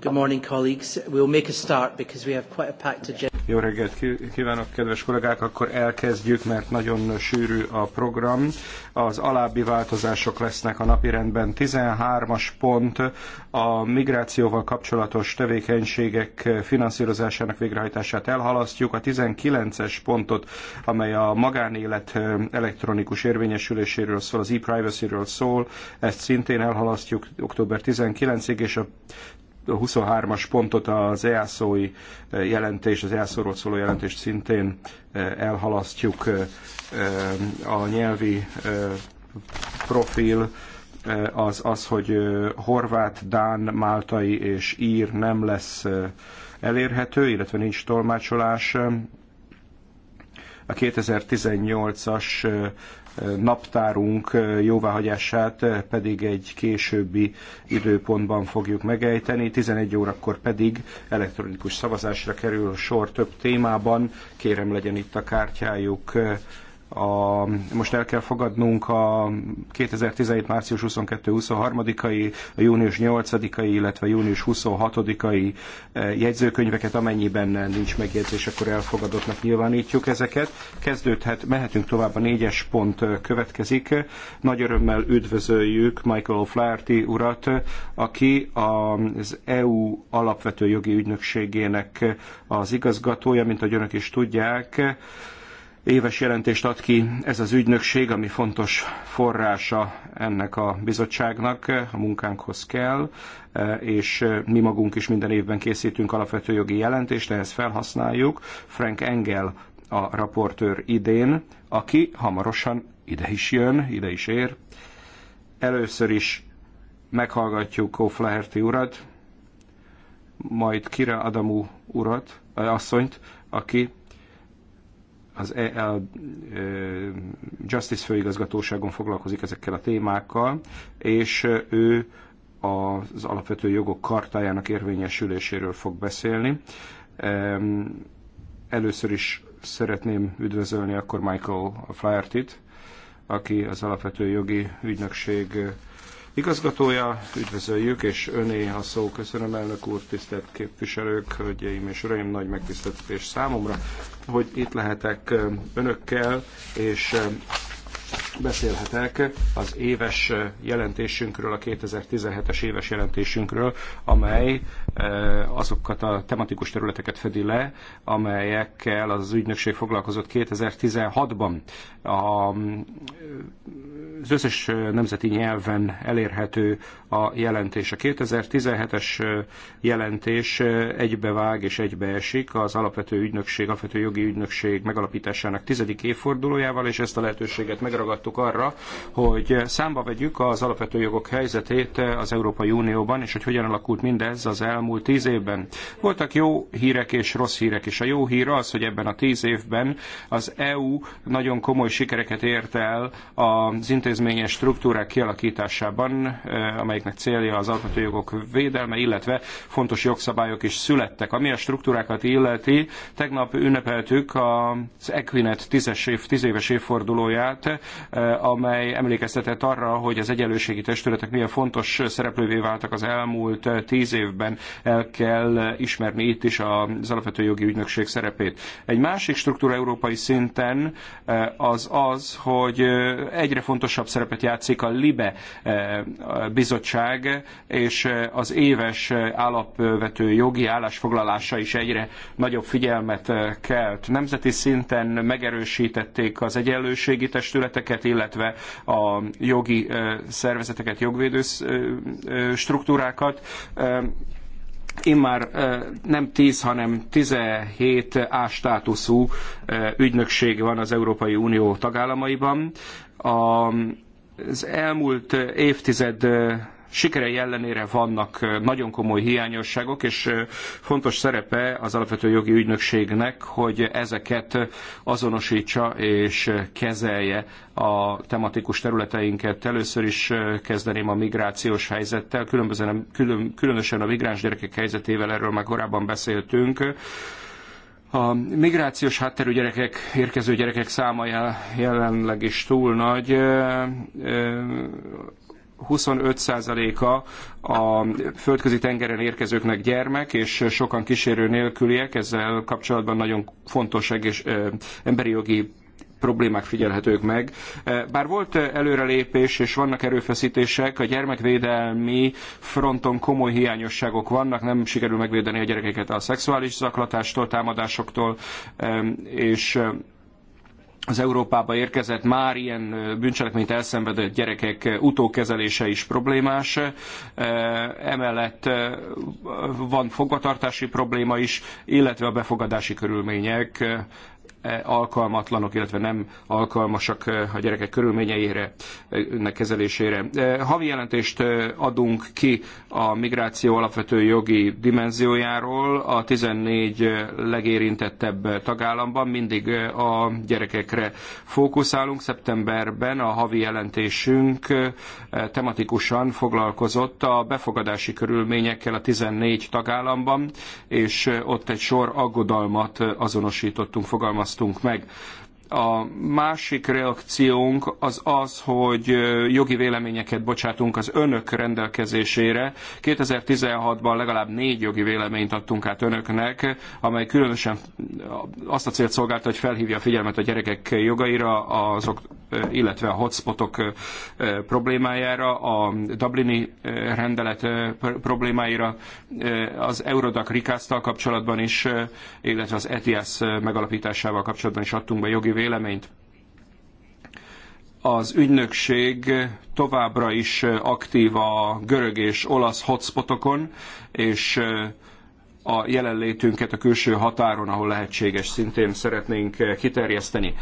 Good morning, colleagues. We'll make a start because we have quite a packed agenda. Jó reggelt kívánok, kedves kollégák! Akkor elkezdjük, mert nagyon sűrű a program. Az alábbi változások lesznek a napirendben. 13-as pont a migrációval kapcsolatos tevékenységek finanszírozásának végrehajtását elhalasztjuk. A 19-es pontot, amely a magánélet elektronikus érvényesüléséről szól, az e-privacy-ről szól, ezt szintén elhalasztjuk október 19-ig, és a 23-as pontot az easz i eh, jelentés, az easz ról szóló jelentést szintén eh, elhalasztjuk eh, a nyelvi profil az az, hogy horvát, dán, máltai és ír nem lesz elérhető, illetve nincs tolmácsolás a 2018-as naptárunk jóváhagyását pedig egy későbbi időpontban fogjuk megejteni. 11 órakor pedig elektronikus szavazásra kerül sor több témában. Kérem legyen itt a kártyájuk a, most el kell fogadnunk a 2017. március 22-23-ai, június 8-ai, illetve június 26-ai eh, jegyzőkönyveket, amennyiben nincs megjegyzés, akkor elfogadottnak nyilvánítjuk ezeket. Kezdődhet, mehetünk tovább, a négyes pont eh, következik. Nagy örömmel üdvözöljük Michael Flaherty urat, aki az EU alapvető jogi ügynökségének eh, az igazgatója, mint ahogy önök is tudják éves jelentést ad ki ez az ügynökség, ami fontos forrása ennek a bizottságnak, a munkánkhoz kell, és mi magunk is minden évben készítünk alapvető jogi jelentést, ehhez felhasználjuk. Frank Engel a raportőr idén, aki hamarosan ide is jön, ide is ér. Először is meghallgatjuk O'Flaherty urat, majd Kira Adamu urat, eh, asszonyt, aki az EL Justice főigazgatóságon foglalkozik ezekkel a témákkal, és ő az alapvető jogok kartájának érvényesüléséről fog beszélni. Először is szeretném üdvözölni akkor Michael Flaherty-t, aki az alapvető jogi ügynökség igazgatója. Üdvözöljük, és öné a szó. Köszönöm, elnök úr, tisztelt képviselők, hölgyeim és uraim, nagy megtiszteltetés számomra, hogy itt lehetek eh, önökkel, és eh, beszélhetek az éves eh, jelentésünkről, a 2017-es éves jelentésünkről, amely Eh, azokat a tematikus területeket fedi le, amelyekkel az ügynökség foglalkozott 2016-ban. Eh, az összes eh, nemzeti nyelven elérhető a jelentés. A 2017-es jelentés egybevág és egybeesik az alapvető ügynökség, alapvető jogi ügynökség megalapításának tizedik évfordulójával, és ezt a lehetőséget megragadtuk arra, hogy számba vegyük az alapvető jogok helyzetét az Európai Unióban, és hogy hogyan alakult mindez az el elmúlt tíz évben. Voltak jó hírek és rossz hírek, és a jó hír az, hogy ebben a tíz évben az EU nagyon komoly sikereket ért el az intézményes struktúrák kialakításában, amelyeknek célja az alkotó jogok védelme, illetve fontos jogszabályok is születtek. Ami a struktúrákat illeti, tegnap ünnepeltük az Equinet 10 év, 10 éves évfordulóját, amely emlékeztetett arra, hogy az egyenlőségi testületek milyen fontos szereplővé váltak az elmúlt tíz évben el kell ismerni itt is az alapvető jogi ügynökség szerepét. Egy másik struktúra európai szinten eh, az az, hogy eh, egyre fontosabb szerepet játszik a LIBE eh, bizottság, és az éves alapvető jogi állásfoglalása is egyre nagyobb figyelmet kelt. Nemzeti szinten megerősítették az egyenlőségi testületeket, illetve a jogi szervezeteket, jogvédő struktúrákat immár nem 10, hanem 17 A státuszú ügynökség van az Európai Unió tagállamaiban. Az elmúlt évtized sikerei ellenére vannak nagyon komoly hiányosságok, és fontos szerepe az alapvető jogi ügynökségnek, hogy ezeket azonosítsa és kezelje a tematikus területeinket. Először is kezdeném a migrációs helyzettel, különbözően, külön, különösen a migráns gyerekek helyzetével, erről már korábban beszéltünk. A migrációs hátterű gyerekek, érkező gyerekek száma jelenleg is túl nagy 25%-a a földközi tengeren érkezőknek gyermek, és sokan kísérő nélküliek, ezzel kapcsolatban nagyon fontos emberi jogi problémák figyelhetők meg. Bár volt előrelépés és vannak erőfeszítések, a gyermekvédelmi fronton komoly hiányosságok vannak, nem sikerül megvédeni a gyerekeket a szexuális zaklatástól, támadásoktól, és az Európába érkezett már ilyen bűncselekményt elszenvedett gyerekek utókezelése is problémás. Emellett van fogvatartási probléma is, illetve a befogadási körülmények alkalmatlanok, illetve nem alkalmasak eh, a gyerekek körülményeire, eh, ennek kezelésére. Eh, havi jelentést adunk ki a migráció alapvető jogi dimenziójáról a 14 legérintettebb tagállamban, mindig a gyerekekre fókuszálunk. Szeptemberben a havi jelentésünk tematikusan foglalkozott a befogadási körülményekkel a 14 tagállamban, és ott egy sor aggodalmat azonosítottunk, fogalmaz fogalmaztunk meg. A másik reakciónk az az, hogy jogi véleményeket bocsátunk az önök rendelkezésére. 2016-ban legalább négy jogi véleményt adtunk át önöknek, amely különösen azt a célt szolgálta, hogy felhívja a figyelmet a gyerekek jogaira, azok illetve a hotspotok problémájára, a Dublini rendelet problémáira, az Eurodac Rikásztal kapcsolatban is, illetve az ETIAS megalapításával kapcsolatban is adtunk be jogi véleményt az ügynökség továbbra is aktív a görög és olasz hotspotokon, és a jelenlétünket a külső határon, ahol lehetséges, szintén szeretnénk kiterjeszteni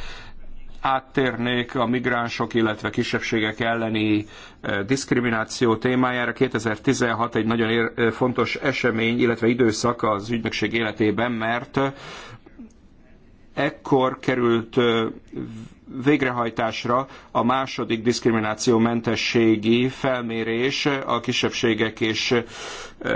áttérnék a migránsok, illetve kisebbségek elleni eh, diszkrimináció témájára. 2016 egy nagyon eh, fontos esemény, illetve időszak az ügynökség életében, mert ekkor került eh, végrehajtásra a második diszkriminációmentességi felmérés a kisebbségek és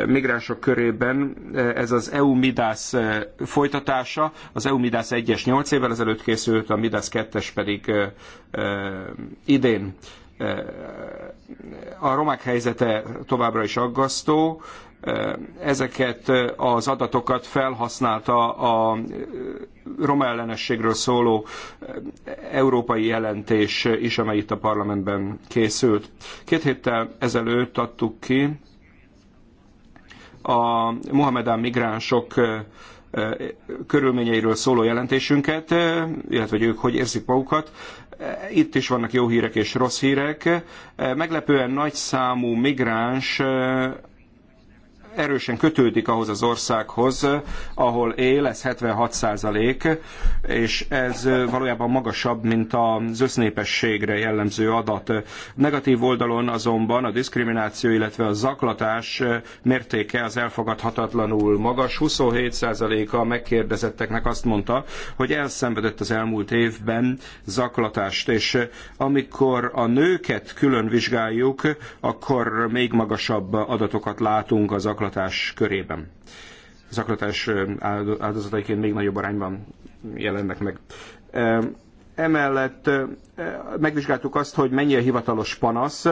migránsok körében. Ez az EU Midas folytatása. Az EU Midas 1-es 8 évvel ezelőtt készült, a Midas 2-es pedig idén. A romák helyzete továbbra is aggasztó, ezeket az adatokat felhasználta a roma ellenességről szóló európai jelentés is, amely itt a parlamentben készült. Két héttel ezelőtt adtuk ki a Mohamedán migránsok körülményeiről szóló jelentésünket, illetve hogy ők hogy érzik magukat. Itt is vannak jó hírek és rossz hírek. Meglepően nagy számú migráns erősen kötődik ahhoz az országhoz, ahol él, ez 76 százalék, és ez valójában magasabb, mint az össznépességre jellemző adat. Negatív oldalon azonban a diszkrimináció, illetve a zaklatás mértéke az elfogadhatatlanul magas. 27 százaléka a megkérdezetteknek azt mondta, hogy elszenvedett az elmúlt évben zaklatást, és amikor a nőket külön vizsgáljuk, akkor még magasabb adatokat látunk az aklatásról zaklatás körében. Zaklatás áldozataiként még nagyobb arányban jelennek meg. Emellett megvizsgáltuk azt, hogy mennyi a hivatalos panasz.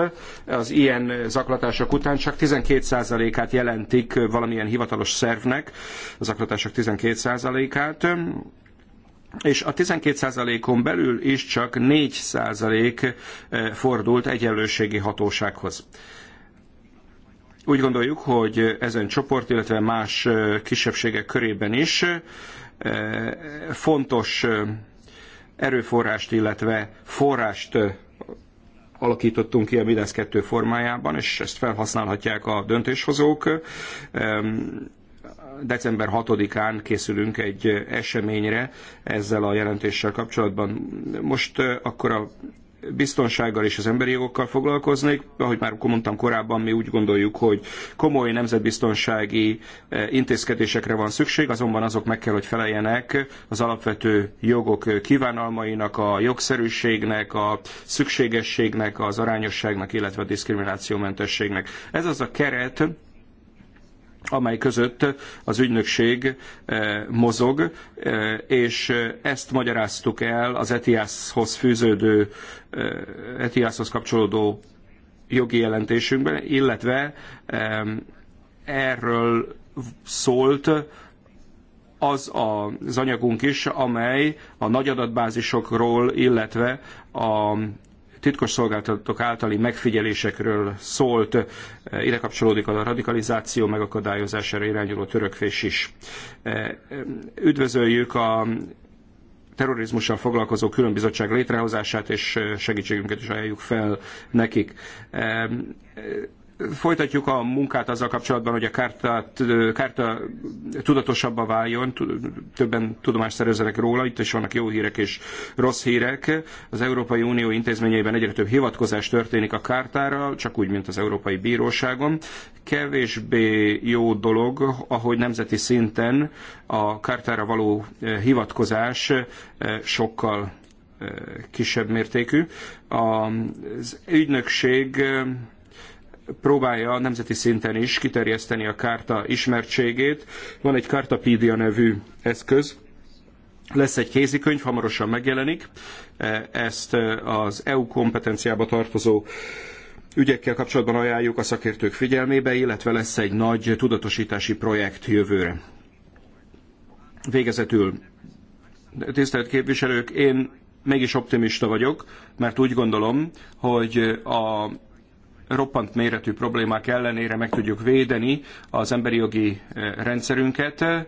Az ilyen zaklatások után csak 12%-át jelentik valamilyen hivatalos szervnek, a zaklatások 12%-át és a 12%-on belül is csak 4% fordult egyenlőségi hatósághoz. Úgy gondoljuk, hogy ezen csoport, illetve más kisebbségek körében is fontos erőforrást, illetve forrást alakítottunk ki a Midesz kettő formájában, és ezt felhasználhatják a döntéshozók. December 6-án készülünk egy eseményre ezzel a jelentéssel kapcsolatban. Most akkor a biztonsággal és az emberi jogokkal foglalkoznék. Ahogy már mondtam korábban, mi úgy gondoljuk, hogy komoly nemzetbiztonsági eh, intézkedésekre van szükség, azonban azok meg kell, hogy feleljenek az alapvető jogok eh, kívánalmainak, a jogszerűségnek, a szükségességnek, az arányosságnak, illetve a diszkriminációmentességnek. Ez az a keret, amely között az ügynökség eh, mozog, eh, és ezt magyaráztuk el az ETIAS-hoz fűződő, eh, etias kapcsolódó jogi jelentésünkben, illetve erről szólt az az anyagunk is, amely a nagy adatbázisokról, illetve a titkosszolgálatok általi megfigyelésekről szólt, ide kapcsolódik a radikalizáció megakadályozására irányuló törökvés is. Üdvözöljük a terrorizmussal foglalkozó különbizottság létrehozását, és segítségünket is ajánljuk fel nekik Folytatjuk a munkát azzal kapcsolatban, hogy a kártát, kárta tudatosabbá váljon, többen tudomást szerezzenek róla, itt is vannak jó hírek és rossz hírek. Az Európai Unió intézményeiben egyre több hivatkozás történik a kártára, csak úgy, mint az Európai Bíróságon. Kevésbé jó dolog, ahogy nemzeti szinten a kártára való hivatkozás sokkal kisebb mértékű. Az ügynökség próbálja nemzeti szinten is kiterjeszteni a kárta ismertségét. Van egy Kártapédia nevű eszköz, lesz egy kézikönyv, hamarosan megjelenik, e, ezt e, az EU kompetenciába tartozó ügyekkel kapcsolatban ajánljuk a szakértők figyelmébe, illetve lesz egy nagy tudatosítási projekt jövőre. Végezetül, tisztelt képviselők, én mégis optimista vagyok, mert úgy gondolom, hogy a roppant méretű problémák ellenére meg tudjuk védeni az emberi jogi eh, rendszerünket eh,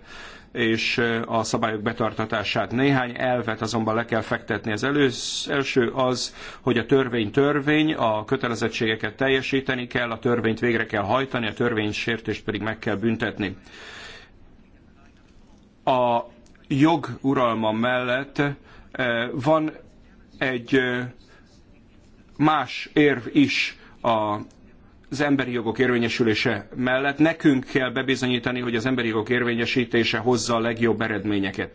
és eh, a szabályok betartatását. Néhány elvet azonban le kell fektetni. Az elősz, első az, hogy a törvény törvény, a kötelezettségeket teljesíteni kell, a törvényt végre kell hajtani, a törvénysértést pedig meg kell büntetni. A jog uralma mellett van egy más érv is, a az emberi jogok érvényesülése mellett nekünk kell bebizonyítani, hogy az emberi jogok érvényesítése hozza a legjobb eredményeket.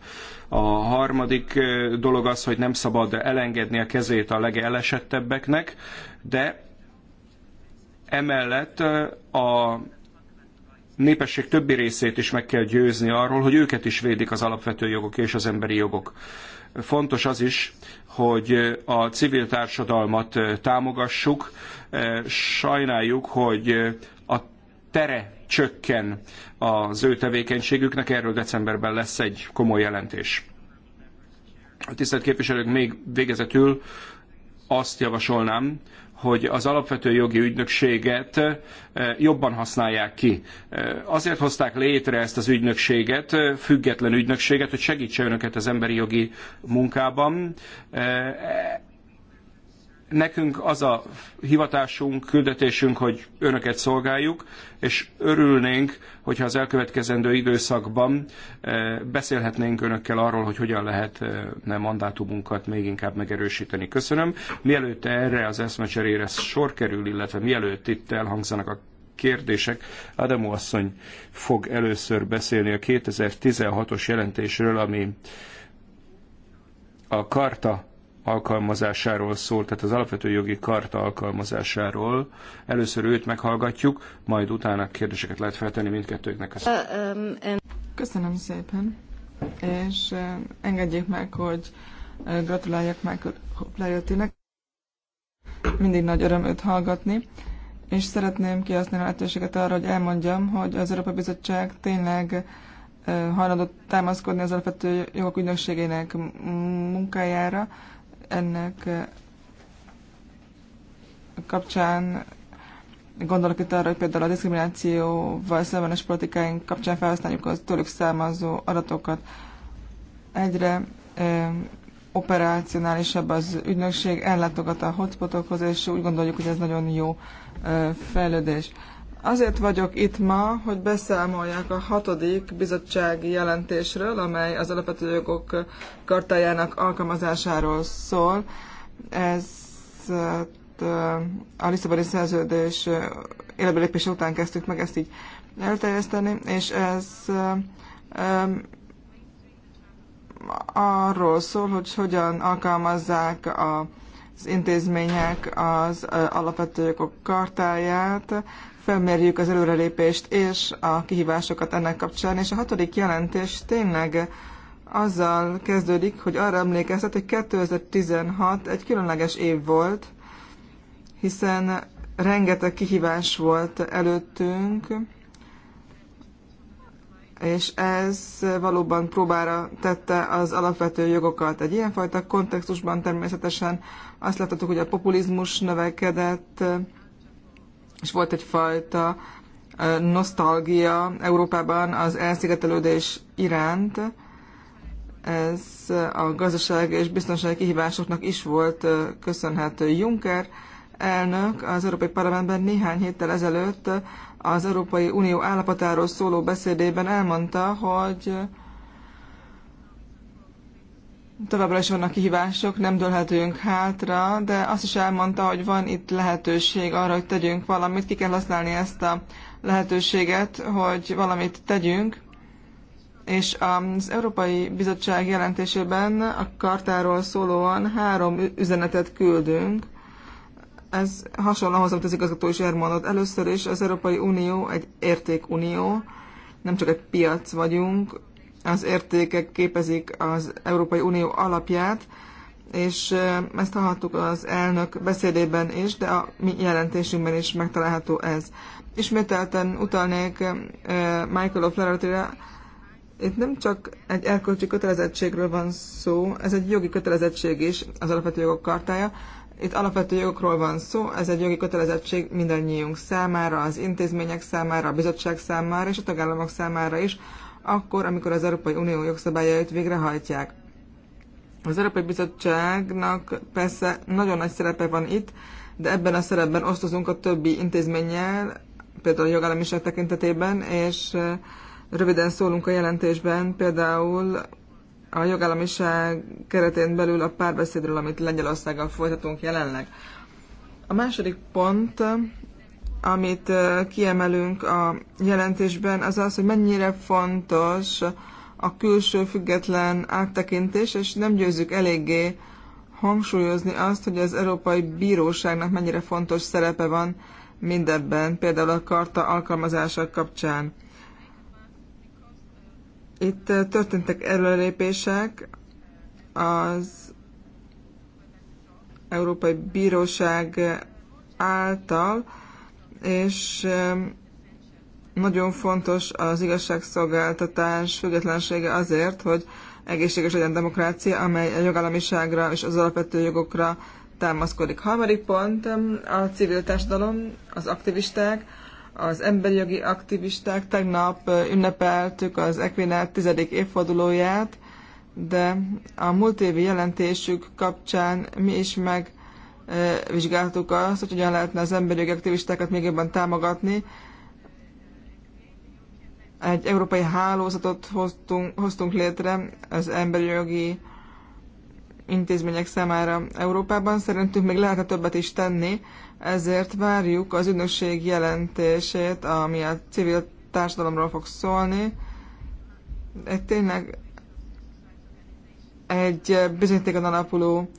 A harmadik dolog az, hogy nem szabad elengedni a kezét a legelesettebbeknek, de emellett a népesség többi részét is meg kell győzni arról, hogy őket is védik az alapvető jogok és az emberi jogok. Fontos az is, hogy a civil társadalmat támogassuk. Sajnáljuk, hogy a tere csökken az ő tevékenységüknek, erről decemberben lesz egy komoly jelentés. A tisztelt képviselők még végezetül azt javasolnám, hogy az alapvető jogi ügynökséget eh, jobban használják ki. Eh, azért hozták létre ezt az ügynökséget, eh, független ügynökséget, hogy segítse önöket az emberi jogi munkában nekünk az a hivatásunk, küldetésünk, hogy önöket szolgáljuk, és örülnénk, hogyha az elkövetkezendő időszakban eh, beszélhetnénk önökkel arról, hogy hogyan lehetne eh, mandátumunkat még inkább megerősíteni. Köszönöm. Mielőtt erre az eszmecserére sor kerül, illetve mielőtt itt elhangzanak a kérdések. Adamo asszony fog először beszélni a 2016-os jelentésről, ami a karta alkalmazásáról szól, tehát az alapvető jogi karta alkalmazásáról. Először őt meghallgatjuk, majd utána kérdéseket lehet feltenni mindkettőknek. Uh, um, Köszönöm szépen, és uh, engedjék meg, hogy uh, gratuláljak Michael Hoplajotinek. Mindig nagy öröm őt hallgatni, és szeretném kihasználni a lehetőséget arra, hogy elmondjam, hogy az Európa Bizottság tényleg hajlandó támaszkodni az alapvető jogok ügynökségének munkájára, ennek eh, kapcsán gondolok itt arra, hogy például a diszkriminációval szembenes politikáink kapcsán felhasználjuk az tőlük származó adatokat. Egyre e, operacionálisabb az ügynökség, ellátogat a hotspotokhoz, és úgy gondoljuk, hogy ez nagyon jó e, fejlődés. E, Azért vagyok itt ma, hogy beszámolják a hatodik bizottsági jelentésről, amely az alapvető jogok kartájának alkalmazásáról szól. Ez hát, a Lisszaboni szerződés életbelépése után kezdtük meg ezt így elterjeszteni, és ez arról szól, hogy hogyan alkalmazzák a az intézmények az alapvető jogok kartáját, felmérjük az előrelépést és a kihívásokat ennek kapcsán, és a hatodik jelentés tényleg azzal kezdődik, hogy arra emlékeztet, hogy 2016 egy különleges év volt, hiszen rengeteg kihívás volt előttünk, és ez valóban próbára tette az alapvető jogokat. Egy ilyenfajta kontextusban természetesen azt láthatjuk, hogy a populizmus növekedett, és volt egyfajta nosztalgia Európában az elszigetelődés iránt. Ez a gazdaság és biztonsági kihívásoknak is volt köszönhető. Juncker elnök az Európai Parlamentben néhány héttel ezelőtt az Európai Unió állapotáról szóló beszédében elmondta, hogy Továbbra is vannak kihívások, nem dőlhetünk hátra, de azt is elmondta, hogy van itt lehetőség arra, hogy tegyünk valamit. Ki kell használni ezt a lehetőséget, hogy valamit tegyünk. És az Európai Bizottság jelentésében a kartáról szólóan három üzenetet küldünk. Ez hasonló ahhoz, amit az igazgató is elmondott. Először is az Európai Unió egy értékunió, nem csak egy piac vagyunk, az értékek képezik az Európai Unió alapját, és ezt hallhattuk az elnök beszédében is, de a mi jelentésünkben is megtalálható ez. Ismételten utalnék Michael oflaherty itt nem csak egy erkölcsi kötelezettségről van szó, ez egy jogi kötelezettség is, az alapvető jogok kartája. Itt alapvető jogokról van szó, ez egy jogi kötelezettség mindannyiunk számára, az intézmények számára, a bizottság számára és a tagállamok számára is, akkor, amikor az Európai Unió jogszabályait végrehajtják. Az Európai Bizottságnak persze nagyon nagy szerepe van itt, de ebben a szerepben osztozunk a többi intézménnyel, például a jogállamiság tekintetében, és röviden szólunk a jelentésben például a jogállamiság keretén belül a párbeszédről, amit Lengyelországgal folytatunk jelenleg. A második pont amit kiemelünk a jelentésben, az az, hogy mennyire fontos a külső független áttekintés, és nem győzzük eléggé hangsúlyozni azt, hogy az Európai Bíróságnak mennyire fontos szerepe van mindebben, például a karta alkalmazása kapcsán. Itt történtek előrelépések az Európai Bíróság által, és nagyon fontos az igazságszolgáltatás függetlensége azért, hogy egészséges legyen demokrácia, amely a jogállamiságra és az alapvető jogokra támaszkodik. Harmadik pont a civil társadalom, az aktivisták, az emberi jogi aktivisták. Tegnap ünnepeltük az Equinel tizedik évfordulóját, de a múlt évi jelentésük kapcsán mi is meg vizsgáltuk azt, hogy hogyan lehetne az emberi aktivistákat még jobban támogatni. Egy európai hálózatot hoztunk, hoztunk létre az emberi jogi intézmények számára Európában. Szerintünk még lehetne többet is tenni, ezért várjuk az ügynökség jelentését, ami a civil társadalomról fog szólni. Egy tényleg egy bizonyítékon alapuló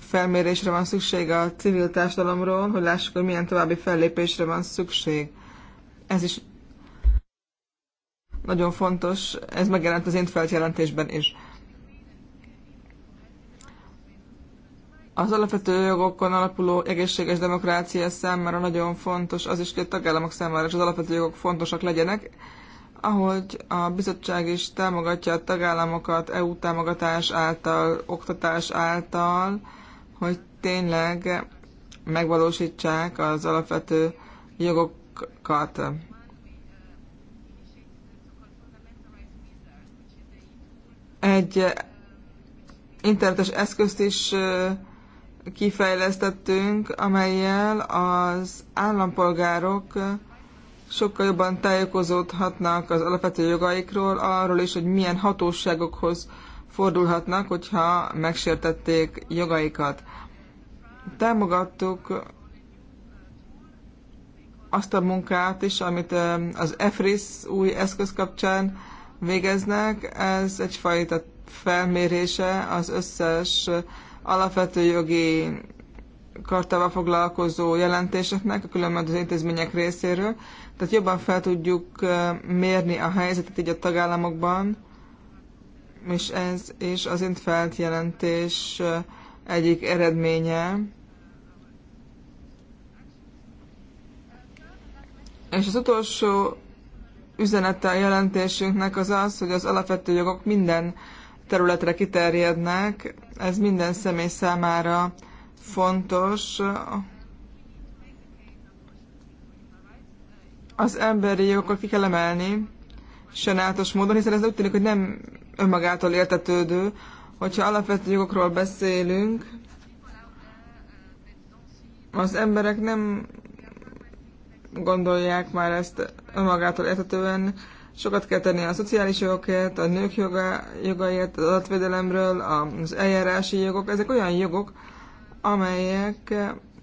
felmérésre van szükség a civil társadalomról, hogy lássuk, hogy milyen további fellépésre van szükség. Ez is nagyon fontos, ez megjelent az én feljelentésben is. Az alapvető jogokon alapuló egészséges demokrácia számára nagyon fontos az is, hogy a tagállamok számára is az alapvető jogok fontosak legyenek, ahogy a bizottság is támogatja a tagállamokat EU támogatás által, oktatás által, hogy tényleg megvalósítsák az alapvető jogokat. Egy internetes eszközt is kifejlesztettünk, amelyel az állampolgárok sokkal jobban tájékozódhatnak az alapvető jogaikról, arról is, hogy milyen hatóságokhoz fordulhatnak, hogyha megsértették jogaikat. Támogattuk azt a munkát is, amit eh, az EFRIS új eszköz kapcsán végeznek. Ez egyfajta felmérése az összes alapvető jogi kartával foglalkozó jelentéseknek a különböző intézmények részéről. Tehát jobban fel tudjuk eh, mérni a helyzetet így a tagállamokban, és ez és az Intfeld jelentés egyik eredménye. És az utolsó üzenete a jelentésünknek az az, hogy az alapvető jogok minden területre kiterjednek, ez minden személy számára fontos. Az emberi jogokat ki kell emelni, sajnálatos módon, hiszen ez úgy tűnik, hogy nem önmagától értetődő, hogyha alapvető jogokról beszélünk, az emberek nem gondolják már ezt önmagától értetően. Sokat kell tenni a szociális jogokért, a nők joga, jogaiért, az adatvédelemről, az eljárási jogok. Ezek olyan jogok, amelyek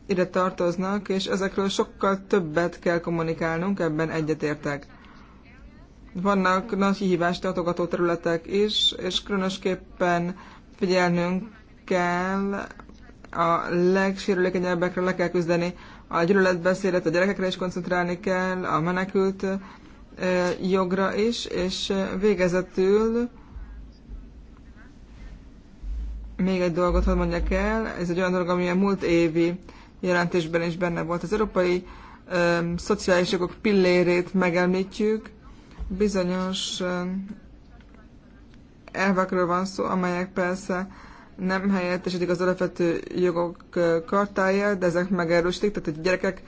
ide tartoznak, és ezekről sokkal többet kell kommunikálnunk, ebben egyetértek. Vannak nagy kihívást tartogató területek is, és különösképpen figyelnünk kell a legsérülékenyebbekre le kell küzdeni. A gyűlöletbeszédet a gyerekekre is koncentrálni kell, a menekült jogra is, és végezetül még egy dolgot hadd mondjak el, ez egy olyan dolog, ami a múlt évi jelentésben is benne volt. Az európai ö, szociális jogok pillérét megemlítjük, bizonyos elvekről van szó, amelyek persze nem helyettesítik az alapvető jogok kartája, de ezek megerősítik, tehát egy gyerekek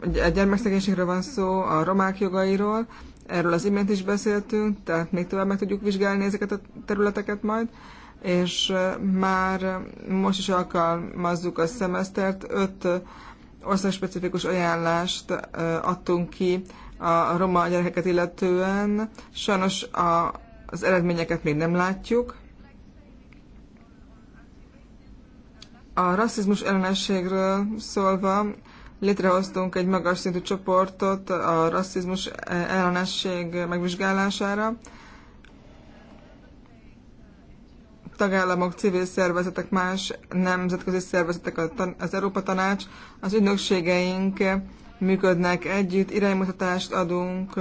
a gyermekszegénységről van szó, a romák jogairól, erről az imént is beszéltünk, tehát még tovább meg tudjuk vizsgálni ezeket a területeket majd, és már most is alkalmazzuk a szemesztert, öt országspecifikus ajánlást adtunk ki a roma gyerekeket illetően. Sajnos a, az eredményeket még nem látjuk. A rasszizmus ellenességről szólva létrehoztunk egy magas szintű csoportot a rasszizmus ellenesség megvizsgálására. Tagállamok, civil szervezetek, más nemzetközi szervezetek, az Európa Tanács, az ügynökségeink működnek együtt, iránymutatást adunk,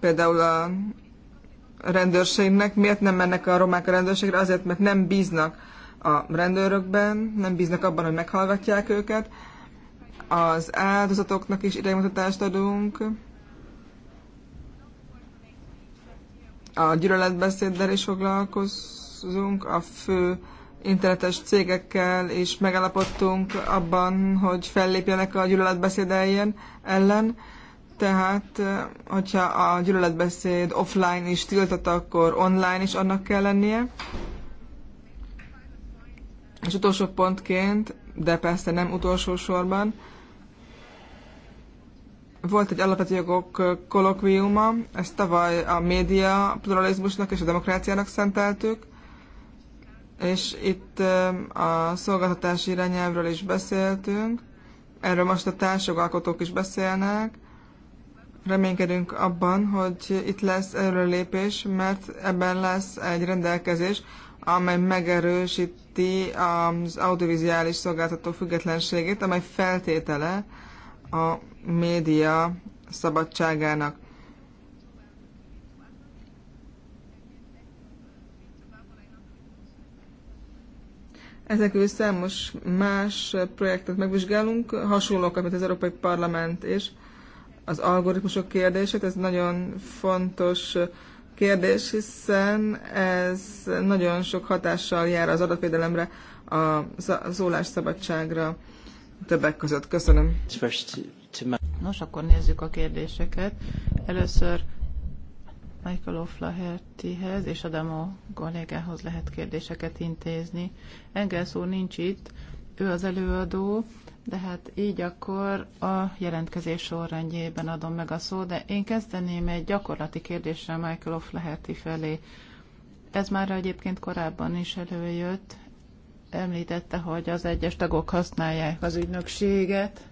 például a rendőrségnek. Miért nem mennek a romák a rendőrségre? Azért, mert nem bíznak a rendőrökben, nem bíznak abban, hogy meghallgatják őket. Az áldozatoknak is iránymutatást adunk. A gyűlöletbeszéddel is foglalkozunk. A fő internetes cégekkel is megállapodtunk abban, hogy fellépjenek a gyűlöletbeszéd ellen. Tehát, eh, hogyha a gyűlöletbeszéd offline is tiltott, akkor online is annak kell lennie. És utolsó pontként, de persze nem utolsó sorban, volt egy alapvető jogok eh, kolokviuma, ezt tavaly a média pluralizmusnak és a demokráciának szenteltük és itt a szolgáltatási irányelvről is beszéltünk, erről most a társjogalkotók is beszélnek. Reménykedünk abban, hogy itt lesz előrelépés, mert ebben lesz egy rendelkezés, amely megerősíti az audiovizuális szolgáltató függetlenségét, amely feltétele a média szabadságának. Ezek számos más projektet megvizsgálunk, hasonlókat, mint az Európai Parlament és az algoritmusok kérdését. Ez nagyon fontos kérdés, hiszen ez nagyon sok hatással jár az adatvédelemre, a szólásszabadságra többek között. Köszönöm. Nos, akkor nézzük a kérdéseket. Először Michael O'Flahertyhez és Adamo kollégához lehet kérdéseket intézni. Engels úr nincs itt, ő az előadó, de hát így akkor a jelentkezés sorrendjében adom meg a szót, de én kezdeném egy gyakorlati kérdéssel Michael O'Flaherty felé. Ez már egyébként korábban is előjött, említette, hogy az egyes tagok használják az ügynökséget,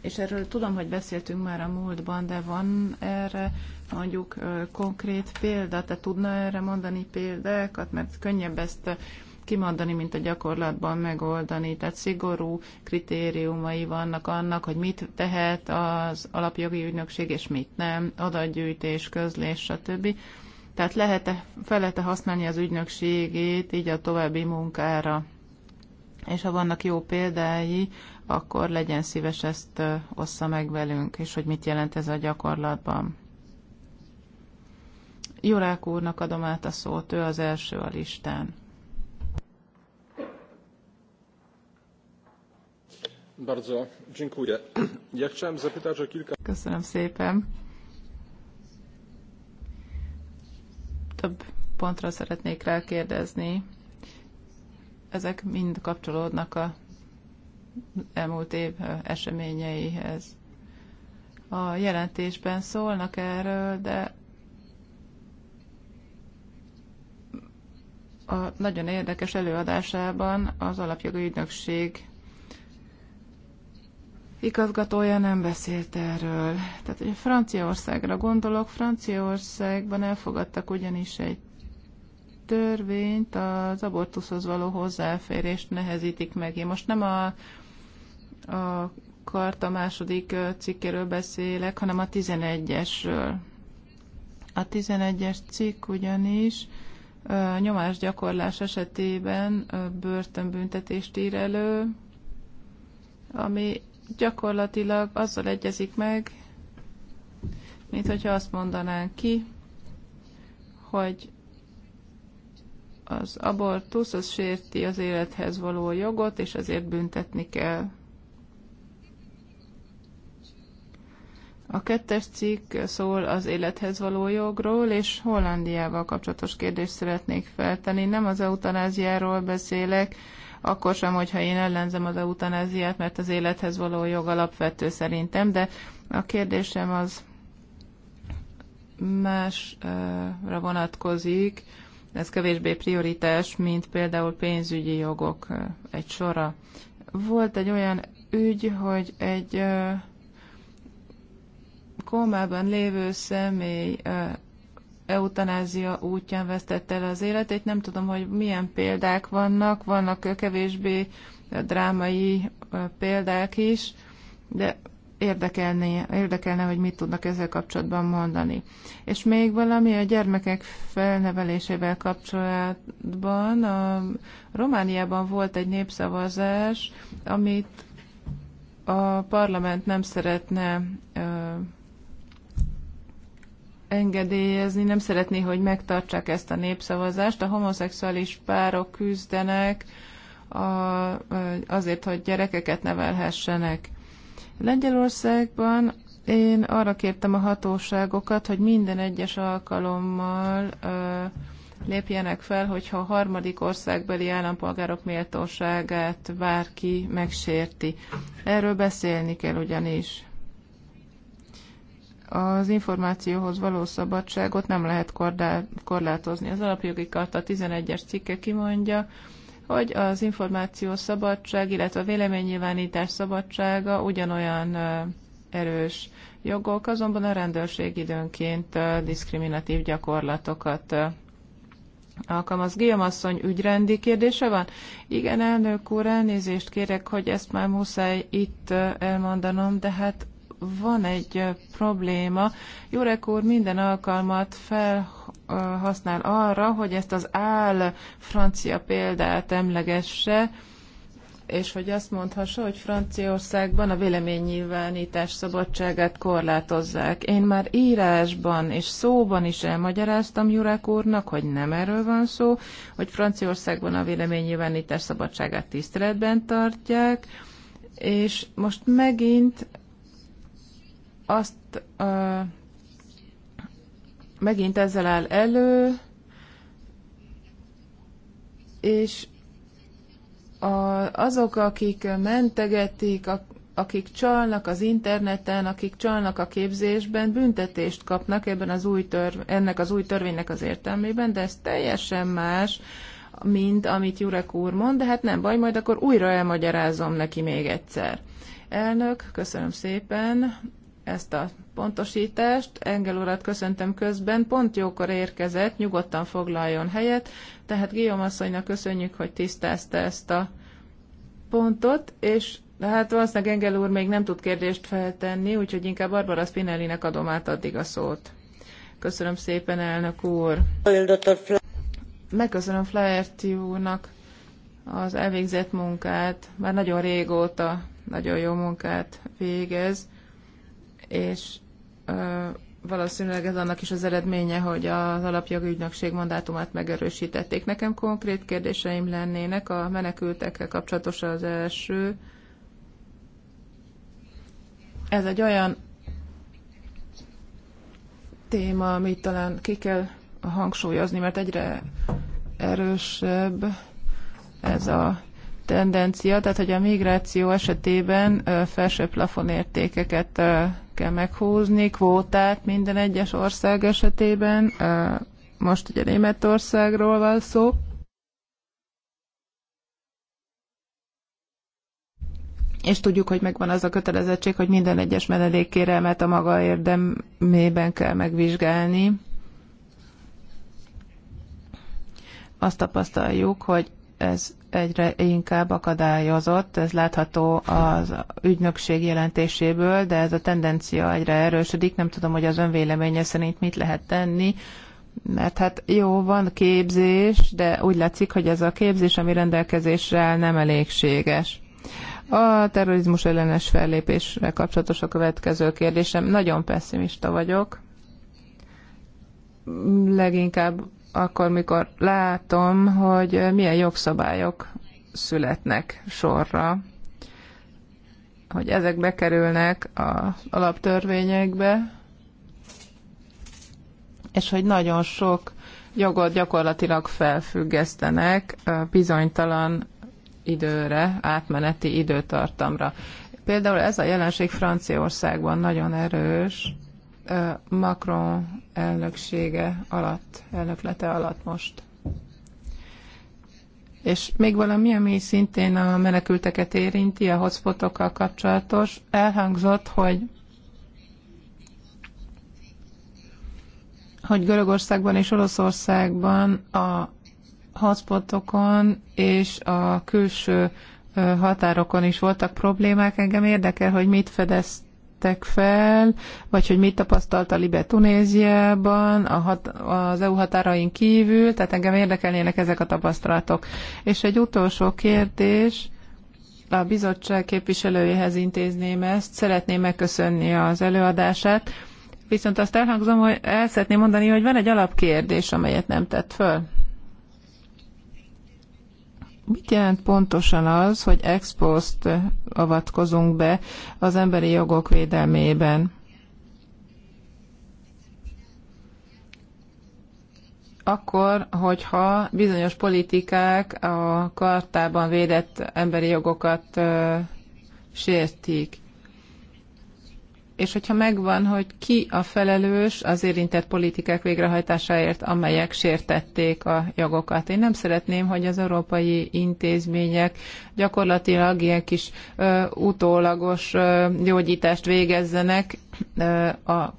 és erről tudom, hogy beszéltünk már a múltban, de van erre mondjuk konkrét példát, te tudna erre mondani példákat, mert könnyebb ezt kimondani, mint a gyakorlatban megoldani. Tehát szigorú kritériumai vannak annak, hogy mit tehet az alapjogi ügynökség, és mit nem, adatgyűjtés, közlés, stb. Tehát lehet-e, fel lehet -e használni az ügynökségét így a további munkára? És ha vannak jó példái, akkor legyen szíves ezt ossza meg velünk, és hogy mit jelent ez a gyakorlatban. Jurák úrnak adom át a szót, ő az első a listán. Bardzo dziękuję. Ja chciałem zapytać o kilka... Köszönöm szépen. Több pontra szeretnék rákérdezni. Ezek mind kapcsolódnak a elmúlt év eseményeihez. A jelentésben szólnak erről, de a nagyon érdekes előadásában az alapjogi ügynökség igazgatója nem beszélt erről. Tehát, hogy Franciaországra gondolok, Franciaországban elfogadtak ugyanis egy törvényt az abortuszhoz való hozzáférést nehezítik meg. Én most nem a, a karta második cikkéről beszélek, hanem a 11-esről. A 11-es cikk ugyanis nyomásgyakorlás esetében börtönbüntetést ír elő, ami gyakorlatilag azzal egyezik meg, mint hogyha azt mondanánk ki, hogy az abortusz az sérti az élethez való jogot, és ezért büntetni kell. A kettes cikk szól az élethez való jogról, és Hollandiával kapcsolatos kérdést szeretnék feltenni. Nem az eutanáziáról beszélek, akkor sem, hogyha én ellenzem az eutanáziát, mert az élethez való jog alapvető szerintem, de a kérdésem az másra vonatkozik, ez kevésbé prioritás, mint például pénzügyi jogok egy sora. Volt egy olyan ügy, hogy egy kómában lévő személy eutanázia útján vesztette el az életét. Nem tudom, hogy milyen példák vannak, vannak kevésbé drámai példák is, de érdekelne, érdekelne, hogy mit tudnak ezzel kapcsolatban mondani. És még valami a gyermekek felnevelésével kapcsolatban. A Romániában volt egy népszavazás, amit a parlament nem szeretne engedélyezni, nem szeretné, hogy megtartsák ezt a népszavazást. A homoszexuális párok küzdenek a, azért, hogy gyerekeket nevelhessenek. Lengyelországban én arra kértem a hatóságokat, hogy minden egyes alkalommal ö, lépjenek fel, hogyha a harmadik országbeli állampolgárok méltóságát bárki megsérti. Erről beszélni kell ugyanis az információhoz való szabadságot nem lehet korlátozni. Az alapjogi karta 11-es cikke kimondja, hogy az információ szabadság, illetve a véleménynyilvánítás szabadsága ugyanolyan erős jogok, azonban a rendőrség időnként diszkriminatív gyakorlatokat alkalmaz. Guillaume asszony ügyrendi kérdése van? Igen, elnök úr, elnézést kérek, hogy ezt már muszáj itt elmondanom, de hát van egy probléma. Jurek úr minden alkalmat felhasznál arra, hogy ezt az áll francia példát emlegesse, és hogy azt mondhassa, hogy Franciaországban a véleménynyilvánítás szabadságát korlátozzák. Én már írásban és szóban is elmagyaráztam Jurek úrnak, hogy nem erről van szó, hogy Franciaországban a véleménynyilvánítás szabadságát tiszteletben tartják, és most megint azt ö, megint ezzel áll elő, és a, azok, akik mentegetik, a, akik csalnak az interneten, akik csalnak a képzésben, büntetést kapnak ebben az új törv, ennek az új törvénynek az értelmében, de ez teljesen más, mint amit Jurek úr mond, de hát nem baj, majd akkor újra elmagyarázom neki még egyszer. Elnök, köszönöm szépen ezt a pontosítást. Engel urat köszöntöm közben, pont jókor érkezett, nyugodtan foglaljon helyet, tehát Guillaume asszonynak köszönjük, hogy tisztázta ezt a pontot, és de hát valószínűleg Engel úr még nem tud kérdést feltenni, úgyhogy inkább Barbara Spinellinek adom át addig a szót. Köszönöm szépen, elnök úr. Megköszönöm Flaherty úrnak az elvégzett munkát. Már nagyon régóta nagyon jó munkát végez és ö, valószínűleg ez annak is az eredménye, hogy az alapjogi ügynökség mandátumát megerősítették. Nekem konkrét kérdéseim lennének, a menekültekkel kapcsolatos az első. Ez egy olyan téma, amit talán ki kell hangsúlyozni, mert egyre erősebb ez a tendencia, tehát hogy a migráció esetében felső plafonértékeket kell meghúzni, kvótát minden egyes ország esetében. Most ugye Németországról van szó. És tudjuk, hogy megvan az a kötelezettség, hogy minden egyes menedékkérelmet a maga érdemében kell megvizsgálni. Azt tapasztaljuk, hogy ez egyre inkább akadályozott, ez látható az ügynökség jelentéséből, de ez a tendencia egyre erősödik, nem tudom, hogy az véleménye szerint mit lehet tenni, mert hát jó, van képzés, de úgy látszik, hogy ez a képzés, ami rendelkezésre áll, nem elégséges. A terrorizmus ellenes fellépésre kapcsolatos a következő kérdésem. Nagyon pessimista vagyok. Leginkább akkor, mikor látom, hogy milyen jogszabályok születnek sorra, hogy ezek bekerülnek az alaptörvényekbe, és hogy nagyon sok jogot gyakorlatilag felfüggesztenek bizonytalan időre, átmeneti időtartamra. Például ez a jelenség Franciaországban nagyon erős, Macron elnöksége alatt, elnöklete alatt most. És még valami, ami szintén a menekülteket érinti, a hotspotokkal kapcsolatos, elhangzott, hogy hogy Görögországban és Oroszországban a hotspotokon és a külső határokon is voltak problémák. Engem érdekel, hogy mit fedez vettek fel, vagy hogy mit tapasztalt a Libe Tunéziában, a hat, az EU határain kívül, tehát engem érdekelnének ezek a tapasztalatok. És egy utolsó kérdés, a bizottság képviselőjéhez intézném ezt, szeretném megköszönni az előadását, viszont azt elhangzom, hogy el szeretném mondani, hogy van egy alapkérdés, amelyet nem tett föl Mit jelent pontosan az, hogy ex post avatkozunk be az emberi jogok védelmében? akkor, hogyha bizonyos politikák a kartában védett emberi jogokat sértik és hogyha megvan, hogy ki a felelős az érintett politikák végrehajtásáért, amelyek sértették a jogokat. Én nem szeretném, hogy az európai intézmények gyakorlatilag ilyen kis ö, utólagos ö, gyógyítást végezzenek ö, a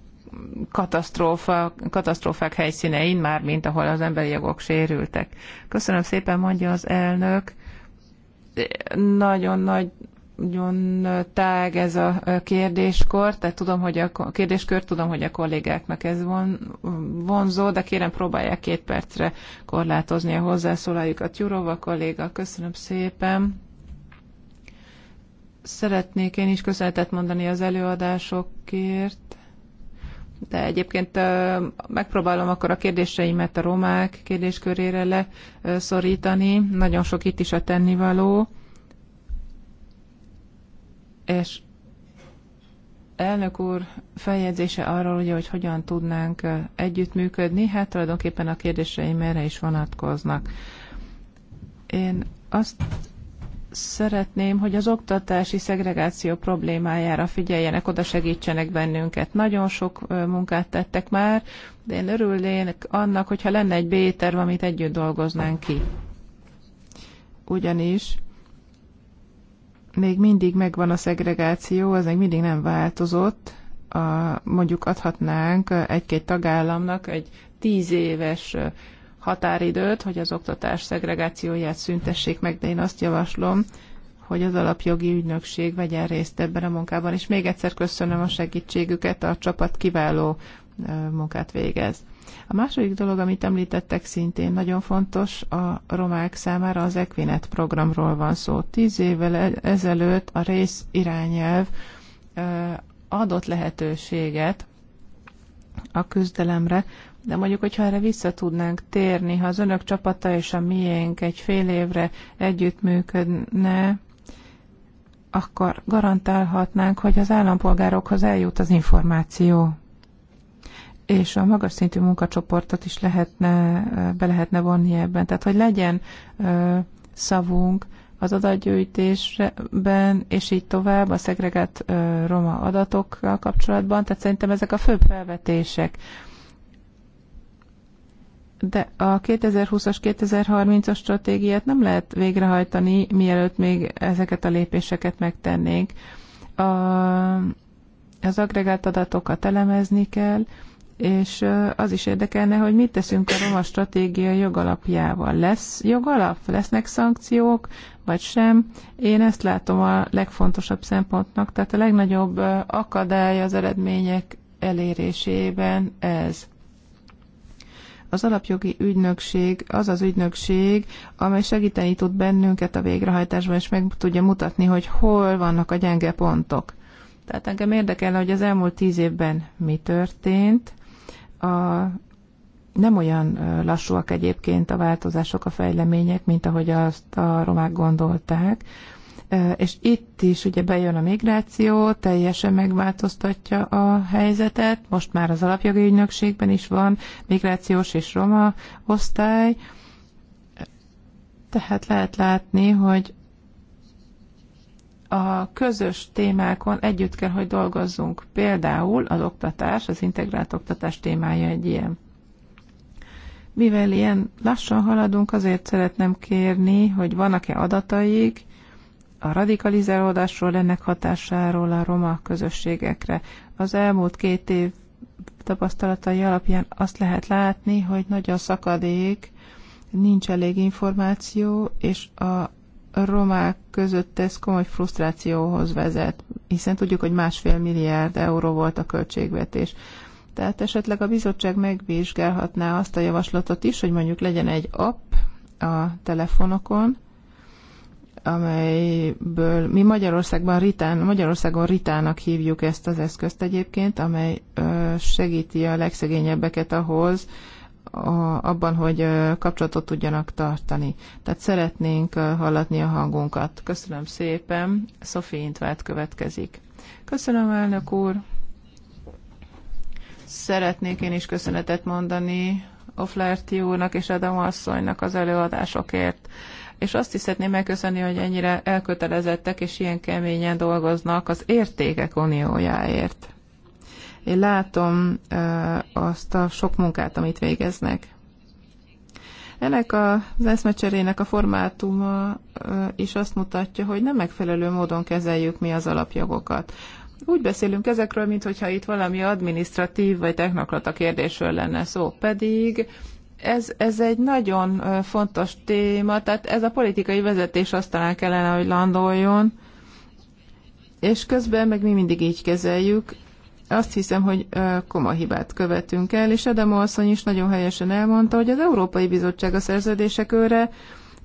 katasztrófa, katasztrófák helyszínein, már mint ahol az emberi jogok sérültek. Köszönöm szépen, mondja az elnök. Nagyon nagy nagyon tág ez a kérdéskor, tehát tudom, hogy a kérdéskör, tudom, hogy a kollégáknak ez von, vonzó, de kérem próbálják két percre korlátozni a hozzászólájukat. Jurova kolléga, köszönöm szépen. Szeretnék én is köszönetet mondani az előadásokért, de egyébként megpróbálom akkor a kérdéseimet a romák kérdéskörére leszorítani. Nagyon sok itt is a tennivaló és elnök úr feljegyzése arról, ugye, hogy hogyan tudnánk együttműködni, hát tulajdonképpen a kérdéseim erre is vonatkoznak. Én azt szeretném, hogy az oktatási szegregáció problémájára figyeljenek, oda segítsenek bennünket. Nagyon sok munkát tettek már, de én örülnék annak, hogyha lenne egy B-terv, amit együtt dolgoznánk ki. Ugyanis még mindig megvan a szegregáció, az még mindig nem változott. A, mondjuk adhatnánk egy-két tagállamnak egy tíz éves határidőt, hogy az oktatás szegregációját szüntessék meg, de én azt javaslom, hogy az alapjogi ügynökség vegyen részt ebben a munkában. És még egyszer köszönöm a segítségüket, a csapat kiváló munkát végez. A második dolog, amit említettek szintén nagyon fontos a romák számára, az Equinet programról van szó. Tíz évvel e- ezelőtt a rész irányelv adott lehetőséget a küzdelemre, de mondjuk, hogyha erre vissza tudnánk térni, ha az önök csapata és a miénk egy fél évre együttműködne, akkor garantálhatnánk, hogy az állampolgárokhoz eljut az információ és a magas szintű munkacsoportot is lehetne, be lehetne vonni ebben. Tehát, hogy legyen szavunk az adatgyűjtésben, és így tovább a szegregált roma adatokkal kapcsolatban. Tehát szerintem ezek a főbb felvetések. De a 2020-as, 2030-as stratégiát nem lehet végrehajtani, mielőtt még ezeket a lépéseket megtennénk. A, az agregált adatokat elemezni kell, és az is érdekelne, hogy mit teszünk a roma stratégia jogalapjával. Lesz jogalap? Lesznek szankciók, vagy sem? Én ezt látom a legfontosabb szempontnak, tehát a legnagyobb akadály az eredmények elérésében ez. Az alapjogi ügynökség az az ügynökség, amely segíteni tud bennünket a végrehajtásban, és meg tudja mutatni, hogy hol vannak a gyenge pontok. Tehát engem érdekelne, hogy az elmúlt tíz évben mi történt, a, nem olyan lassúak egyébként a változások, a fejlemények, mint ahogy azt a romák gondolták. És itt is ugye bejön a migráció, teljesen megváltoztatja a helyzetet. Most már az alapjogi ügynökségben is van migrációs és roma osztály. Tehát lehet látni, hogy a közös témákon együtt kell, hogy dolgozzunk. Például az oktatás, az integrált oktatás témája egy ilyen. Mivel ilyen lassan haladunk, azért szeretném kérni, hogy vannak-e adataik a radikalizálódásról, ennek hatásáról a roma közösségekre. Az elmúlt két év tapasztalatai alapján azt lehet látni, hogy nagy a szakadék, nincs elég információ, és a romák között ez komoly frusztrációhoz vezet, hiszen tudjuk, hogy másfél milliárd euró volt a költségvetés. Tehát esetleg a bizottság megvizsgálhatná azt a javaslatot is, hogy mondjuk legyen egy app a telefonokon, amelyből mi Magyarországban Ritán, Magyarországon Ritának hívjuk ezt az eszközt egyébként, amely segíti a legszegényebbeket ahhoz, a, abban, hogy kapcsolatot tudjanak tartani. Tehát szeretnénk hallatni a hangunkat. Köszönöm szépen. Szofi Intvált következik. Köszönöm, elnök úr. Szeretnék én is köszönetet mondani Oflerti úrnak és Adam asszonynak az előadásokért. És azt is szeretném megköszönni, hogy ennyire elkötelezettek és ilyen keményen dolgoznak az értékek uniójáért. Én látom azt a sok munkát, amit végeznek. Ennek az eszmecserének a formátuma is azt mutatja, hogy nem megfelelő módon kezeljük mi az alapjogokat. Úgy beszélünk ezekről, mintha itt valami administratív vagy technokrata kérdésről lenne szó, pedig ez, ez egy nagyon fontos téma, tehát ez a politikai vezetés aztán kellene, hogy landoljon, és közben meg mi mindig így kezeljük, azt hiszem, hogy koma hibát követünk el, és Adam asszony is nagyon helyesen elmondta, hogy az Európai Bizottság a szerződések őre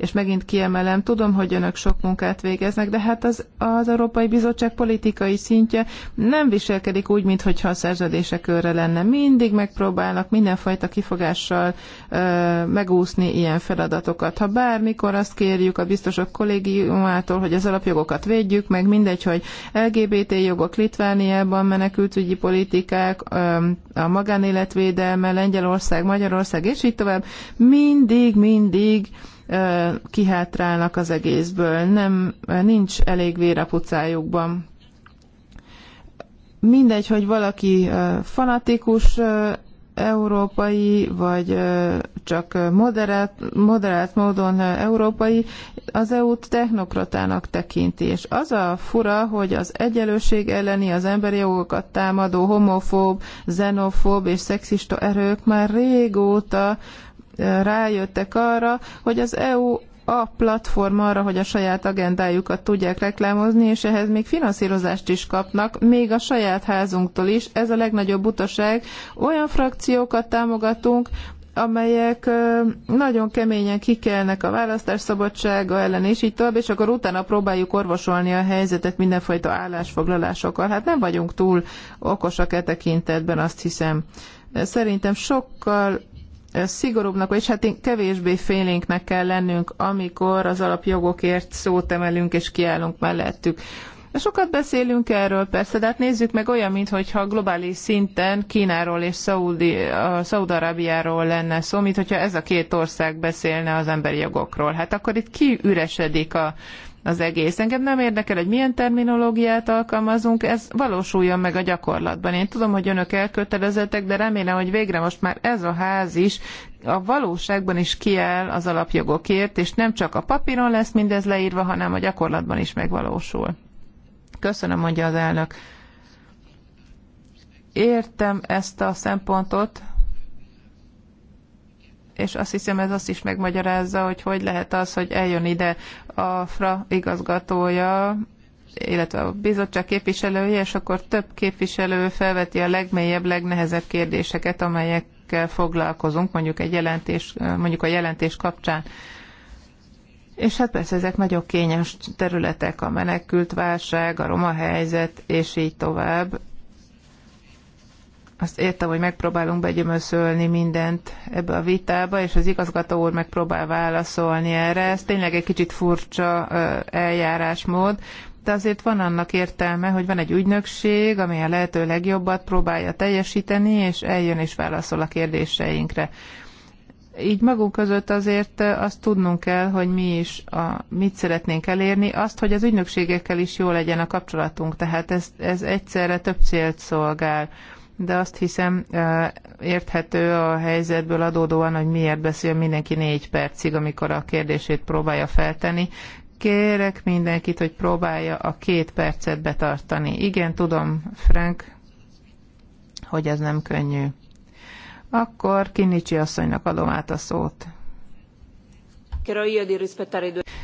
és megint kiemelem, tudom, hogy önök sok munkát végeznek, de hát az, az Európai Bizottság politikai szintje nem viselkedik úgy, mintha a szerződések őre lenne. Mindig megpróbálnak mindenfajta kifogással ö, megúszni ilyen feladatokat. Ha bármikor azt kérjük a biztosok kollégiumától, hogy az alapjogokat védjük, meg mindegy, hogy LGBT jogok Litvániában, menekültügyi politikák, ö, a magánéletvédelme, Lengyelország, Magyarország, és így tovább, mindig, mindig kihátrálnak az egészből, nem, nincs elég vér a pucájukban. Mindegy, hogy valaki fanatikus európai, vagy csak moderát moderát módon európai, az EU-t technokratának tekinti. És az a fura, hogy az egyenlőség elleni, az emberi jogokat támadó homofób, xenofób és szexista erők már régóta rájöttek arra, hogy az EU a platform arra, hogy a saját agendájukat tudják reklámozni, és ehhez még finanszírozást is kapnak, még a saját házunktól is. Ez a legnagyobb butaság. Olyan frakciókat támogatunk, amelyek nagyon keményen kikelnek a választás szabadsága ellen, és így tovább, és akkor utána próbáljuk orvosolni a helyzetet mindenfajta állásfoglalásokkal. Hát nem vagyunk túl okosak e tekintetben, azt hiszem. Szerintem sokkal szigorúbbnak, és hát kevésbé félénknek kell lennünk, amikor az alapjogokért szót emelünk és kiállunk mellettük. Sokat beszélünk erről persze, de hát nézzük meg olyan, mintha globális szinten Kínáról és Szaudi, Szaudarábiáról lenne szó, mintha ez a két ország beszélne az emberi jogokról. Hát akkor itt üresedik a, az egész. Engem nem érdekel, hogy milyen terminológiát alkalmazunk, ez valósuljon meg a gyakorlatban. Én tudom, hogy önök elkötelezettek, de remélem, hogy végre most már ez a ház is a valóságban is kiáll az alapjogokért, és nem csak a papíron lesz mindez leírva, hanem a gyakorlatban is megvalósul. Köszönöm, mondja az elnök. Értem ezt a szempontot, és azt hiszem ez azt is megmagyarázza, hogy hogy lehet az, hogy eljön ide a FRA igazgatója, illetve a bizottság képviselője, és akkor több képviselő felveti a legmélyebb, legnehezebb kérdéseket, amelyekkel foglalkozunk, mondjuk, egy jelentés, mondjuk a jelentés kapcsán. És hát persze ezek nagyon kényes területek, a menekült válság, a roma helyzet, és így tovább azt értem, hogy megpróbálunk begyömöszölni mindent ebbe a vitába, és az igazgató úr megpróbál válaszolni erre. Ez tényleg egy kicsit furcsa eljárásmód, de azért van annak értelme, hogy van egy ügynökség, ami a lehető legjobbat próbálja teljesíteni, és eljön és válaszol a kérdéseinkre. Így magunk között azért azt tudnunk kell, hogy mi is a, mit szeretnénk elérni, azt, hogy az ügynökségekkel is jó legyen a kapcsolatunk, tehát ez, ez egyszerre több célt szolgál de azt hiszem érthető a helyzetből adódóan, hogy miért beszél mindenki négy percig, amikor a kérdését próbálja feltenni. Kérek mindenkit, hogy próbálja a két percet betartani. Igen, tudom, Frank, hogy ez nem könnyű. Akkor Kinicsi asszonynak adom át a szót.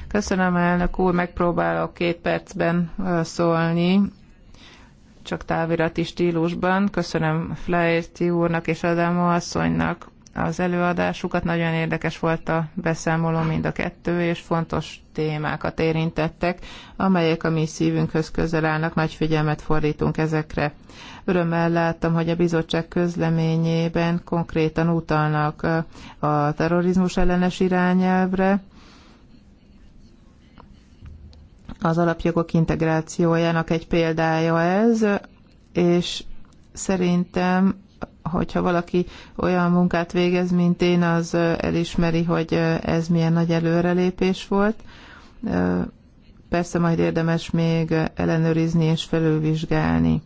Köszönöm, elnök úr, megpróbálok két percben szólni csak távirati stílusban. Köszönöm Flaherty úrnak és Adamo asszonynak az előadásukat. Nagyon érdekes volt a beszámoló mind a kettő, és fontos témákat érintettek, amelyek a mi szívünkhöz közel állnak, nagy figyelmet fordítunk ezekre. Örömmel láttam, hogy a bizottság közleményében konkrétan utalnak a terrorizmus ellenes irányelvre, az alapjogok integrációjának egy példája ez, és szerintem hogyha valaki olyan munkát végez, mint én, az elismeri, hogy ez milyen nagy előrelépés volt. Persze majd érdemes még ellenőrizni és felülvizsgálni.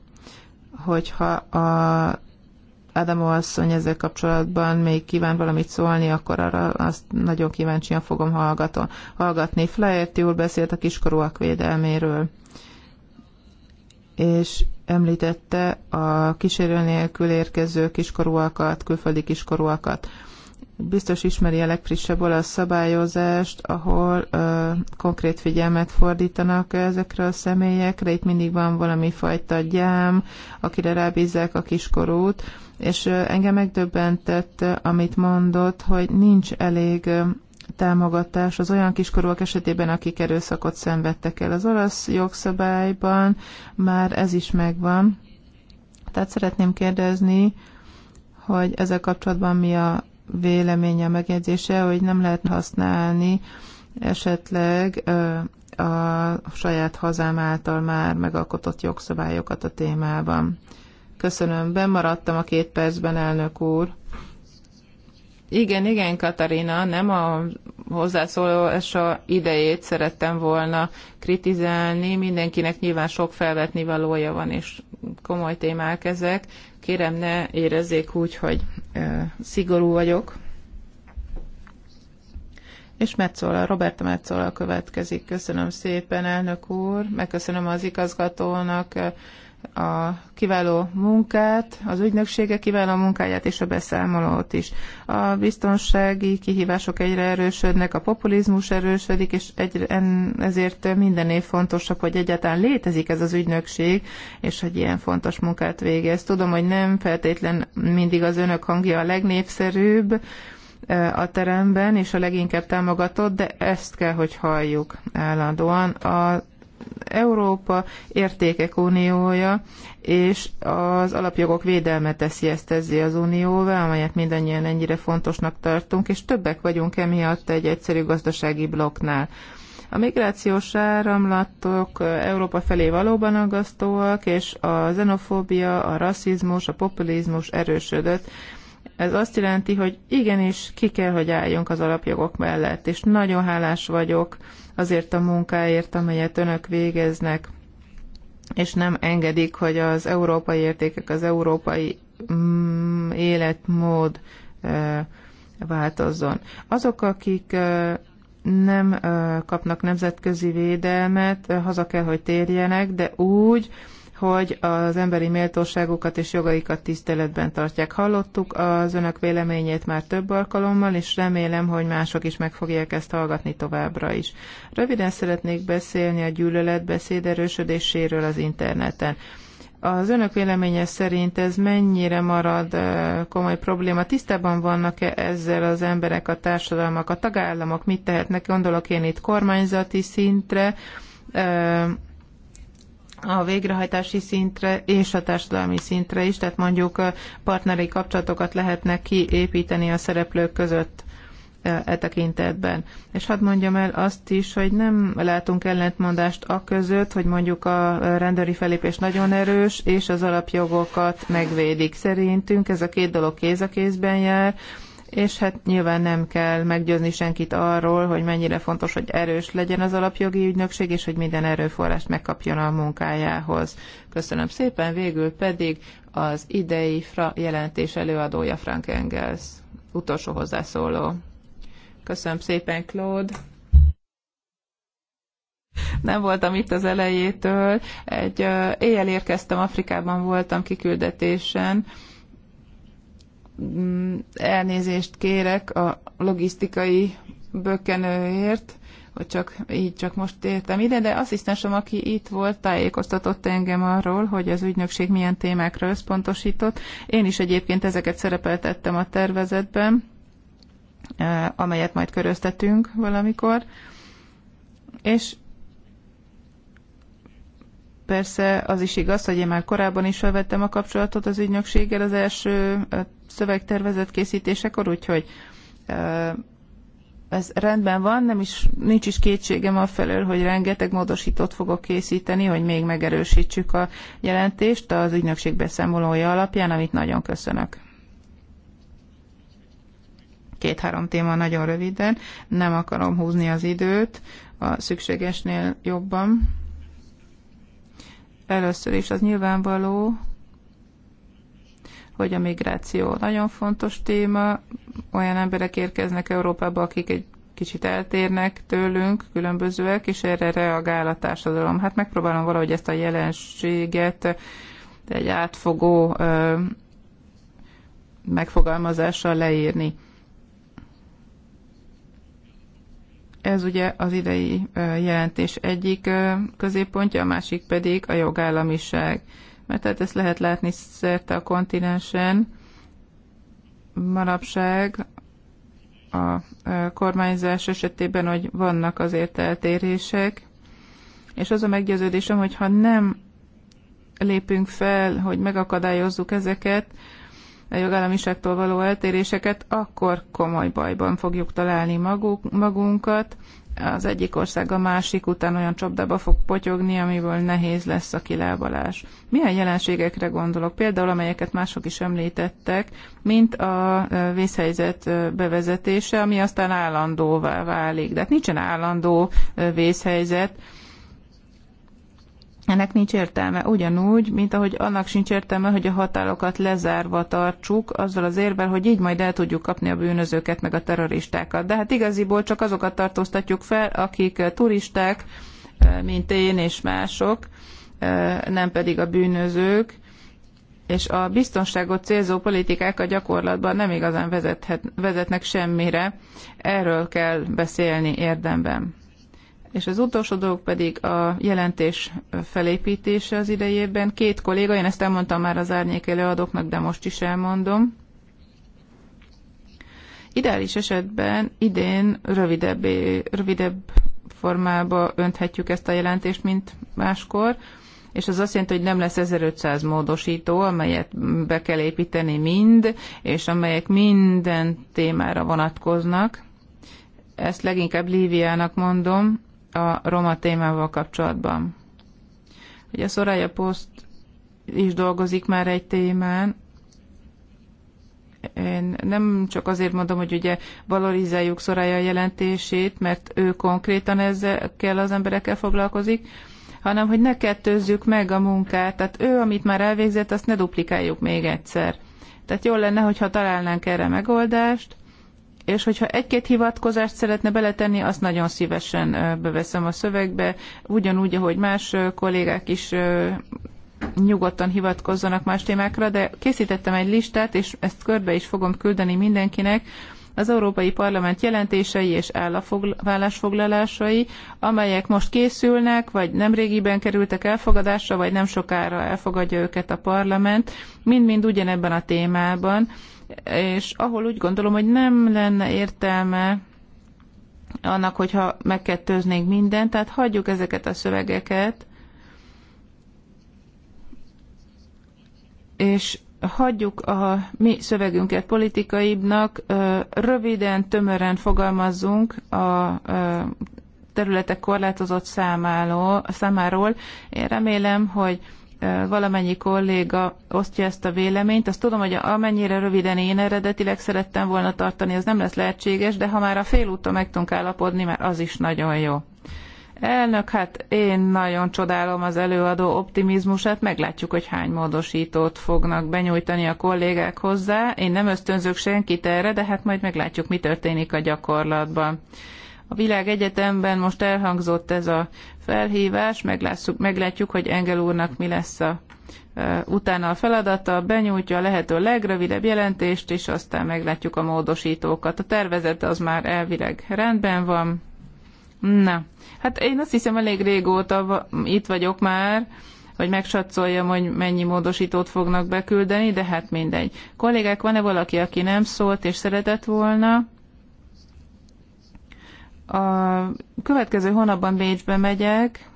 Hogyha a Adamo, asszony ezzel kapcsolatban még kíván valamit szólni, akkor arra azt nagyon kíváncsian fogom hallgató, hallgatni. Flaherty úr beszélt a kiskorúak védelméről, és említette a kísérő nélkül érkező kiskorúakat, külföldi kiskorúakat biztos ismeri a legfrissebb olasz szabályozást, ahol ö, konkrét figyelmet fordítanak ezekre a személyekre. Itt mindig van valami fajta gyám, akire rábízzák a kiskorút, és ö, engem megdöbbentett, amit mondott, hogy nincs elég ö, támogatás az olyan kiskorúak esetében, akik erőszakot szenvedtek el. Az olasz jogszabályban már ez is megvan. Tehát szeretném kérdezni, hogy ezzel kapcsolatban mi a véleménye, a megjegyzése, hogy nem lehet használni esetleg a saját hazám által már megalkotott jogszabályokat a témában. Köszönöm, bemaradtam a két percben, elnök úr. Igen, igen, Katarina, nem a hozzászólása idejét szerettem volna kritizálni. Mindenkinek nyilván sok felvetni valója van, és komoly témák ezek. Kérem, ne érezzék úgy, hogy szigorú vagyok. És Metzola, Roberta Metzola következik. Köszönöm szépen, elnök úr. Megköszönöm az igazgatónak a kiváló munkát, az ügynöksége kiváló munkáját és a beszámolót is. A biztonsági kihívások egyre erősödnek, a populizmus erősödik, és egyre, ezért minden év fontosabb, hogy egyáltalán létezik ez az ügynökség, és hogy ilyen fontos munkát végez. Tudom, hogy nem feltétlen mindig az önök hangja a legnépszerűbb, e, a teremben, és a leginkább támogatott, de ezt kell, hogy halljuk állandóan. A Európa értékek uniója, és az alapjogok védelme teszi ezt ezzé az unióvá, amelyet mindannyian ennyire fontosnak tartunk, és többek vagyunk emiatt egy egyszerű gazdasági blokknál. A migrációs áramlatok Európa felé valóban aggasztóak, és a xenofóbia, a rasszizmus, a populizmus erősödött, ez azt jelenti, hogy igenis ki kell, hogy álljunk az alapjogok mellett, és nagyon hálás vagyok azért a munkáért, amelyet önök végeznek, és nem engedik, hogy az európai értékek, az európai mm, életmód e, változzon. Azok, akik e, nem e, kapnak nemzetközi védelmet, e, haza kell, hogy térjenek, de úgy, hogy az emberi méltóságukat és jogaikat tiszteletben tartják. Hallottuk az önök véleményét már több alkalommal, és remélem, hogy mások is meg fogják ezt hallgatni továbbra is. Röviden szeretnék beszélni a gyűlöletbeszéd erősödéséről az interneten. Az önök véleménye szerint ez mennyire marad komoly probléma? Tisztában vannak-e ezzel az emberek, a társadalmak, a tagállamok? Mit tehetnek? Gondolok én itt kormányzati szintre, a végrehajtási szintre és a társadalmi szintre is, tehát mondjuk partneri kapcsolatokat lehetne kiépíteni a szereplők között e tekintetben. És hadd mondjam el azt is, hogy nem látunk ellentmondást a között, hogy mondjuk a rendőri felépés nagyon erős, és az alapjogokat megvédik. Szerintünk ez a két dolog kéz a kézben jár, és hát nyilván nem kell meggyőzni senkit arról, hogy mennyire fontos, hogy erős legyen az alapjogi ügynökség, és hogy minden erőforrást megkapjon a munkájához. Köszönöm szépen, végül pedig az idei fra jelentés előadója Frank Engels, utolsó hozzászóló. Köszönöm szépen, Claude! nem voltam itt az elejétől. Egy éjjel érkeztem, Afrikában voltam kiküldetésen, Mm, elnézést kérek a logisztikai bökkenőért, hogy csak így csak most értem ide, de asszisztensom, aki itt volt, tájékoztatott engem arról, hogy az ügynökség milyen témákra összpontosított. Én is egyébként ezeket szerepeltettem a tervezetben, eh, amelyet majd köröztetünk valamikor. És Persze az is igaz, hogy én már korábban is felvettem a kapcsolatot az ügynökséggel az első szövegtervezet készítésekor, úgyhogy ez rendben van, nem is, nincs is kétségem a felől, hogy rengeteg módosítót fogok készíteni, hogy még megerősítsük a jelentést az ügynökség beszámolója alapján, amit nagyon köszönök. Két-három téma nagyon röviden, nem akarom húzni az időt, a szükségesnél jobban. Először is az nyilvánvaló, hogy a migráció nagyon fontos téma. Olyan emberek érkeznek Európába, akik egy kicsit eltérnek tőlünk, különbözőek, és erre reagál a társadalom. Hát megpróbálom valahogy ezt a jelenséget egy átfogó megfogalmazással leírni. Ez ugye az idei jelentés egyik középpontja, a másik pedig a jogállamiság. Mert tehát ezt lehet látni szerte a kontinensen. Manapság a kormányzás esetében, hogy vannak azért eltérések, és az a meggyőződésem, hogy ha nem lépünk fel, hogy megakadályozzuk ezeket, a jogállamiságtól való eltéréseket, akkor komoly bajban fogjuk találni maguk, magunkat. Az egyik ország a másik után olyan csapdába fog potyogni, amiből nehéz lesz a kilábalás. Milyen jelenségekre gondolok? Például, amelyeket mások is említettek, mint a vészhelyzet bevezetése, ami aztán állandóvá válik. De hát nincsen állandó vészhelyzet, ennek nincs értelme. Ugyanúgy, mint ahogy annak sincs értelme, hogy a határokat lezárva tartsuk, azzal az érvel, hogy így majd el tudjuk kapni a bűnözőket, meg a terroristákat. De hát igaziból csak azokat tartóztatjuk fel, akik eh, turisták, eh, mint én és mások, eh, nem pedig a bűnözők, és a biztonságot célzó politikák a gyakorlatban nem igazán vezethet, vezetnek semmire. Erről kell beszélni érdemben. És az utolsó dolog pedig a jelentés felépítése az idejében. Két kolléga, én ezt elmondtam már az árnyék előadóknak, de most is elmondom. Ideális esetben idén rövidebb, rövidebb formába önthetjük ezt a jelentést, mint máskor, és az azt jelenti, hogy nem lesz 1500 módosító, amelyet be kell építeni mind, és amelyek minden témára vonatkoznak. Ezt leginkább Líviának mondom, a roma témával kapcsolatban. Ugye Soraya Post is dolgozik már egy témán, én nem csak azért mondom, hogy ugye valorizáljuk Szorája jelentését, mert ő konkrétan ezzel kell az emberekkel foglalkozik, hanem hogy ne kettőzzük meg a munkát, tehát ő, amit már elvégzett, azt ne duplikáljuk még egyszer. Tehát jól lenne, hogyha találnánk erre megoldást, és hogyha egy-két hivatkozást szeretne beletenni, azt nagyon szívesen beveszem a szövegbe, ugyanúgy, ahogy más kollégák is nyugodtan hivatkozzanak más témákra, de készítettem egy listát, és ezt körbe is fogom küldeni mindenkinek, az Európai Parlament jelentései és állásfoglalásai, amelyek most készülnek, vagy nemrégiben kerültek elfogadásra, vagy nem sokára elfogadja őket a parlament, mind-mind ugyanebben a témában és ahol úgy gondolom, hogy nem lenne értelme annak, hogyha megkettőznénk mindent, tehát hagyjuk ezeket a szövegeket, és hagyjuk a mi szövegünket politikaibbnak, röviden, tömören fogalmazzunk a területek korlátozott számáról. Én remélem, hogy valamennyi kolléga osztja ezt a véleményt. Azt tudom, hogy amennyire röviden én eredetileg szerettem volna tartani, az nem lesz lehetséges, de ha már a úton meg tudunk állapodni, már az is nagyon jó. Elnök, hát én nagyon csodálom az előadó optimizmusát, meglátjuk, hogy hány módosítót fognak benyújtani a kollégák hozzá. Én nem ösztönzök senkit erre, de hát majd meglátjuk, mi történik a gyakorlatban. A világegyetemben most elhangzott ez a felhívás, meglátjuk, meglátjuk, hogy Engel úrnak mi lesz a utána a feladata, benyújtja a lehető legrövidebb jelentést, és aztán meglátjuk a módosítókat. A tervezete az már elvileg rendben van. Na, hát én azt hiszem elég régóta itt vagyok már, hogy megsatszoljam, hogy mennyi módosítót fognak beküldeni, de hát mindegy. Kollégák, van-e valaki, aki nem szólt és szeretett volna? A következő hónapban Bécsbe megyek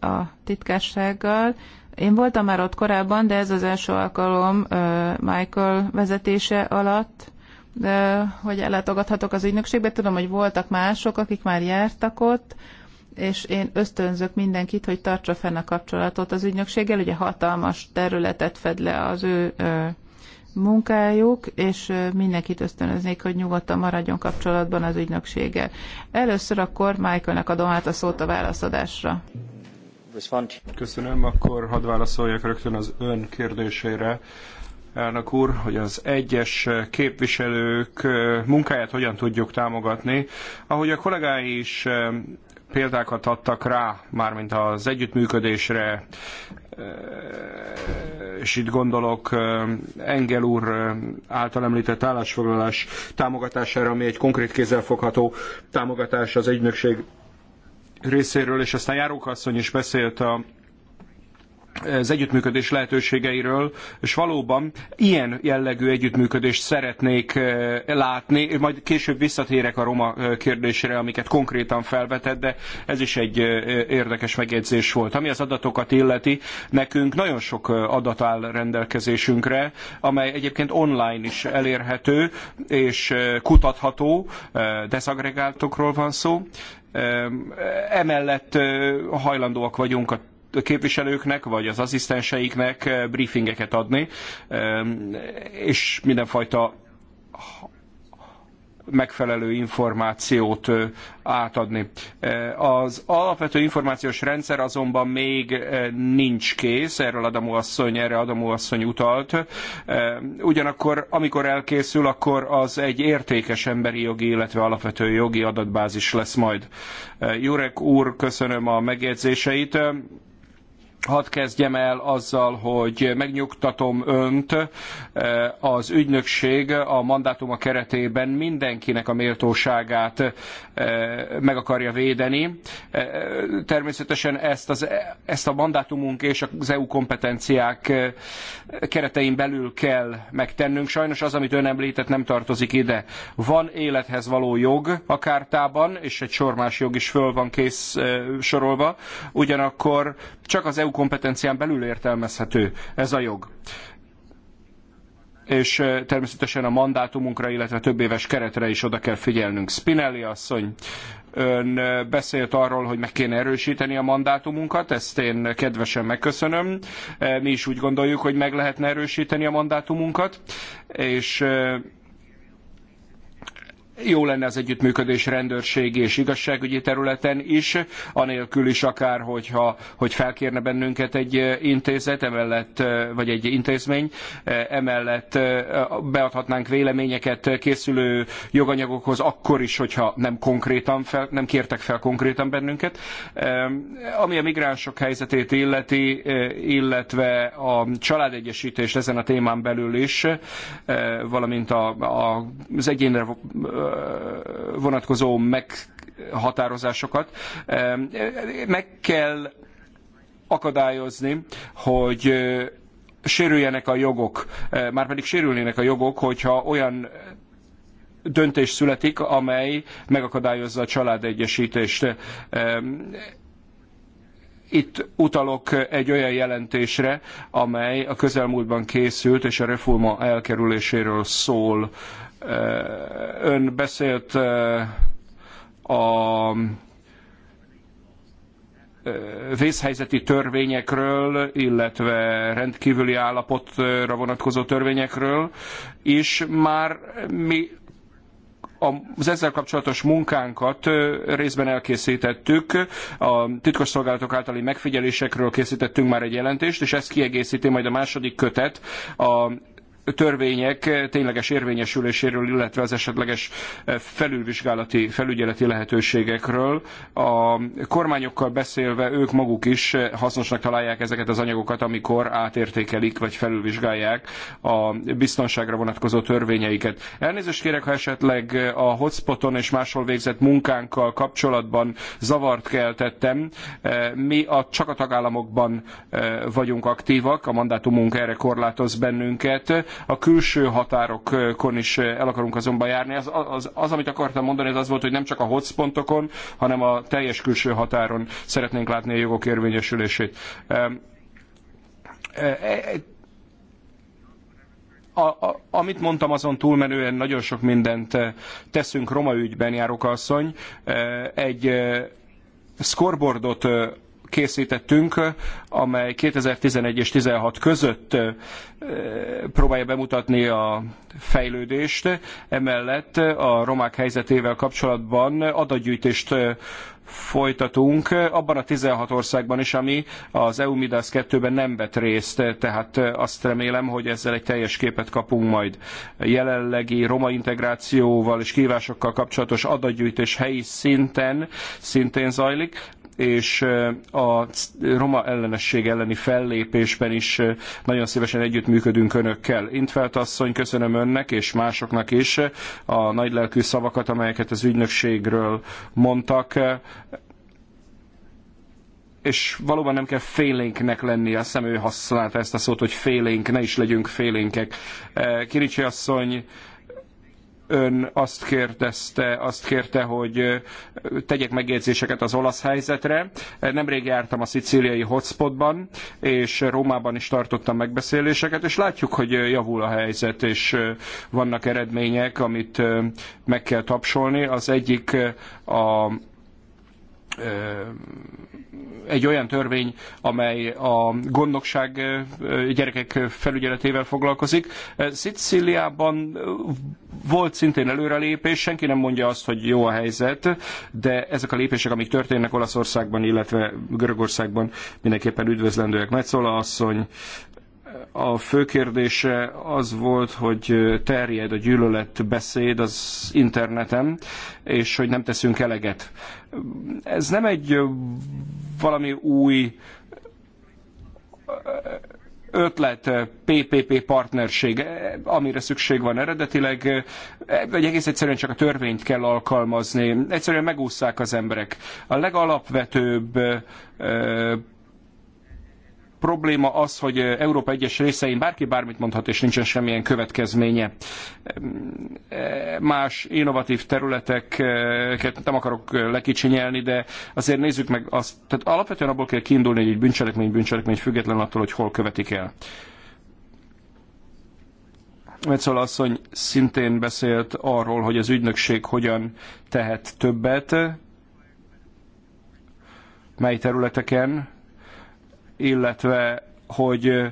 a titkársággal. Én voltam már ott korábban, de ez az első alkalom Michael vezetése alatt, hogy ellátogathatok az ügynökségbe. Tudom, hogy voltak mások, akik már jártak ott, és én ösztönzök mindenkit, hogy tartsa fenn a kapcsolatot az ügynökséggel. Ugye hatalmas területet fed le az ő munkájuk, és mindenkit ösztönöznék, hogy nyugodtan maradjon kapcsolatban az ügynökséggel. Először akkor Michaelnek adom át a szót a válaszadásra. Köszönöm, akkor hadd válaszoljak rögtön az ön kérdésére. Elnök úr, hogy az egyes képviselők munkáját hogyan tudjuk támogatni. Ahogy a kollégái is példákat adtak rá, mármint az együttműködésre, és itt gondolok Engel úr által említett állásfoglalás támogatására, ami egy konkrét kézzelfogható támogatás az ügynökség részéről, és aztán Járók asszony is beszélt a az együttműködés lehetőségeiről, és valóban ilyen jellegű együttműködést szeretnék eh, látni, majd később visszatérek a roma eh, kérdésre, amiket konkrétan felvetett, de ez is egy eh, érdekes megjegyzés volt. Ami az adatokat illeti, nekünk nagyon sok adat áll rendelkezésünkre, amely egyébként online is elérhető és kutatható, deszagregáltokról van szó, Emellett hajlandóak vagyunk a képviselőknek, vagy az asszisztenseiknek eh, briefingeket adni, eh, és mindenfajta megfelelő információt eh, átadni. Az alapvető információs rendszer azonban még nincs kész, erről Adamó asszony, erre Adamó asszony utalt. Ugyanakkor, amikor elkészül, akkor az egy értékes emberi jogi, illetve alapvető jogi adatbázis lesz majd. Jurek úr, köszönöm a megjegyzéseit. Hadd kezdjem el azzal, hogy megnyugtatom önt, eh, az ügynökség a mandátuma keretében mindenkinek a méltóságát eh, meg akarja védeni. Eh, természetesen ezt, az, ezt a mandátumunk és az EU kompetenciák keretein belül kell megtennünk. Sajnos az, amit ön említett, nem tartozik ide. Van élethez való jog a kártában, és egy sor más jog is föl van kész sorolva, ugyanakkor csak az EU kompetencián belül értelmezhető ez a jog és természetesen a mandátumunkra, illetve több éves keretre is oda kell figyelnünk. Spinelli asszony, ön beszélt arról, hogy meg kéne erősíteni a mandátumunkat, ezt én kedvesen megköszönöm. Mi is úgy gondoljuk, hogy meg lehetne erősíteni a mandátumunkat, és jó lenne az együttműködés rendőrségi és igazságügyi területen is, anélkül is akár, hogyha, hogy felkérne bennünket egy eh, intézet, emellett, eh, vagy egy intézmény, eh, emellett beadhatnánk véleményeket készülő joganyagokhoz akkor is, hogyha nem konkrétan fel, nem kértek fel konkrétan bennünket. Ami a migránsok helyzetét illeti, illetve a családegyesítés ezen a témán belül is, valamint a, a, az egyénre vonatkozó meghatározásokat. Meg kell akadályozni, hogy sérüljenek a jogok, már pedig sérülnének a jogok, hogyha olyan döntés születik, amely megakadályozza a családegyesítést. Itt utalok egy olyan jelentésre, amely a közelmúltban készült, és a reforma elkerüléséről szól. Ön beszélt a vészhelyzeti törvényekről, illetve rendkívüli állapotra vonatkozó törvényekről, és már mi az ezzel kapcsolatos munkánkat részben elkészítettük, a titkosszolgálatok általi megfigyelésekről készítettünk már egy jelentést, és ezt kiegészíti majd a második kötet a törvények tényleges érvényesüléséről, illetve az esetleges eh, felülvizsgálati, felügyeleti lehetőségekről. A kormányokkal beszélve ők maguk is eh, hasznosnak találják ezeket az anyagokat, amikor átértékelik vagy felülvizsgálják a biztonságra vonatkozó törvényeiket. Elnézést kérek, ha esetleg eh, a hotspoton és máshol végzett munkánkkal kapcsolatban zavart keltettem. Mi a, csak a tagállamokban vagyunk aktívak, a mandátumunk erre korlátoz bennünket. A külső határokon is eh, el akarunk azonban járni. Az, az, az amit akartam mondani, az az volt, hogy nem csak a hotspontokon, hanem a teljes külső határon szeretnénk látni a jogok érvényesülését eh, eh, a, a, amit mondtam azon túlmenően nagyon sok mindent teszünk Roma ügyben, járókasszony. Egy scoreboardot készítettünk, amely 2011 és 16 között próbálja bemutatni a fejlődést. Emellett a romák helyzetével kapcsolatban adatgyűjtést folytatunk abban a 16 országban is, ami az EU Midas 2-ben nem vett részt, tehát azt remélem, hogy ezzel egy teljes képet kapunk majd jelenlegi roma integrációval és kívásokkal kapcsolatos adatgyűjtés helyi szinten szintén zajlik és a roma ellenesség elleni fellépésben is nagyon szívesen együttműködünk önökkel. Intfelt asszony, köszönöm önnek és másoknak is a nagylelkű szavakat, amelyeket az ügynökségről mondtak és valóban nem kell félénknek lenni, azt hiszem ő használta ezt a szót, hogy félénk, ne is legyünk félénkek. Kiricsi asszony, ön azt kérdezte, azt kérte, hogy tegyek megjegyzéseket az olasz helyzetre. Nemrég jártam a szicíliai hotspotban, és Rómában is tartottam megbeszéléseket, és látjuk, hogy javul a helyzet, és vannak eredmények, amit meg kell tapsolni. Az egyik a egy olyan törvény, amely a gondnokság gyerekek felügyeletével foglalkozik. Szicíliában volt szintén előrelépés, senki nem mondja azt, hogy jó a helyzet, de ezek a lépések, amik történnek Olaszországban, illetve Görögországban mindenképpen üdvözlendőek. Metzola asszony a fő kérdése az volt, hogy terjed a gyűlöletbeszéd az interneten, és hogy nem teszünk eleget. Ez nem egy valami új ötlet, PPP partnerség, amire szükség van eredetileg, vagy egész egyszerűen csak a törvényt kell alkalmazni. Egyszerűen megúszszák az emberek. A legalapvetőbb probléma az, hogy Európa egyes részein bárki bármit mondhat, és nincsen semmilyen következménye. Más innovatív területeket nem akarok lekicsinyelni, de azért nézzük meg azt. Tehát alapvetően abból kell kiindulni, hogy egy bűncselekmény bűncselekmény független attól, hogy hol követik el. Metzola asszony szintén beszélt arról, hogy az ügynökség hogyan tehet többet, mely területeken, illetve hogy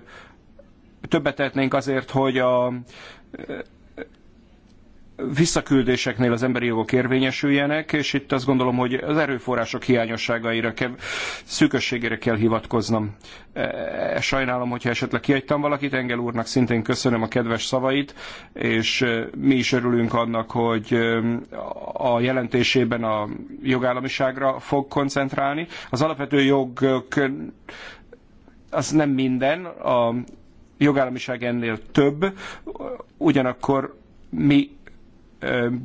többet tehetnénk azért, hogy a visszaküldéseknél az emberi jogok érvényesüljenek, és itt azt gondolom, hogy az erőforrások hiányosságaira, kev- szűkösségére kell hivatkoznom. E, sajnálom, hogyha esetleg kihagytam valakit, Engel úrnak szintén köszönöm a kedves szavait, és mi is örülünk annak, hogy a jelentésében a jogállamiságra fog koncentrálni. Az alapvető jogok az nem minden, a jogállamiság ennél több, ugyanakkor mi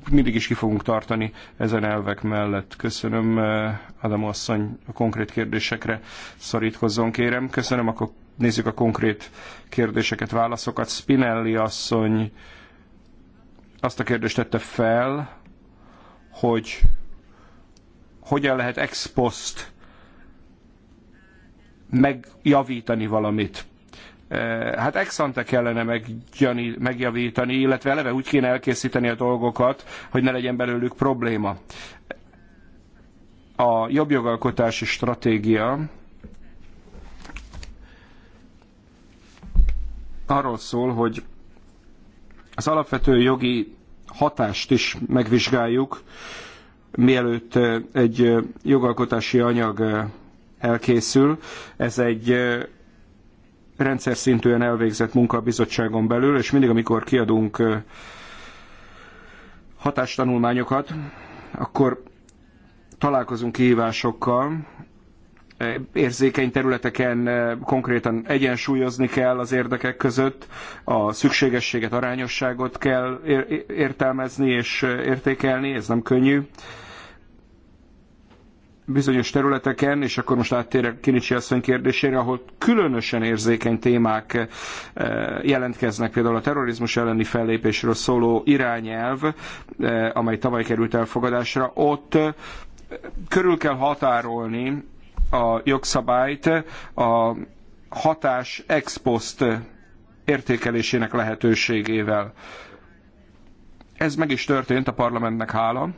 mindig is ki fogunk tartani ezen elvek mellett. Köszönöm, Adam asszony, a konkrét kérdésekre szorítkozzon, kérem. Köszönöm, akkor nézzük a konkrét kérdéseket, válaszokat. Spinelli asszony azt a kérdést tette fel, hogy hogyan lehet ex post megjavítani valamit. Eh, hát ex ante kellene meggyani, megjavítani, illetve eleve úgy kéne elkészíteni a dolgokat, hogy ne legyen belőlük probléma. A jobb jogalkotási stratégia arról szól, hogy az alapvető jogi hatást is megvizsgáljuk, mielőtt eh, egy eh, jogalkotási anyag elkészül. Ez egy rendszer szintűen elvégzett munka a bizottságon belül, és mindig, amikor kiadunk hatástanulmányokat, akkor találkozunk kihívásokkal, érzékeny területeken konkrétan egyensúlyozni kell az érdekek között, a szükségességet, arányosságot kell értelmezni és értékelni, ez nem könnyű bizonyos területeken, és akkor most áttérek Kinicsi asszony kérdésére, ahol különösen érzékeny témák eh, jelentkeznek, például a terrorizmus elleni fellépésről szóló irányelv, eh, amely tavaly került elfogadásra, ott eh, körül kell határolni a jogszabályt a hatás ex post értékelésének lehetőségével. Ez meg is történt a parlamentnek hála.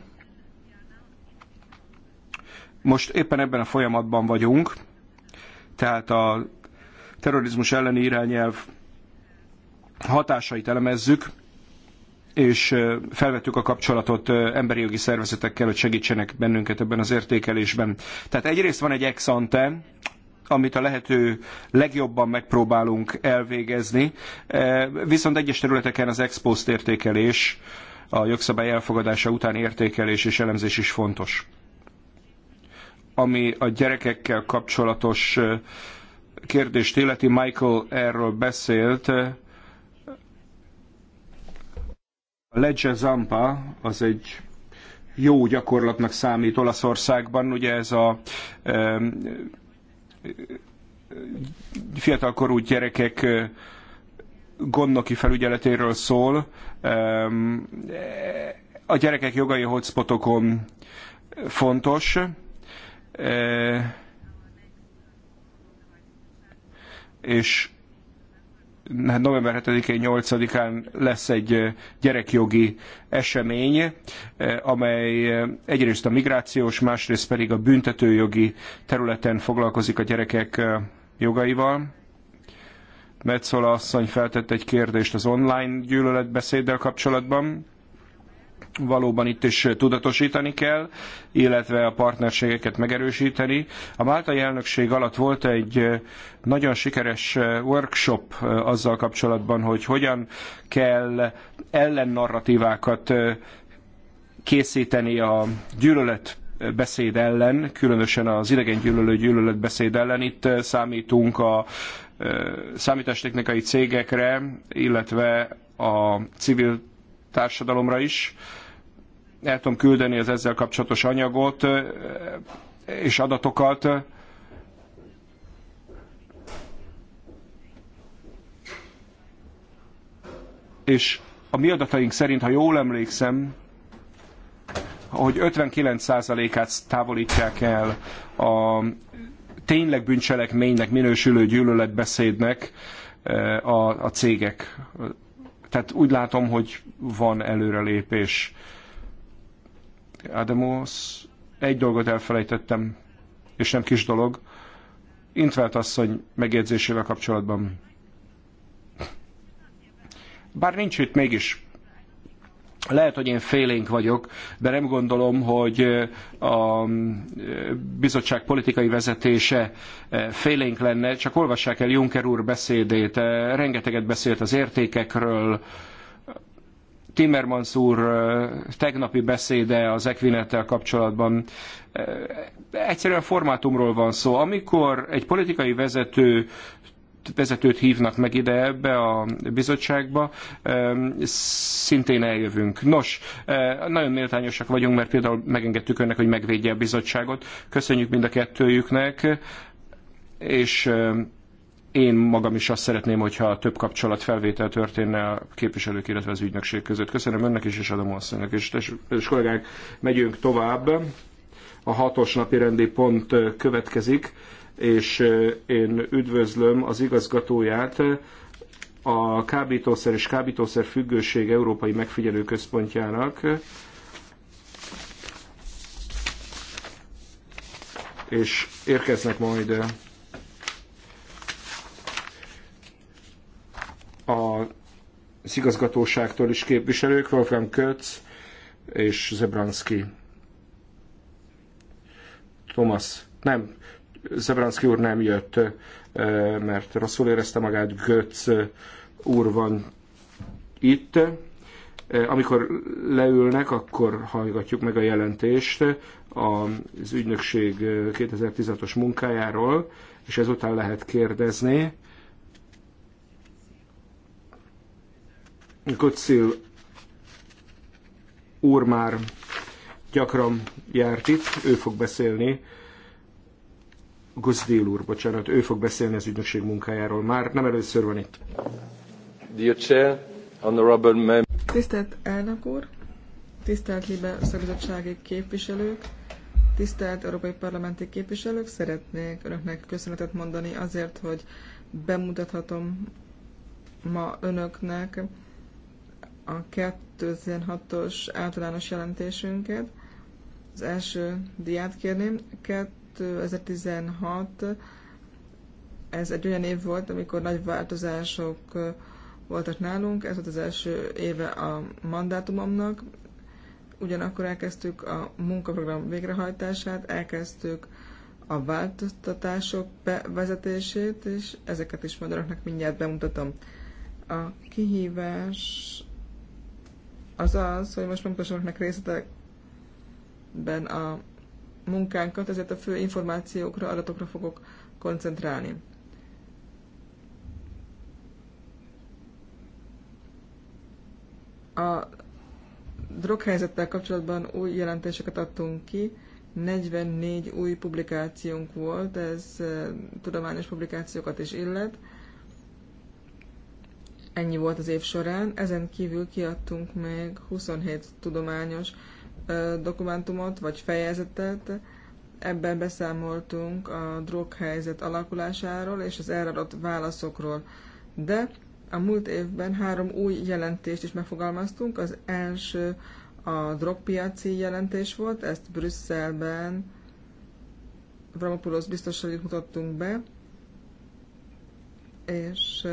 Most éppen ebben a folyamatban vagyunk, tehát a terrorizmus elleni irányelv hatásait elemezzük, és felvettük a kapcsolatot emberi jogi szervezetekkel, hogy segítsenek bennünket ebben az értékelésben. Tehát egyrészt van egy ex ante, amit a lehető legjobban megpróbálunk elvégezni, viszont egyes területeken az ex post értékelés, a jogszabály elfogadása után értékelés és elemzés is fontos ami a gyerekekkel kapcsolatos kérdést illeti, Michael erről beszélt, a Legge Zampa az egy jó gyakorlatnak számít Olaszországban, ugye ez a fiatalkorú gyerekek gondnoki felügyeletéről szól. a gyerekek jogai hotspotokon fontos. Eh, és hát november 7-én, 8-án lesz egy eh, gyerekjogi esemény, eh, amely egyrészt a migrációs, másrészt pedig a büntetőjogi területen foglalkozik a gyerekek jogaival. Metzola asszony feltett egy kérdést az online gyűlöletbeszéddel kapcsolatban valóban itt is tudatosítani kell, illetve a partnerségeket megerősíteni. A Máltai elnökség alatt volt egy eh, nagyon sikeres eh, workshop eh, azzal kapcsolatban, hogy hogyan kell ellennarratívákat készíteni a gyűlölet beszéd ellen, különösen az idegen gyűlölő gyűlöletbeszéd ellen. Itt számítunk a számítástechnikai cégekre, illetve a civil társadalomra is el tudom küldeni az ezzel kapcsolatos anyagot és adatokat. És a mi adataink szerint, ha jól emlékszem, hogy 59%-át távolítják el a tényleg bűncselekménynek minősülő gyűlöletbeszédnek a, a cégek. Tehát úgy látom, hogy van előrelépés. Ademos, egy dolgot elfelejtettem, és nem kis dolog. Intvelt asszony megjegyzésével kapcsolatban. Bár nincs itt, mégis lehet, hogy én félénk vagyok, de nem gondolom, hogy a bizottság politikai vezetése félénk lenne. Csak olvassák el Juncker úr beszédét. Rengeteget beszélt az értékekről, Timmermans úr tegnapi beszéde az Equinettel kapcsolatban egyszerűen formátumról van szó. Amikor egy politikai vezető vezetőt hívnak meg ide ebbe a bizottságba, szintén eljövünk. Nos, nagyon méltányosak vagyunk, mert például megengedtük önnek, hogy megvédje a bizottságot. Köszönjük mind a kettőjüknek, és én magam is azt szeretném, hogyha több kapcsolatfelvétel történne a képviselők, illetve az ügynökség között. Köszönöm önnek is, és adom asszonynak is. És kollégák, megyünk tovább. A hatos napi rendi pont következik, és én üdvözlöm az igazgatóját, a kábítószer és kábítószer függőség Európai Megfigyelő Központjának, és érkeznek majd az igazgatóságtól is képviselők, Wolfgang Kötz és Zebranski. Thomas, nem, Zebranski úr nem jött, mert rosszul érezte magát, Götz úr van itt. Amikor leülnek, akkor hallgatjuk meg a jelentést az ügynökség 2016-os munkájáról, és ezután lehet kérdezni. Kocil úr már gyakran járt itt, ő fog beszélni, Gozdél úr, bocsánat, ő fog beszélni az ügynökség munkájáról. Már nem először van itt. Dear Chair, Honorable Mem- Tisztelt elnök úr, tisztelt Libe szakbizottsági képviselők, tisztelt európai parlamenti képviselők, szeretnék önöknek köszönetet mondani azért, hogy bemutathatom ma önöknek a 2006-os általános jelentésünket. Az első diát kérném. 2016 ez egy olyan év volt, amikor nagy változások voltak nálunk, ez volt az első éve a mandátumomnak, ugyanakkor elkezdtük a munkaprogram végrehajtását, elkezdtük a változtatások bevezetését, és ezeket is magyaroknak mindjárt bemutatom. A kihívás az az, hogy most megmutassanak részletekben a munkánkat, ezért a fő információkra, adatokra fogok koncentrálni. A droghelyzettel kapcsolatban új jelentéseket adtunk ki, 44 új publikációnk volt, ez eh, tudományos publikációkat is illet, Ennyi volt az év során. Ezen kívül kiadtunk még 27 tudományos dokumentumot vagy fejezetet. Ebben beszámoltunk a droghelyzet alakulásáról és az erre adott válaszokról. De a múlt évben három új jelentést is megfogalmaztunk. Az első a drogpiaci jelentés volt, ezt Brüsszelben Vramopulosz biztosan mutattunk be, és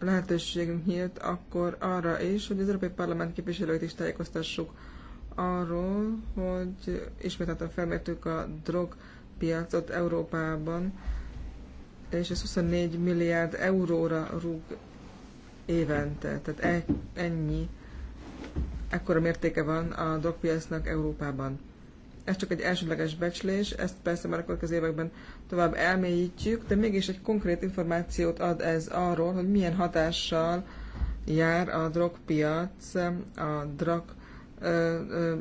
lehetőségünk nyílt akkor arra is, hogy az Európai Parlament képviselőit is tájékoztassuk arról, hogy ismételten felmértük a drogpiacot Európában, és ez 24 milliárd euróra rúg évente. Tehát e- ennyi, ekkora mértéke van a drogpiacnak Európában ez csak egy elsődleges becslés, ezt persze már a következő években tovább elmélyítjük, de mégis egy konkrét információt ad ez arról, hogy milyen hatással jár a drogpiac, a drog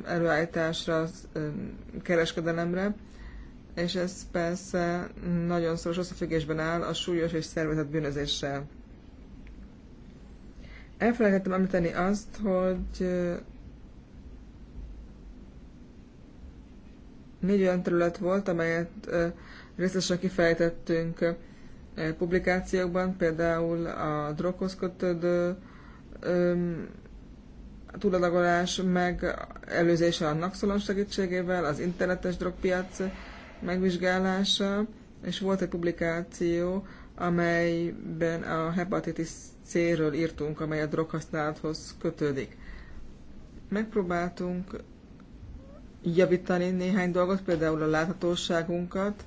előállításra, kereskedelemre, és ez persze nagyon szoros összefüggésben áll a súlyos és szervezett bűnözéssel. Elfelejtettem említeni azt, hogy négy olyan terület volt, amelyet részesen kifejtettünk publikációkban, például a droghoz kötődő túladagolás meg előzése a naxolon segítségével, az internetes drogpiac megvizsgálása, és volt egy publikáció, amelyben a hepatitis C-ről írtunk, amely a droghasználathoz kötődik. Megpróbáltunk javítani néhány dolgot, például a láthatóságunkat.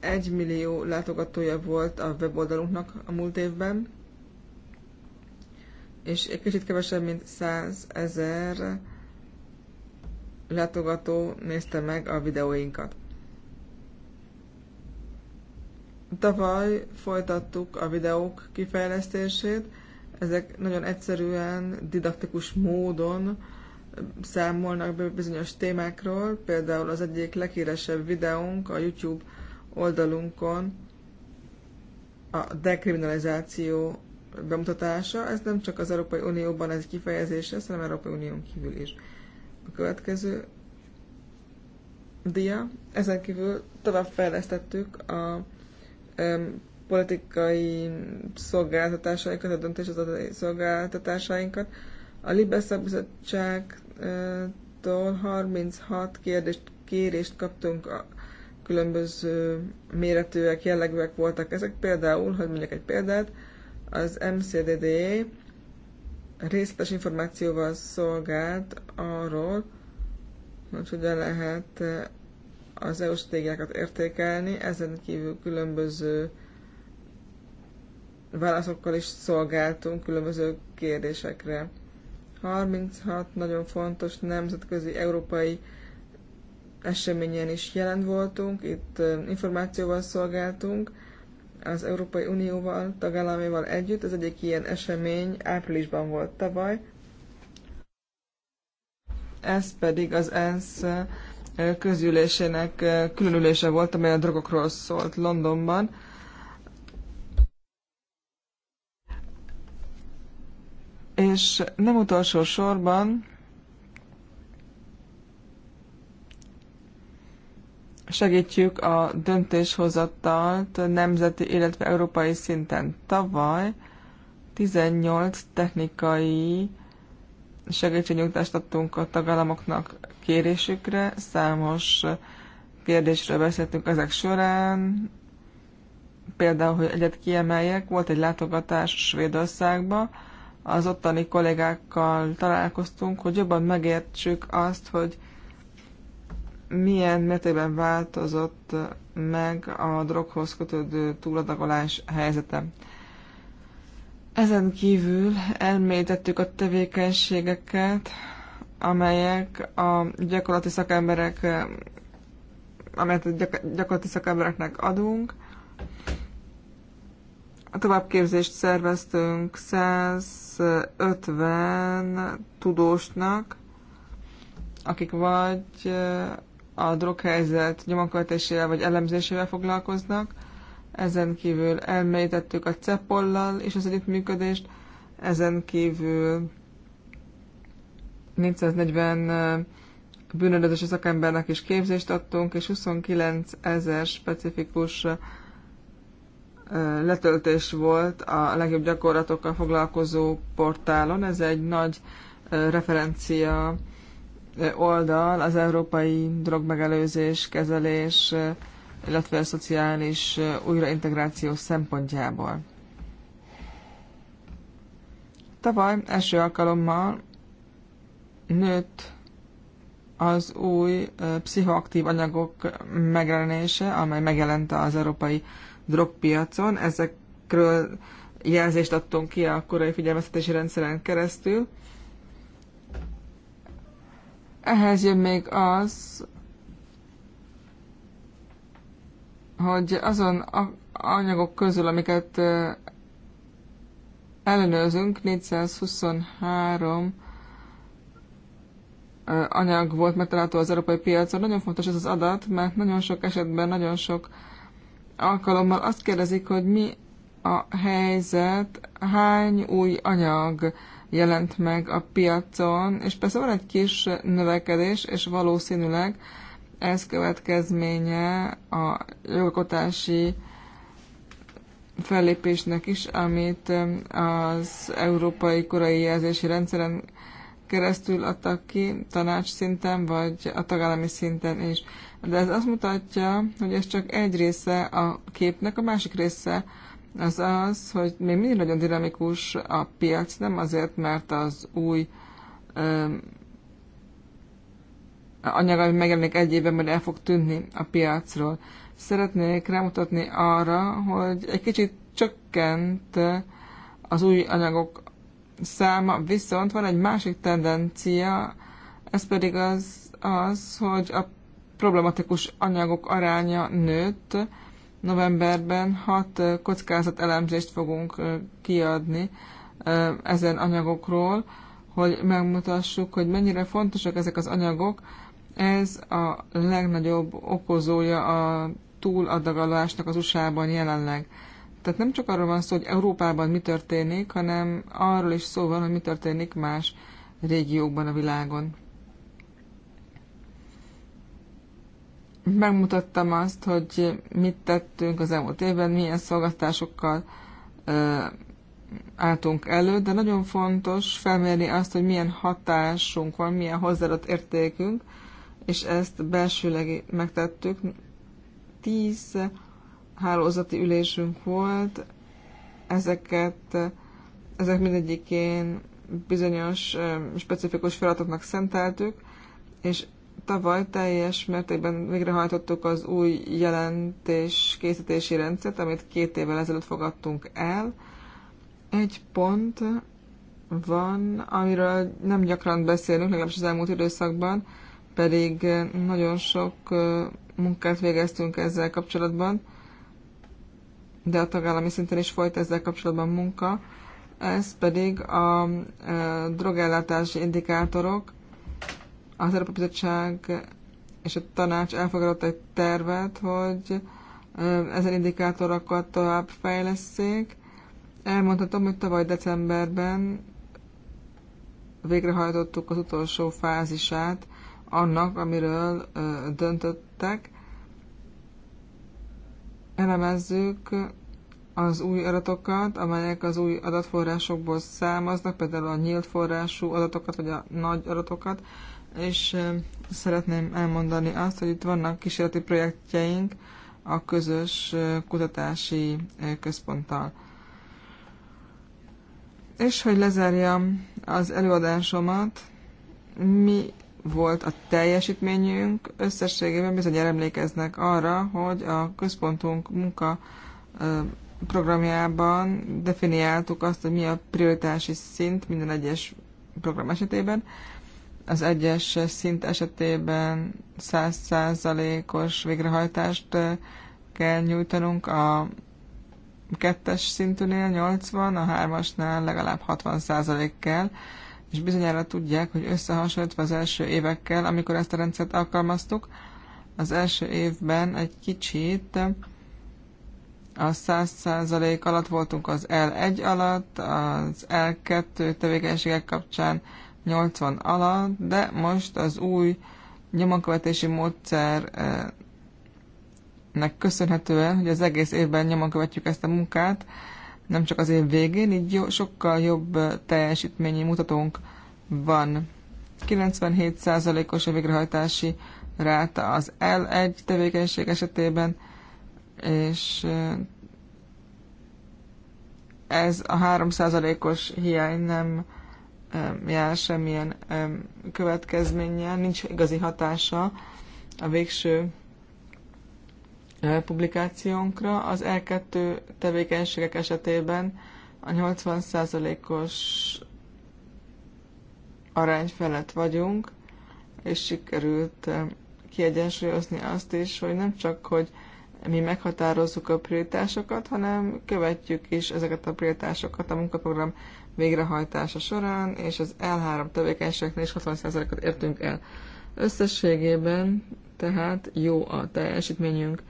Egy millió látogatója volt a weboldalunknak a múlt évben, és egy kicsit kevesebb, mint 100 ezer látogató nézte meg a videóinkat. Tavaly folytattuk a videók kifejlesztését, ezek nagyon egyszerűen, didaktikus módon számolnak be bizonyos témákról, például az egyik leghíresebb videónk a YouTube oldalunkon a dekriminalizáció bemutatása, ez nem csak az Európai Unióban ez kifejezés, ez hanem Európai Unión kívül is. A következő dia, ezen kívül tovább fejlesztettük a um, politikai szolgáltatásainkat, a döntéshozatai szolgáltatásainkat, a Libesza bizottságtól 36 kérdést, kérést kaptunk, a különböző méretűek, jellegűek voltak ezek. Például, hogy mondjak egy példát, az MCDD részletes információval szolgált arról, hogy hogyan lehet az EU stratégiákat értékelni, ezen kívül különböző válaszokkal is szolgáltunk különböző kérdésekre. 36 nagyon fontos nemzetközi európai eseményen is jelen voltunk, itt információval szolgáltunk, az Európai Unióval, tagállamival együtt. Ez egyik ilyen esemény áprilisban volt tavaly. Ez pedig az ENSZ közülésének különülése volt, amely a drogokról szólt Londonban. És nem utolsó sorban segítjük a döntéshozatalt nemzeti, illetve európai szinten. Tavaly 18 technikai segítségnyújtást adtunk a tagállamoknak kérésükre, számos kérdésről beszéltünk ezek során, például, hogy egyet kiemeljek, volt egy látogatás Svédországba, az ottani kollégákkal találkoztunk, hogy jobban megértsük azt, hogy milyen mértékben változott meg a droghoz kötődő túladagolás helyzete. Ezen kívül elmélyítettük a tevékenységeket, amelyek a gyakorlati szakemberek, amelyet a gyakorlati szakembereknek adunk, a továbbképzést szerveztünk 150 tudósnak, akik vagy eh, a droghelyzet nyomonkövetésével vagy elemzésével foglalkoznak, ezen kívül elmélyítettük a cepollal és az együttműködést, ezen kívül 440 eh, bűnöldözési szakembernek is képzést adtunk, és 29 ezer specifikus letöltés volt a legjobb gyakorlatokkal foglalkozó portálon. Ez egy nagy referencia oldal az európai drogmegelőzés, kezelés, illetve a szociális újraintegráció szempontjából. Tavaly első alkalommal nőtt az új pszichoaktív anyagok megjelenése, amely megjelent az európai drogpiacon. Ezekről jelzést adtunk ki a korai figyelmeztetési rendszeren keresztül. Ehhez jön még az, hogy azon anyagok közül, amiket ellenőrzünk, 423 anyag volt megtalálható az európai piacon. Nagyon fontos ez az adat, mert nagyon sok esetben nagyon sok uh, alkalommal azt kérdezik, hogy mi a helyzet, hány új anyag jelent meg a piacon, és persze van egy kis növekedés, és valószínűleg ez következménye a jogalkotási fellépésnek is, amit az Európai Korai Jelzési Rendszeren keresztül adtak ki tanács szinten, vagy a tagállami szinten is de ez azt mutatja, hogy ez csak egy része a képnek, a másik része az az, hogy még mindig nagyon dinamikus a piac, nem azért, mert az új ö, anyag, ami megjelenik egy évben, majd el fog tűnni a piacról. Szeretnék rámutatni arra, hogy egy kicsit csökkent az új anyagok száma, viszont van egy másik tendencia, ez pedig az, az hogy a problematikus anyagok aránya nőtt. Novemberben hat kockázat elemzést fogunk kiadni ezen anyagokról, hogy megmutassuk, hogy mennyire fontosak ezek az anyagok. Ez a legnagyobb okozója a túladagolásnak az USA-ban jelenleg. Tehát nem csak arról van szó, hogy Európában mi történik, hanem arról is szó van, hogy mi történik más régiókban a világon. megmutattam azt, hogy mit tettünk az elmúlt évben, milyen szolgáltatásokkal álltunk elő, de nagyon fontos felmérni azt, hogy milyen hatásunk van, milyen hozzáadott értékünk, és ezt belsőleg megtettük. Tíz hálózati ülésünk volt, ezeket, ezek mindegyikén bizonyos specifikus feladatoknak szenteltük, és tavaly teljes mértékben végrehajtottuk az új jelentés készítési rendszert, amit két évvel ezelőtt fogadtunk el. Egy pont van, amiről nem gyakran beszélünk, legalábbis az elmúlt időszakban, pedig nagyon sok munkát végeztünk ezzel kapcsolatban, de a tagállami szinten is folyt ezzel kapcsolatban munka. Ez pedig a drogellátási indikátorok, az Európai Bizottság és a tanács elfogadott egy tervet, hogy ezen indikátorokat tovább fejleszték. Elmondhatom, hogy tavaly decemberben végrehajtottuk az utolsó fázisát annak, amiről döntöttek. Elemezzük az új adatokat, amelyek az új adatforrásokból származnak, például a nyílt forrású adatokat, vagy a nagy adatokat, és szeretném elmondani azt, hogy itt vannak kísérleti projektjeink a közös kutatási központtal. És hogy lezárjam az előadásomat, mi volt a teljesítményünk, összességében bizony emlékeznek arra, hogy a központunk munka programjában definiáltuk azt, hogy mi a prioritási szint minden egyes program esetében, az egyes szint esetében százszázalékos végrehajtást kell nyújtanunk a kettes szintűnél 80, a hármasnál legalább 60 százalék kell, és bizonyára tudják, hogy összehasonlítva az első évekkel, amikor ezt a rendszert alkalmaztuk, az első évben egy kicsit a 100% alatt voltunk az L1 alatt, az L2 tevékenységek kapcsán 80 alatt, de most az új nyomonkövetési módszernek köszönhetően, hogy az egész évben nyomon követjük ezt a munkát, nem csak az év végén, így jó, sokkal jobb teljesítményi mutatónk van. 97%-os a végrehajtási ráta az L1 tevékenység esetében, és ez a 3%-os hiány nem jár semmilyen következménye nincs igazi hatása a végső e, publikációnkra. Az L2 e tevékenységek esetében a 80%-os arány felett vagyunk, és sikerült kiegyensúlyozni azt is, hogy nem csak, hogy mi meghatározzuk a prioritásokat, hanem követjük is ezeket a prioritásokat a munkaprogram végrehajtása során, és az L3 tevékenységeknél is 60%-ot értünk el. Összességében tehát jó a teljesítményünk.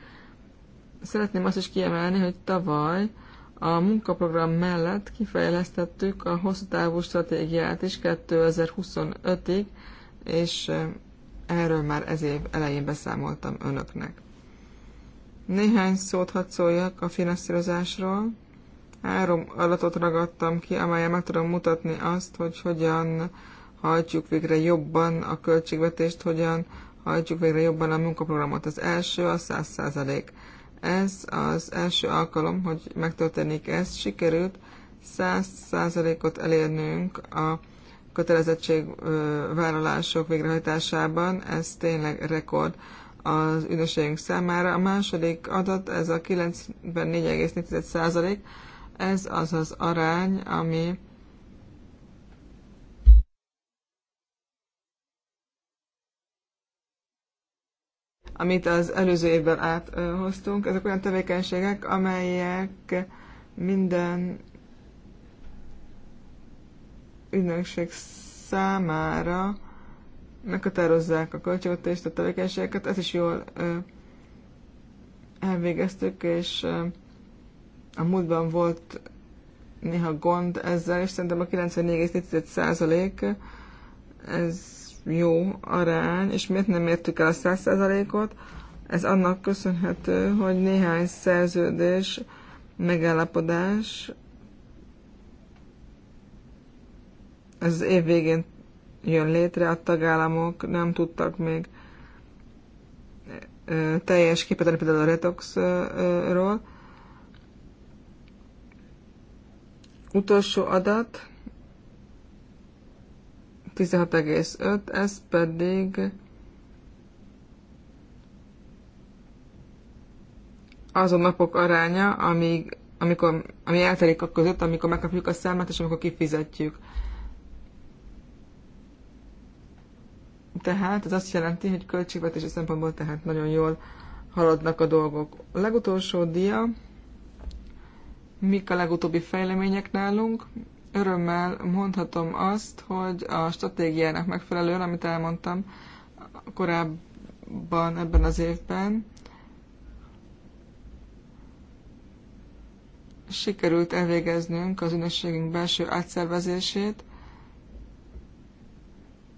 Szeretném azt is kiemelni, hogy tavaly a munkaprogram mellett kifejlesztettük a hosszú távú stratégiát is 2025-ig, és erről már ez év elején beszámoltam önöknek. Néhány szót hadd szóljak a finanszírozásról. Három adatot ragadtam ki, amelyen meg tudom mutatni azt, hogy hogyan hajtjuk végre jobban a költségvetést, hogyan hajtjuk végre jobban a munkaprogramot. Az első a 100 százalék. Ez az első alkalom, hogy megtörténik ez, sikerült 100 százalékot elérnünk a kötelezettségvállalások végrehajtásában, ez tényleg rekord az ügynökségünk számára. A második adat, ez a 94,4 százalék, ez az az arány, ami amit az előző évben áthoztunk. Ezek olyan tevékenységek, amelyek minden ügynökség számára meghatározzák a költségvetést, a tevékenységeket. Ez is jól elvégeztük, és a múltban volt néha gond ezzel, és szerintem a 94,4% ez jó arány, és miért nem értük el a 100%-ot? Ez annak köszönhető, hogy néhány szerződés, megállapodás ez az év végén jön létre, a tagállamok nem tudtak még teljes képet adni például a Retoxról, Utolsó adat 16,5, ez pedig azon napok aránya, amíg, amikor, ami eltelik a között, amikor megkapjuk a számát, és amikor kifizetjük. Tehát ez azt jelenti, hogy költségvetési szempontból tehát nagyon jól haladnak a dolgok. A legutolsó dia, mik a legutóbbi fejlemények nálunk. Örömmel mondhatom azt, hogy a stratégiának megfelelően, amit elmondtam korábban ebben az évben, sikerült elvégeznünk az ügynökségünk belső átszervezését,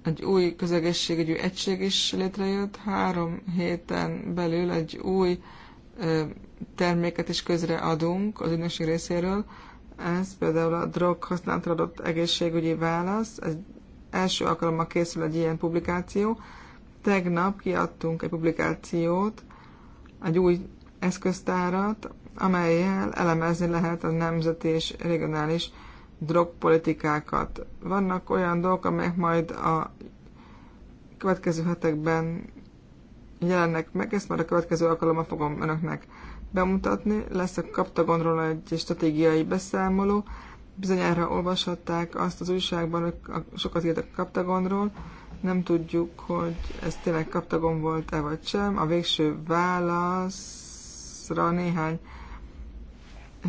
egy új közegészségügyi egység is létrejött, három héten belül egy új terméket is adunk az ügynökség részéről. Ez például a drog használatra adott egészségügyi válasz. Ez első alkalommal készül egy ilyen publikáció. Tegnap kiadtunk egy publikációt, egy új eszköztárat, amelyel elemezni lehet a nemzeti és regionális drogpolitikákat. Vannak olyan dolgok, amelyek majd a következő hetekben jelennek meg, ezt már a következő alkalommal fogom önöknek bemutatni. Lesz a kaptagonról egy stratégiai beszámoló. Bizonyára olvashatták azt az újságban, hogy sokat írtak a kaptagonról. Nem tudjuk, hogy ez tényleg kaptagon volt-e vagy sem. A végső válaszra néhány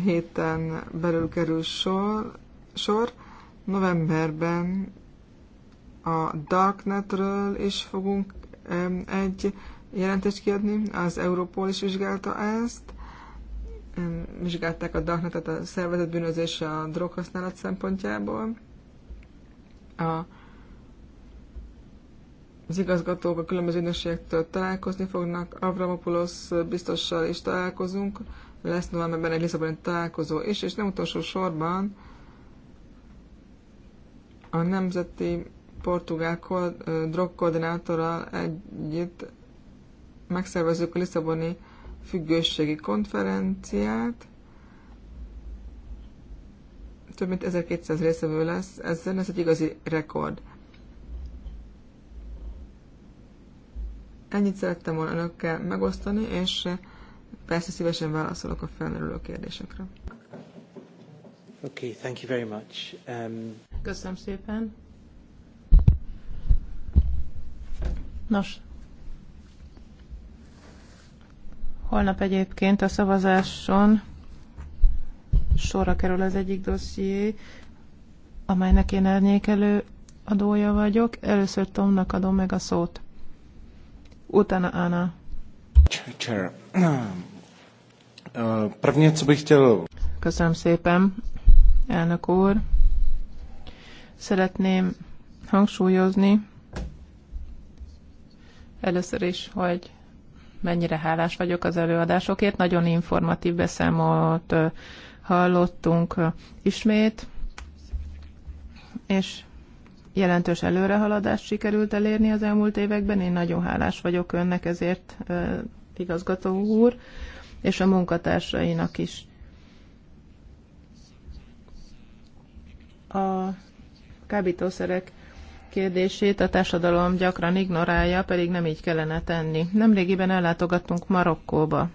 héten belül kerül sor. sor. Novemberben a Darknetről is fogunk egy jelentést kiadni, az Európol is vizsgálta ezt, vizsgálták a dahnatot a szervezet bűnözés a droghasználat szempontjából. A, az igazgatók a különböző ügynökségektől találkozni fognak, Avramopoulos biztossal is találkozunk, lesz novemberben egy Lisszaboni találkozó is, és nem utolsó sorban a Nemzeti Portugál drogkoordinátorral együtt megszervezzük a Lisszaboni függőségi konferenciát. Több mint 1200 részevő lesz, ezzel ez egy igazi rekord. Ennyit szerettem volna önökkel megosztani, és persze szívesen válaszolok a felmerülő kérdésekre. Okay, thank you very much. Um... Köszönöm szépen. Nos, Holnap egyébként a szavazáson sorra kerül az egyik dosszié, amelynek én elnyékelő adója vagyok. Először Tomnak adom meg a szót. Utána Anna. Uh, Köszönöm szépen, elnök úr. Szeretném hangsúlyozni először is, hogy mennyire hálás vagyok az előadásokért. Nagyon informatív beszámolt hallottunk ismét, és jelentős előrehaladást sikerült elérni az elmúlt években. Én nagyon hálás vagyok önnek ezért, igazgató úr, és a munkatársainak is. A kábítószerek kérdését a társadalom gyakran ignorálja, pedig nem így kellene tenni. Nemrégiben ellátogattunk Marokkóba,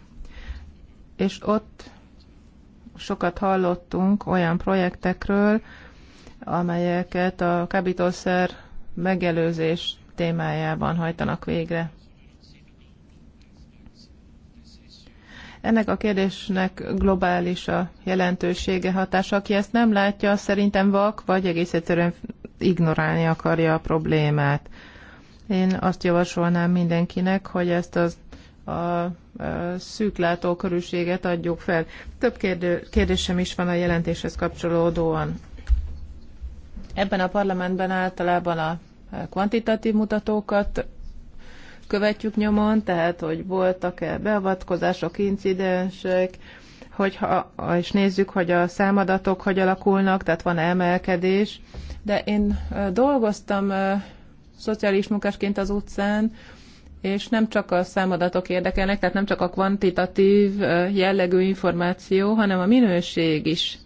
és ott sokat hallottunk olyan projektekről, amelyeket a kábítószer megelőzés témájában hajtanak végre. Ennek a kérdésnek globális a jelentősége, hatása. Aki ezt nem látja, szerintem vak, vagy egész egyszerűen ignorálni akarja a problémát. Én azt javasolnám mindenkinek, hogy ezt az a, a szűklátókörűséget adjuk fel. Több kérdő, kérdésem is van a jelentéshez kapcsolódóan. Ebben a parlamentben általában a kvantitatív mutatókat követjük nyomon, tehát hogy voltak-e beavatkozások, incidensek, hogyha, és nézzük, hogy a számadatok hogy alakulnak, tehát van emelkedés. De én dolgoztam szociális munkásként az utcán, és nem csak a számadatok érdekelnek, tehát nem csak a kvantitatív jellegű információ, hanem a minőség is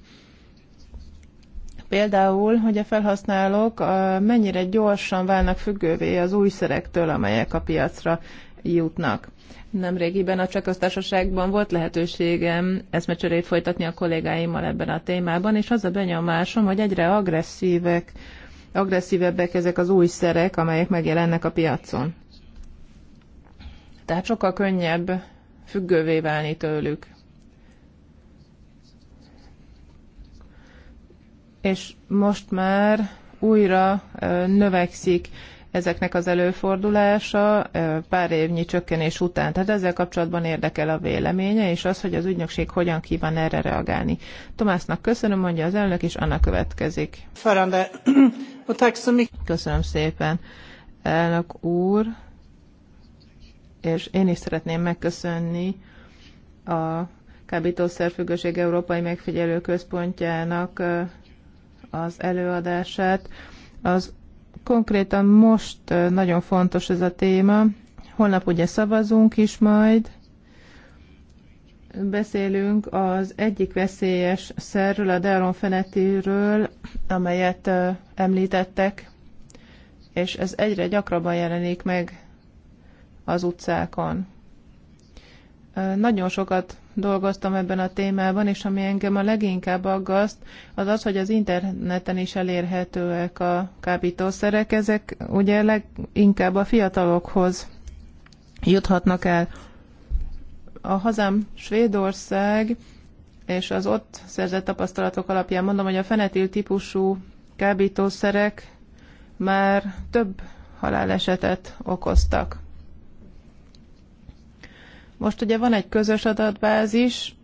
Például, hogy a felhasználók mennyire gyorsan válnak függővé az új szerektől, amelyek a piacra jutnak. Nemrégiben a Csakosztársaságban volt lehetőségem eszmecserét folytatni a kollégáimmal ebben a témában, és az a benyomásom, hogy egyre agresszívek, agresszívebbek ezek az új szerek, amelyek megjelennek a piacon. Tehát sokkal könnyebb függővé válni tőlük. és most már újra növekszik ezeknek az előfordulása pár évnyi csökkenés után. Tehát ezzel kapcsolatban érdekel a véleménye, és az, hogy az ügynökség hogyan kíván erre reagálni. Tomásznak köszönöm, mondja az elnök, és Anna következik. Ferende, Köszönöm szépen, elnök úr, és én is szeretném megköszönni a kábítószerfüggőség Európai Megfigyelő Központjának az előadását. Az konkrétan most nagyon fontos ez a téma. Holnap ugye szavazunk is majd. Beszélünk az egyik veszélyes szerről, a Delon amelyet említettek, és ez egyre gyakrabban jelenik meg az utcákon. Nagyon sokat dolgoztam ebben a témában, és ami engem a leginkább aggaszt, az az, hogy az interneten is elérhetőek a kábítószerek. Ezek ugye leginkább a fiatalokhoz juthatnak el. A hazám Svédország, és az ott szerzett tapasztalatok alapján mondom, hogy a fenetil típusú kábítószerek már több halálesetet okoztak. Most ugye van egy közös adatbázis,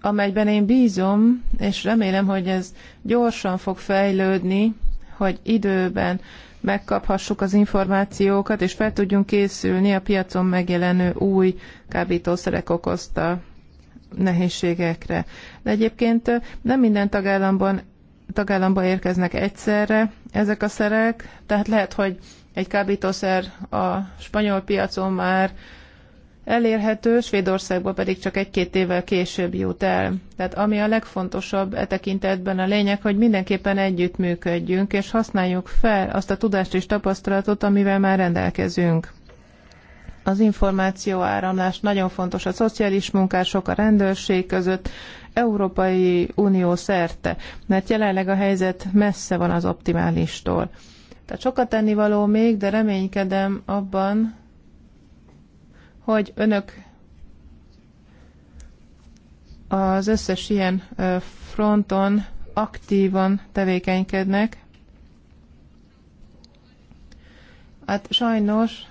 amelyben én bízom, és remélem, hogy ez gyorsan fog fejlődni, hogy időben megkaphassuk az információkat, és fel tudjunk készülni a piacon megjelenő új kábítószerek okozta nehézségekre. De egyébként nem minden tagállamban tagállamba érkeznek egyszerre ezek a szerek, tehát lehet, hogy egy kábítószer a spanyol piacon már elérhető, Svédországba pedig csak egy-két évvel később jut el. Tehát ami a legfontosabb e tekintetben a lényeg, hogy mindenképpen együttműködjünk, és használjuk fel azt a tudást és tapasztalatot, amivel már rendelkezünk. Az információ áramlás nagyon fontos a szociális munkások, a rendőrség között, Európai Unió szerte, mert jelenleg a helyzet messze van az optimálistól. Tehát sokat tennivaló még, de reménykedem abban, hogy önök az összes ilyen fronton aktívan tevékenykednek. Hát sajnos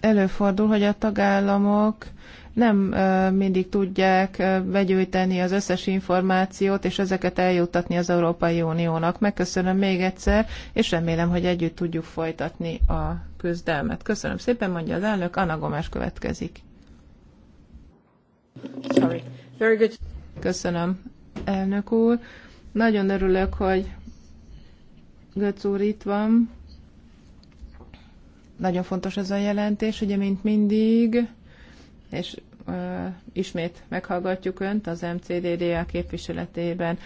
előfordul, hogy a tagállamok nem mindig tudják begyűjteni az összes információt, és ezeket eljuttatni az Európai Uniónak. Megköszönöm még egyszer, és remélem, hogy együtt tudjuk folytatni a küzdelmet. Köszönöm szépen, mondja az elnök, Anna Gomes következik. Sorry. Very good. Köszönöm, elnök úr. Nagyon örülök, hogy Götz úr itt van. Nagyon fontos ez a jelentés, ugye, mint mindig, és uh, ismét meghallgatjuk Önt az MCDDA képviseletében.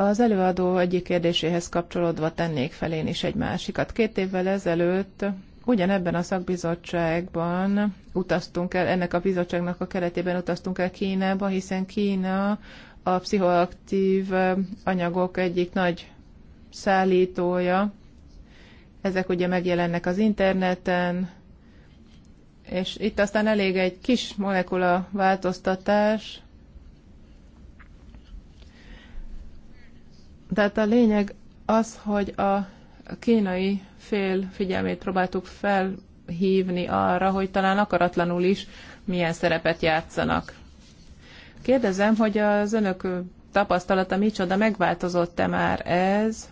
Az előadó egyik kérdéséhez kapcsolódva tennék fel én is egy másikat. Két évvel ezelőtt ugyanebben a szakbizottságban utaztunk el, ennek a bizottságnak a keretében utaztunk el Kínába, hiszen Kína a pszichoaktív anyagok egyik nagy szállítója. Ezek ugye megjelennek az interneten, és itt aztán elég egy kis molekula változtatás, Tehát a lényeg az, hogy a kínai fél figyelmét próbáltuk felhívni arra, hogy talán akaratlanul is milyen szerepet játszanak. Kérdezem, hogy az önök tapasztalata micsoda, megváltozott-e már ez?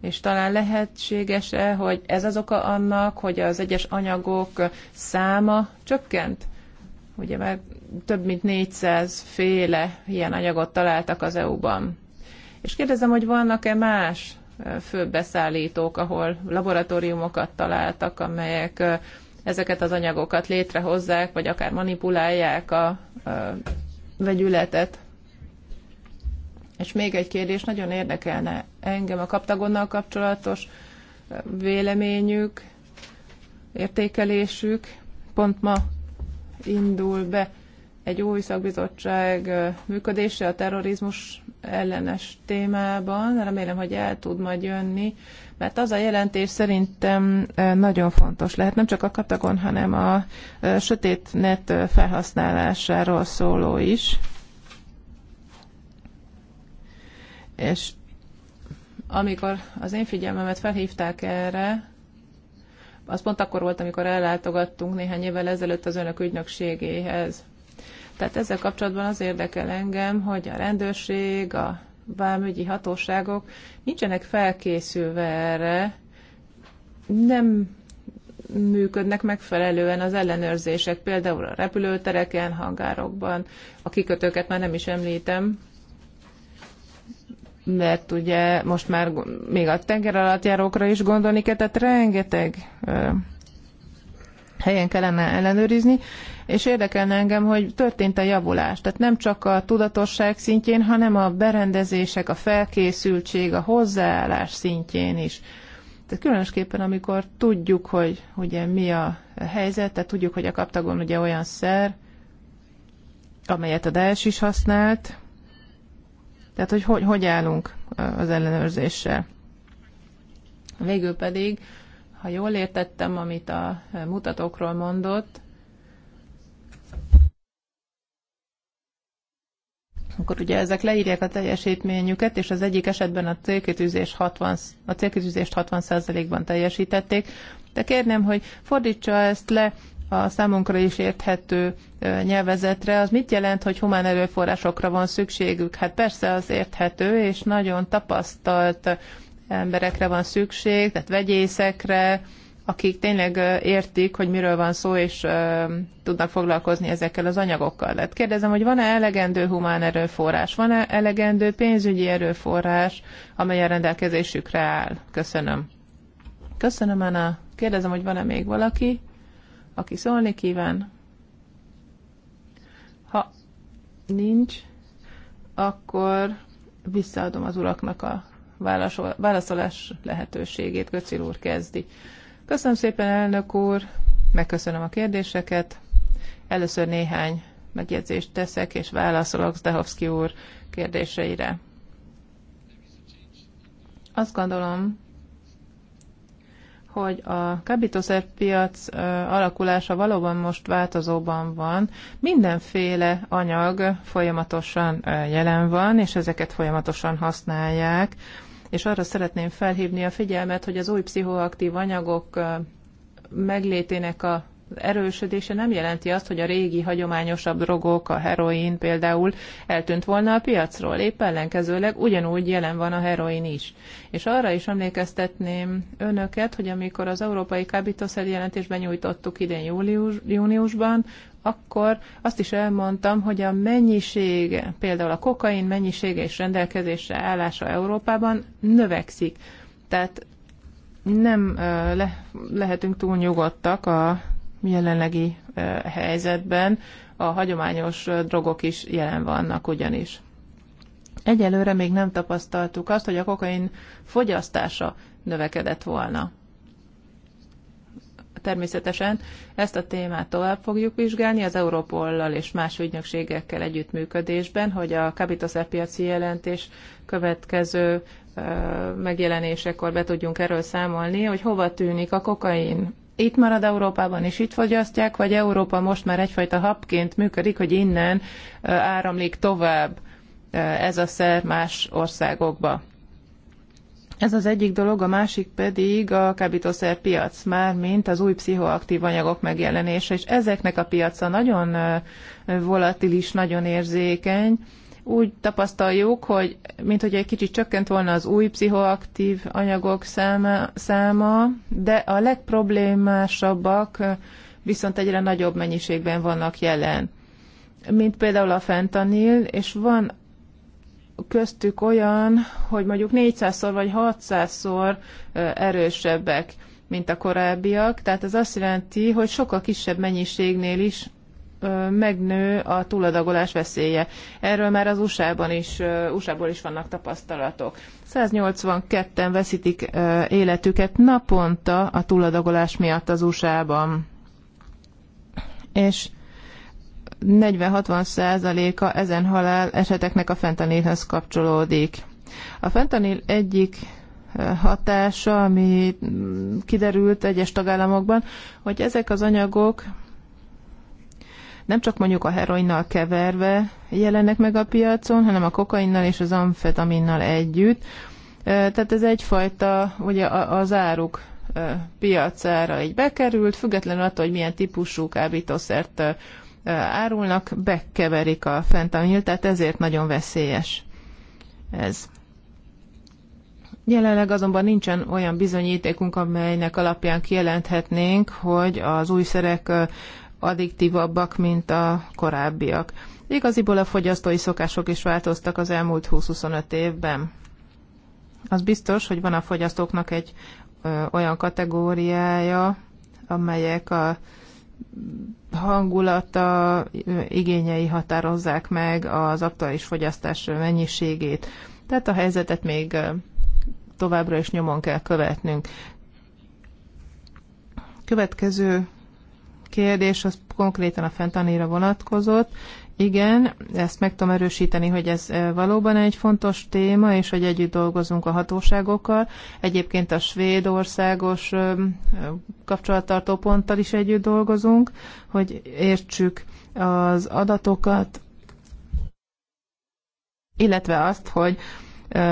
És talán lehetséges-e, hogy ez az oka annak, hogy az egyes anyagok száma csökkent? Ugye már több mint 400 féle ilyen anyagot találtak az EU-ban. És kérdezem, hogy vannak-e más főbb beszállítók, ahol laboratóriumokat találtak, amelyek ezeket az anyagokat létrehozzák, vagy akár manipulálják a, a vegyületet. És még egy kérdés, nagyon érdekelne engem a kaptagonnal kapcsolatos véleményük, értékelésük. Pont ma indul be egy új szakbizottság működése a terrorizmus ellenes témában. Remélem, hogy el tud majd jönni, mert az a jelentés szerintem eh, nagyon fontos lehet, nem csak a katagon, hanem a eh, sötét net eh, felhasználásáról szóló is. És amikor az én figyelmemet felhívták erre, az pont akkor volt, amikor ellátogattunk néhány évvel ezelőtt az önök ügynökségéhez. Tehát ezzel kapcsolatban az érdekel engem, hogy a rendőrség, a vámügyi hatóságok nincsenek felkészülve erre, nem működnek megfelelően az ellenőrzések, például a repülőtereken, hangárokban, a kikötőket már nem is említem, mert ugye most már még a tenger járókra is gondolni kell, tehát rengeteg helyen kellene ellenőrizni, és érdekelne engem, hogy történt a javulás. Tehát nem csak a tudatosság szintjén, hanem a berendezések, a felkészültség, a hozzáállás szintjén is. Tehát különösképpen, amikor tudjuk, hogy ugye mi a helyzet, tehát tudjuk, hogy a kaptagon ugye olyan szer, amelyet a Daesh is használt, tehát hogy, hogy hogy állunk az ellenőrzéssel. Végül pedig, ha jól értettem, amit a mutatókról mondott, akkor ugye ezek leírják a teljesítményüket, és az egyik esetben a célkitűzést 60, a célkitűzést 60%-ban teljesítették. De kérném, hogy fordítsa ezt le a számunkra is érthető nyelvezetre, az mit jelent, hogy humán erőforrásokra van szükségük? Hát persze az érthető, és nagyon tapasztalt emberekre van szükség, tehát vegyészekre, akik tényleg értik, hogy miről van szó, és tudnak foglalkozni ezekkel az anyagokkal. Tehát kérdezem, hogy van-e elegendő humán erőforrás, van-e elegendő pénzügyi erőforrás, amely a rendelkezésükre áll? Köszönöm. Köszönöm, Anna. Kérdezem, hogy van-e még valaki, aki szólni kíván? Ha nincs, akkor visszaadom az uraknak a válaszolás lehetőségét. Köszönöm, úr kezdi. Köszönöm szépen, elnök úr, megköszönöm a kérdéseket. Először néhány megjegyzést teszek, és válaszolok Zdehovszki úr kérdéseire. Azt gondolom, hogy a kábítószerpiac alakulása valóban most változóban van. Mindenféle anyag folyamatosan jelen van, és ezeket folyamatosan használják és arra szeretném felhívni a figyelmet, hogy az új pszichoaktív anyagok meglétének a erősödése nem jelenti azt, hogy a régi hagyományosabb drogok, a heroin például eltűnt volna a piacról. Épp ellenkezőleg ugyanúgy jelen van a heroin is. És arra is emlékeztetném önöket, hogy amikor az európai kábítószer jelentésben nyújtottuk idén július, júniusban, akkor azt is elmondtam, hogy a mennyiség, például a kokain mennyisége és rendelkezésre állása Európában növekszik. Tehát nem le, lehetünk túl nyugodtak a jelenlegi helyzetben a hagyományos drogok is jelen vannak ugyanis. Egyelőre még nem tapasztaltuk azt, hogy a kokain fogyasztása növekedett volna. Természetesen ezt a témát tovább fogjuk vizsgálni az Európollal és más ügynökségekkel együttműködésben, hogy a kábítószerpiaci jelentés következő megjelenésekor be tudjunk erről számolni, hogy hova tűnik a kokain itt marad Európában, és itt fogyasztják, vagy Európa most már egyfajta habként működik, hogy innen áramlik tovább ez a szer más országokba. Ez az egyik dolog, a másik pedig a kábítószerpiac, már mint az új pszichoaktív anyagok megjelenése, és ezeknek a piaca nagyon volatilis, nagyon érzékeny, úgy tapasztaljuk, hogy mint hogy egy kicsit csökkent volna az új pszichoaktív anyagok száma, száma de a legproblémásabbak viszont egyre nagyobb mennyiségben vannak jelen. Mint például a fentanil, és van köztük olyan, hogy mondjuk 400-szor vagy 600-szor erősebbek, mint a korábbiak. Tehát ez azt jelenti, hogy sokkal kisebb mennyiségnél is megnő a túladagolás veszélye. Erről már az USA-ban is, USA-ból is vannak tapasztalatok. 182-en veszítik életüket naponta a túladagolás miatt az USA-ban. És 40-60 százaléka ezen halál eseteknek a fentanilhez kapcsolódik. A fentanil egyik hatása, ami kiderült egyes tagállamokban, hogy ezek az anyagok nem csak mondjuk a heroinnal keverve jelennek meg a piacon, hanem a kokainnal és az amfetaminnal együtt. Tehát ez egyfajta, ugye az áruk piacára így bekerült, függetlenül attól, hogy milyen típusú kábítószert árulnak, bekeverik a fentanyl, tehát ezért nagyon veszélyes ez. Jelenleg azonban nincsen olyan bizonyítékunk, amelynek alapján kijelenthetnénk, hogy az újszerek addiktívabbak, mint a korábbiak. Igaziból a fogyasztói szokások is változtak az elmúlt 20-25 évben. Az biztos, hogy van a fogyasztóknak egy ö, olyan kategóriája, amelyek a hangulata, igényei határozzák meg az aktuális fogyasztás mennyiségét. Tehát a helyzetet még továbbra is nyomon kell követnünk. Következő kérdés az konkrétan a fentanéra vonatkozott. Igen, ezt meg tudom erősíteni, hogy ez e, valóban egy fontos téma, és hogy együtt dolgozunk a hatóságokkal. Egyébként a svédországos kapcsolattartó ponttal is együtt dolgozunk, hogy értsük az adatokat, illetve azt, hogy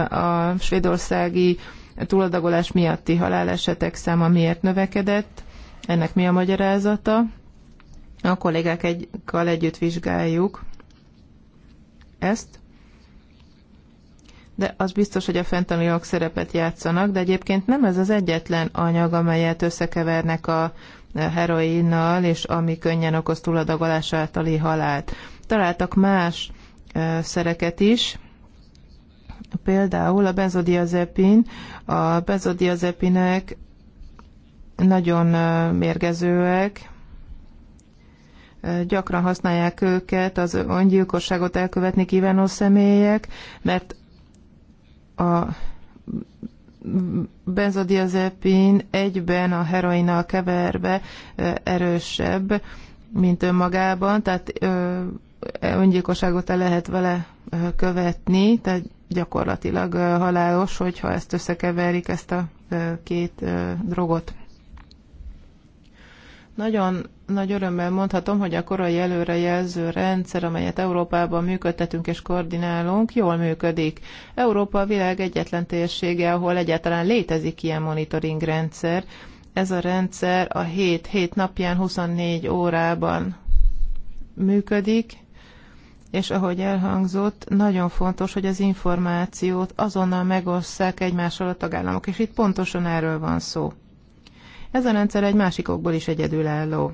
a svédországi túladagolás miatti halálesetek száma miért növekedett, ennek mi a magyarázata? A kollégákkal együtt vizsgáljuk ezt, de az biztos, hogy a fentanilok szerepet játszanak, de egyébként nem ez az egyetlen anyag, amelyet összekevernek a heroinnal, és ami könnyen okoz túladagolás általi halált. Találtak más szereket is, például a benzodiazepin. A benzodiazepinek nagyon mérgezőek, gyakran használják őket az öngyilkosságot elkövetni kívánó személyek, mert a benzodiazepin egyben a heroinnal keverve erősebb, mint önmagában, tehát öngyilkosságot el lehet vele követni, tehát gyakorlatilag halálos, hogyha ezt összekeverik, ezt a két drogot. Nagyon nagy örömmel mondhatom, hogy a korai előrejelző rendszer, amelyet Európában működtetünk és koordinálunk, jól működik. Európa a világ egyetlen térsége, ahol egyáltalán létezik ilyen monitoring rendszer. Ez a rendszer a 7-7 napján 24 órában működik, és ahogy elhangzott, nagyon fontos, hogy az információt azonnal megosszák egymással a tagállamok, és itt pontosan erről van szó. Ez a rendszer egy másik okból is egyedülálló.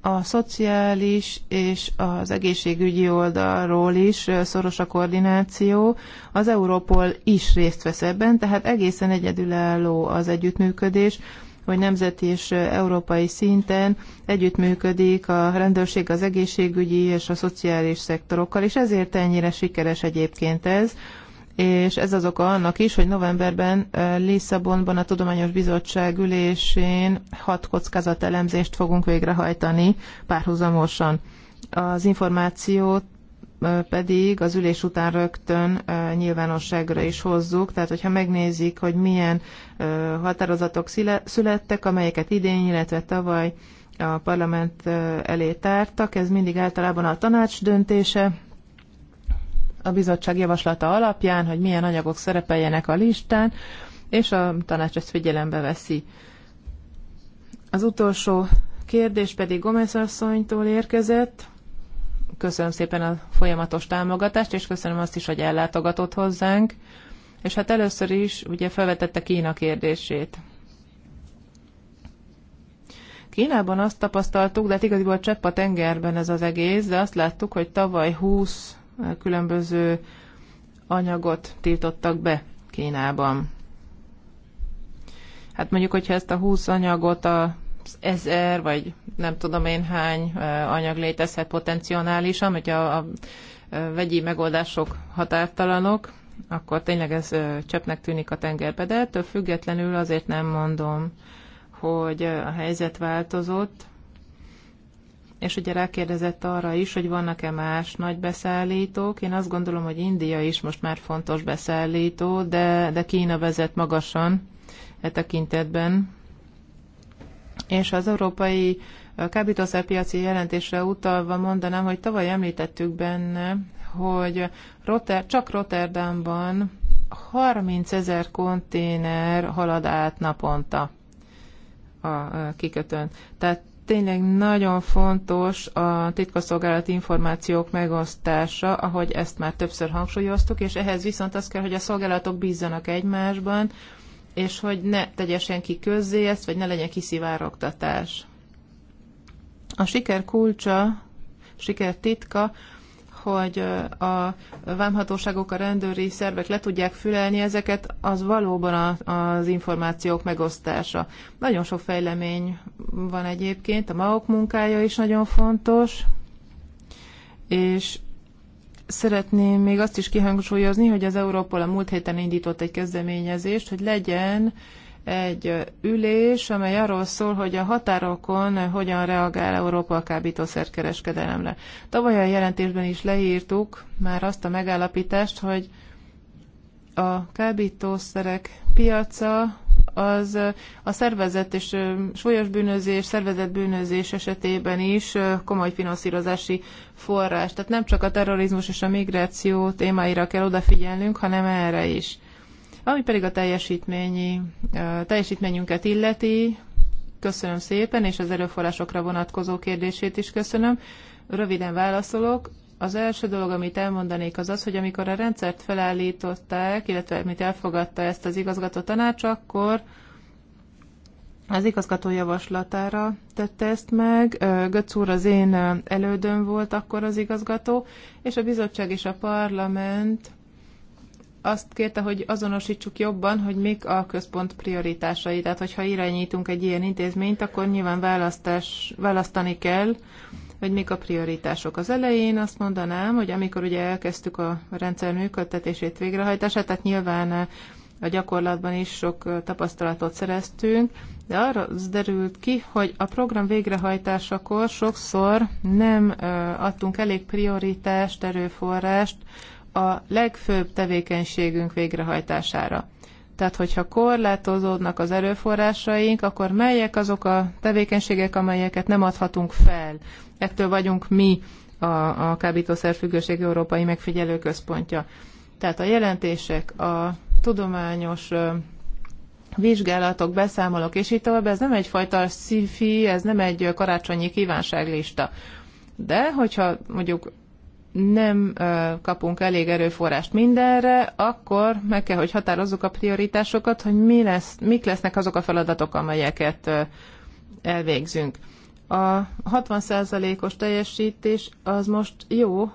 a szociális és az egészségügyi oldalról is szoros a koordináció. Az Európol is részt vesz ebben, tehát egészen egyedülálló az együttműködés, hogy nemzeti és európai szinten együttműködik a rendőrség az egészségügyi és a szociális szektorokkal, és ezért ennyire sikeres egyébként ez és ez az oka annak is, hogy novemberben Lisszabonban a Tudományos Bizottság ülésén hat kockázatelemzést fogunk végrehajtani párhuzamosan. Az információt pedig az ülés után rögtön nyilvánosságra is hozzuk, tehát hogyha megnézik, hogy milyen határozatok születtek, amelyeket idén, illetve tavaly a parlament elé tártak, ez mindig általában a tanács döntése, a bizottság javaslata alapján, hogy milyen anyagok szerepeljenek a listán, és a tanács ezt figyelembe veszi. Az utolsó kérdés pedig Gomez asszonytól érkezett. Köszönöm szépen a folyamatos támogatást, és köszönöm azt is, hogy ellátogatott hozzánk. És hát először is ugye felvetette Kína kérdését. Kínában azt tapasztaltuk, de hát igaziból csepp a tengerben ez az egész, de azt láttuk, hogy tavaly 20 különböző anyagot tiltottak be Kínában. Hát mondjuk, hogyha ezt a 20 anyagot a ezer, vagy nem tudom én hány anyag létezhet potenciálisan, hogyha a vegyi megoldások határtalanok, akkor tényleg ez csöpnek tűnik a tengerbe, de ettől függetlenül azért nem mondom, hogy a helyzet változott, és ugye rákérdezett arra is, hogy vannak-e más nagy beszállítók. Én azt gondolom, hogy India is most már fontos beszállító, de, de Kína vezet magasan e tekintetben. És az európai kábítószerpiaci jelentésre utalva mondanám, hogy tavaly említettük benne, hogy Rotter, csak Rotterdamban 30 ezer konténer halad át naponta a kikötőn. Tehát tényleg nagyon fontos a titkosszolgálati információk megosztása, ahogy ezt már többször hangsúlyoztuk, és ehhez viszont az kell, hogy a szolgálatok bízzanak egymásban, és hogy ne tegye senki közzé ezt, vagy ne legyen kiszivárogtatás. A siker kulcsa, siker titka hogy a vámhatóságok, a rendőri szervek le tudják fülelni ezeket, az valóban a, az információk megosztása. Nagyon sok fejlemény van egyébként, a MAOK munkája is nagyon fontos, és szeretném még azt is kihangsúlyozni, hogy az Európol a múlt héten indított egy kezdeményezést, hogy legyen uh, egy ülés, amely arról szól, hogy a határokon hogyan reagál Európa a kábítószerkereskedelemre. Tavaly a jelentésben is leírtuk már azt a megállapítást, hogy a kábítószerek piaca az a szervezet és súlyos bűnözés, szervezet bűnözés esetében is komoly finanszírozási forrás. Tehát nem csak a terrorizmus és a migráció témáira kell odafigyelnünk, hanem erre is. Ami pedig a teljesítményi, teljesítményünket illeti, köszönöm szépen, és az erőforrásokra vonatkozó kérdését is köszönöm. Röviden válaszolok. Az első dolog, amit elmondanék, az az, hogy amikor a rendszert felállították, illetve amit elfogadta ezt az igazgató tanács, akkor az igazgató javaslatára tette ezt meg. Götz úr az én elődöm volt akkor az igazgató, és a bizottság és a parlament azt kérte, hogy azonosítsuk jobban, hogy mik a központ prioritásai. Tehát, hogyha irányítunk egy ilyen intézményt, akkor nyilván választás, választani kell, hogy mik a prioritások. Az elején azt mondanám, hogy amikor ugye elkezdtük a rendszer működtetését, végrehajtását, tehát nyilván eh, a gyakorlatban is sok eh, tapasztalatot szereztünk, de arra az derült ki, hogy a program végrehajtásakor sokszor nem eh, adtunk elég prioritást, erőforrást a legfőbb tevékenységünk végrehajtására. Tehát, hogyha korlátozódnak az erőforrásaink, akkor melyek azok a tevékenységek, amelyeket nem adhatunk fel? Ettől vagyunk mi a, a Kábítószerfüggőség Európai Megfigyelő Központja. Tehát a jelentések, a tudományos vizsgálatok, beszámolók, és így tovább, ez nem egyfajta szifi, ez nem egy karácsonyi kívánságlista. De, hogyha mondjuk nem kapunk elég erőforrást mindenre, akkor meg kell, hogy határozzuk a prioritásokat, hogy mi lesz, mik lesznek azok a feladatok, amelyeket elvégzünk. A 60%-os teljesítés az most jó,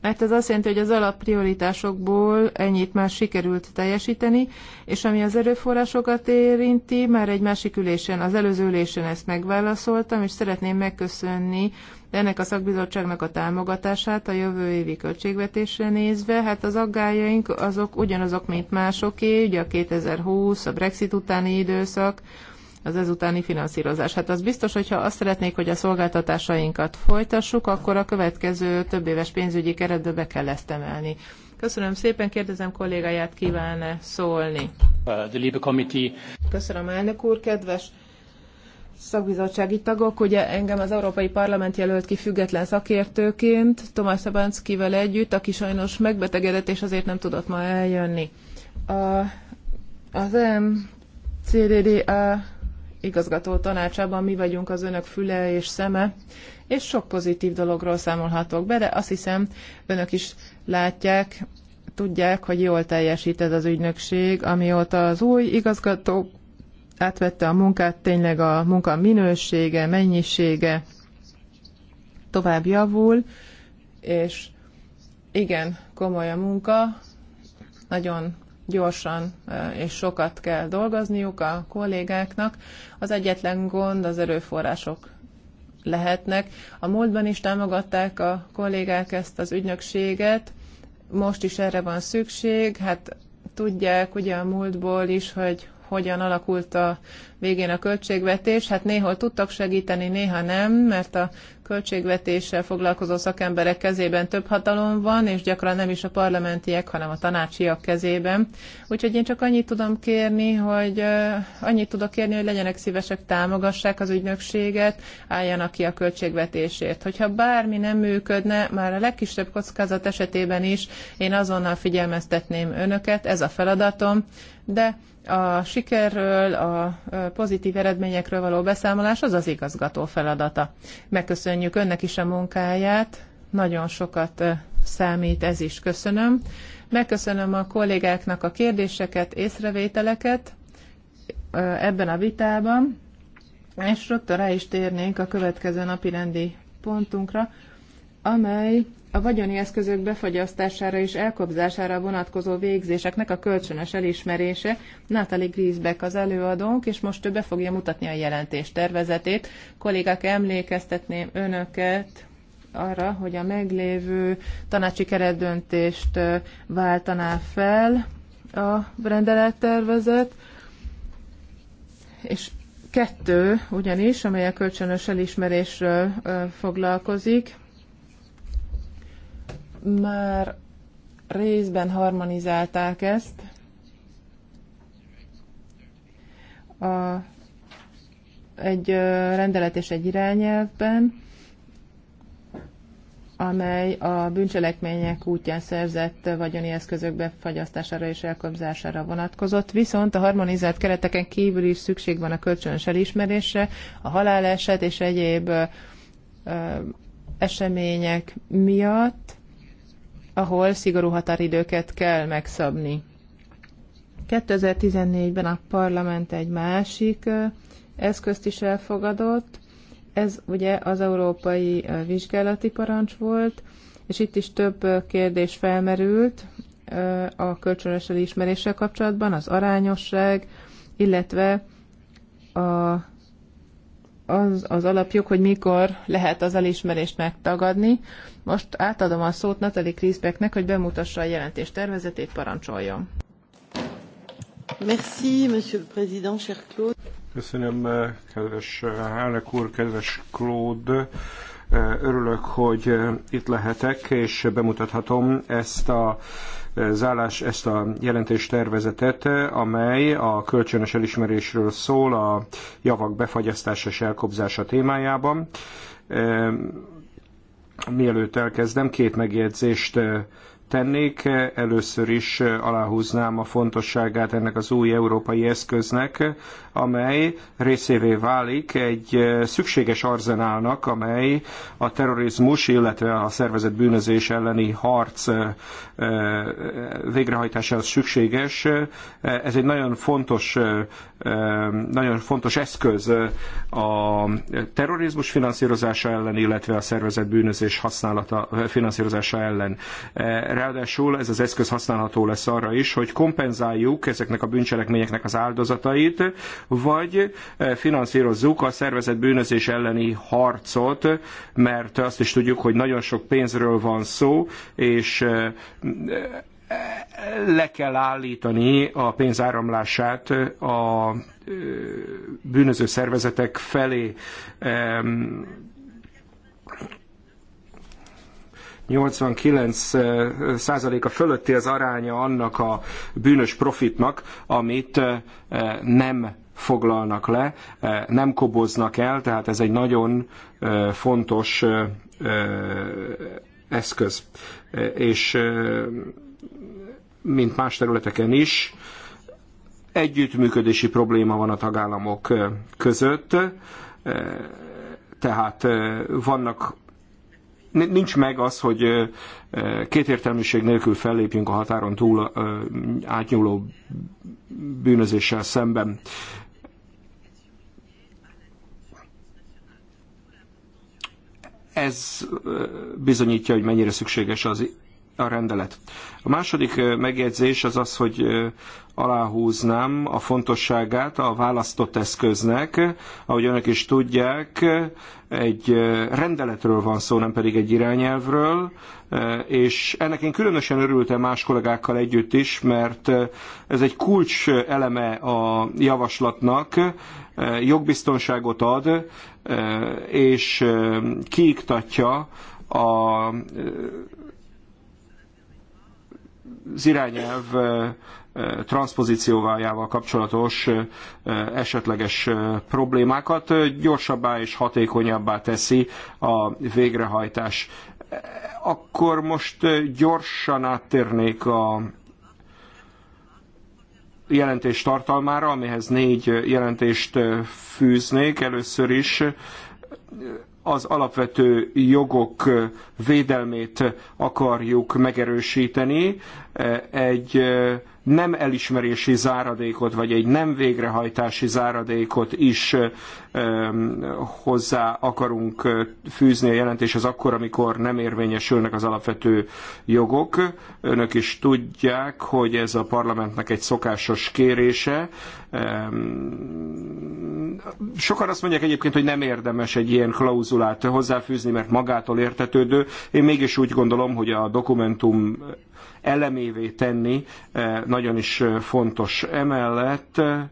mert ez azt jelenti, hogy az alapprioritásokból ennyit már sikerült teljesíteni, és ami az erőforrásokat érinti, már egy másik ülésen, az előző ülésen ezt megválaszoltam, és szeretném megköszönni ennek a szakbizottságnak a támogatását a jövő évi költségvetésre nézve. Hát az aggájaink azok ugyanazok, mint másoké, ugye a 2020, a Brexit utáni időszak, az ezutáni finanszírozás. Hát az biztos, hogyha azt szeretnék, hogy a szolgáltatásainkat folytassuk, akkor a következő több éves pénzügyi keretbe be kell ezt emelni. Köszönöm szépen, kérdezem kollégáját kíván -e szólni. Uh, Köszönöm elnök úr, kedves szakbizottsági tagok. Ugye engem az Európai Parlament jelölt ki független szakértőként, Tomás Szabanszkivel együtt, aki sajnos megbetegedett, és azért nem tudott ma eljönni. A, az MCDDA igazgató tanácsában mi vagyunk az önök füle és szeme, és sok pozitív dologról számolhatok be, de azt hiszem önök is látják, tudják, hogy jól teljesít ez az ügynökség, amióta az új igazgató átvette a munkát, tényleg a munka minősége, mennyisége tovább javul, és igen, komoly a munka, nagyon gyorsan és sokat kell dolgozniuk a kollégáknak. Az egyetlen gond az erőforrások lehetnek. A múltban is támogatták a kollégák ezt az ügynökséget, most is erre van szükség. Hát tudják ugye a múltból is, hogy hogyan alakult a végén a költségvetés. Hát néhol tudtak segíteni, néha nem, mert a költségvetéssel foglalkozó szakemberek kezében több hatalom van, és gyakran nem is a parlamentiek, hanem a tanácsiak kezében. Úgyhogy én csak annyit tudom kérni, hogy annyit tudok kérni, hogy legyenek szívesek, támogassák az ügynökséget, álljanak ki a költségvetésért. Hogyha bármi nem működne, már a legkisebb kockázat esetében is én azonnal figyelmeztetném önöket, ez a feladatom, de a sikerről, a pozitív eredményekről való beszámolás az az igazgató feladata. Megköszönjük köszönjük önnek is a munkáját, nagyon sokat számít ez is, köszönöm. Megköszönöm a kollégáknak a kérdéseket, észrevételeket ebben a vitában, és rögtön rá is térnénk a következő napi rendi pontunkra, amely a vagyoni eszközök befagyasztására és elkobzására vonatkozó végzéseknek a kölcsönös elismerése. Natalie Griesbeck az előadónk, és most ő be fogja mutatni a jelentés tervezetét. Kollégák, emlékeztetném önöket arra, hogy a meglévő tanácsi keretdöntést váltaná fel a rendelettervezet, és kettő ugyanis, amely a kölcsönös elismerésről foglalkozik, már részben harmonizálták ezt. A, egy rendelet és egy irányelvben, amely a bűncselekmények útján szerzett vagyoni eszközök befagyasztására és elkobzására vonatkozott, viszont a harmonizált kereteken kívül is szükség van a kölcsönös elismerésre, a haláleset és egyéb események miatt, ahol szigorú határidőket kell megszabni. 2014-ben a parlament egy másik eszközt is elfogadott, ez ugye az európai vizsgálati parancs volt, és itt is több kérdés felmerült a kölcsönös elismeréssel kapcsolatban, az arányosság, illetve a, az, az alapjuk, hogy mikor lehet az elismerést megtagadni. Most átadom a szót Natali Kriszbeknek, hogy bemutassa a jelentés tervezetét, parancsoljon. Merci, Monsieur le Président, cher Claude. Köszönöm, eh, kedves eh, elnök úr, kedves Claude. Eh, örülök, hogy itt lehetek, és bemutathatom ezt a zállás, ezt a jelentéstervezetet, amely a kölcsönös elismerésről szól a javak befagyasztása és elkobzása témájában Mielőtt elkezdem, két megjegyzést eh, tennék. Először is aláhúznám a fontosságát ennek az új európai eszköznek, amely részévé válik egy szükséges arzenálnak, amely a terrorizmus, illetve a szervezet bűnözés elleni harc végrehajtásához szükséges. Ez egy nagyon fontos, nagyon fontos eszköz a terrorizmus finanszírozása ellen, illetve a szervezet bűnözés használata finanszírozása ellen Ráadásul ez az eszköz használható lesz arra is, hogy kompenzáljuk ezeknek a bűncselekményeknek az áldozatait, vagy eh, finanszírozzuk a szervezett bűnözés elleni harcot, mert azt is tudjuk, hogy nagyon sok pénzről van szó, és eh, eh, le kell állítani a pénzáramlását a bűnöző szervezetek felé 89%-a eh, fölötti az aránya annak a bűnös profitnak, amit eh, nem foglalnak le, eh, nem koboznak el, tehát ez egy nagyon fontos eszköz. És mint más területeken is, együttműködési probléma van a tagállamok között, tehát vannak nincs meg az, hogy kétértelműség nélkül fellépjünk a határon túl átnyúló bűnözéssel szemben. Ez bizonyítja, hogy mennyire szükséges az a rendelet. A második megjegyzés az az, hogy aláhúznám a fontosságát a választott eszköznek. Ahogy önök is tudják, egy rendeletről van szó, nem pedig egy irányelvről, és ennek én különösen örültem más kollégákkal együtt is, mert ez egy kulcs eleme a javaslatnak, jogbiztonságot ad, és kiiktatja a az irányelv transzpozícióvájával kapcsolatos esetleges problémákat gyorsabbá és hatékonyabbá teszi a végrehajtás. Akkor most gyorsan áttérnék a jelentés tartalmára, amihez négy jelentést fűznék. Először is az alapvető jogok védelmét akarjuk megerősíteni. Egy nem elismerési záradékot, vagy egy nem végrehajtási záradékot is hozzá akarunk fűzni a jelentéshez akkor, amikor nem érvényesülnek az alapvető jogok. Önök is tudják, hogy ez a parlamentnek egy szokásos kérése. Sokan azt mondják egyébként, hogy nem érdemes egy ilyen klauzulát hozzáfűzni, mert magától értetődő. Én mégis úgy gondolom, hogy a dokumentum elemévé tenni, eh, nagyon is eh, fontos. Emellett eh,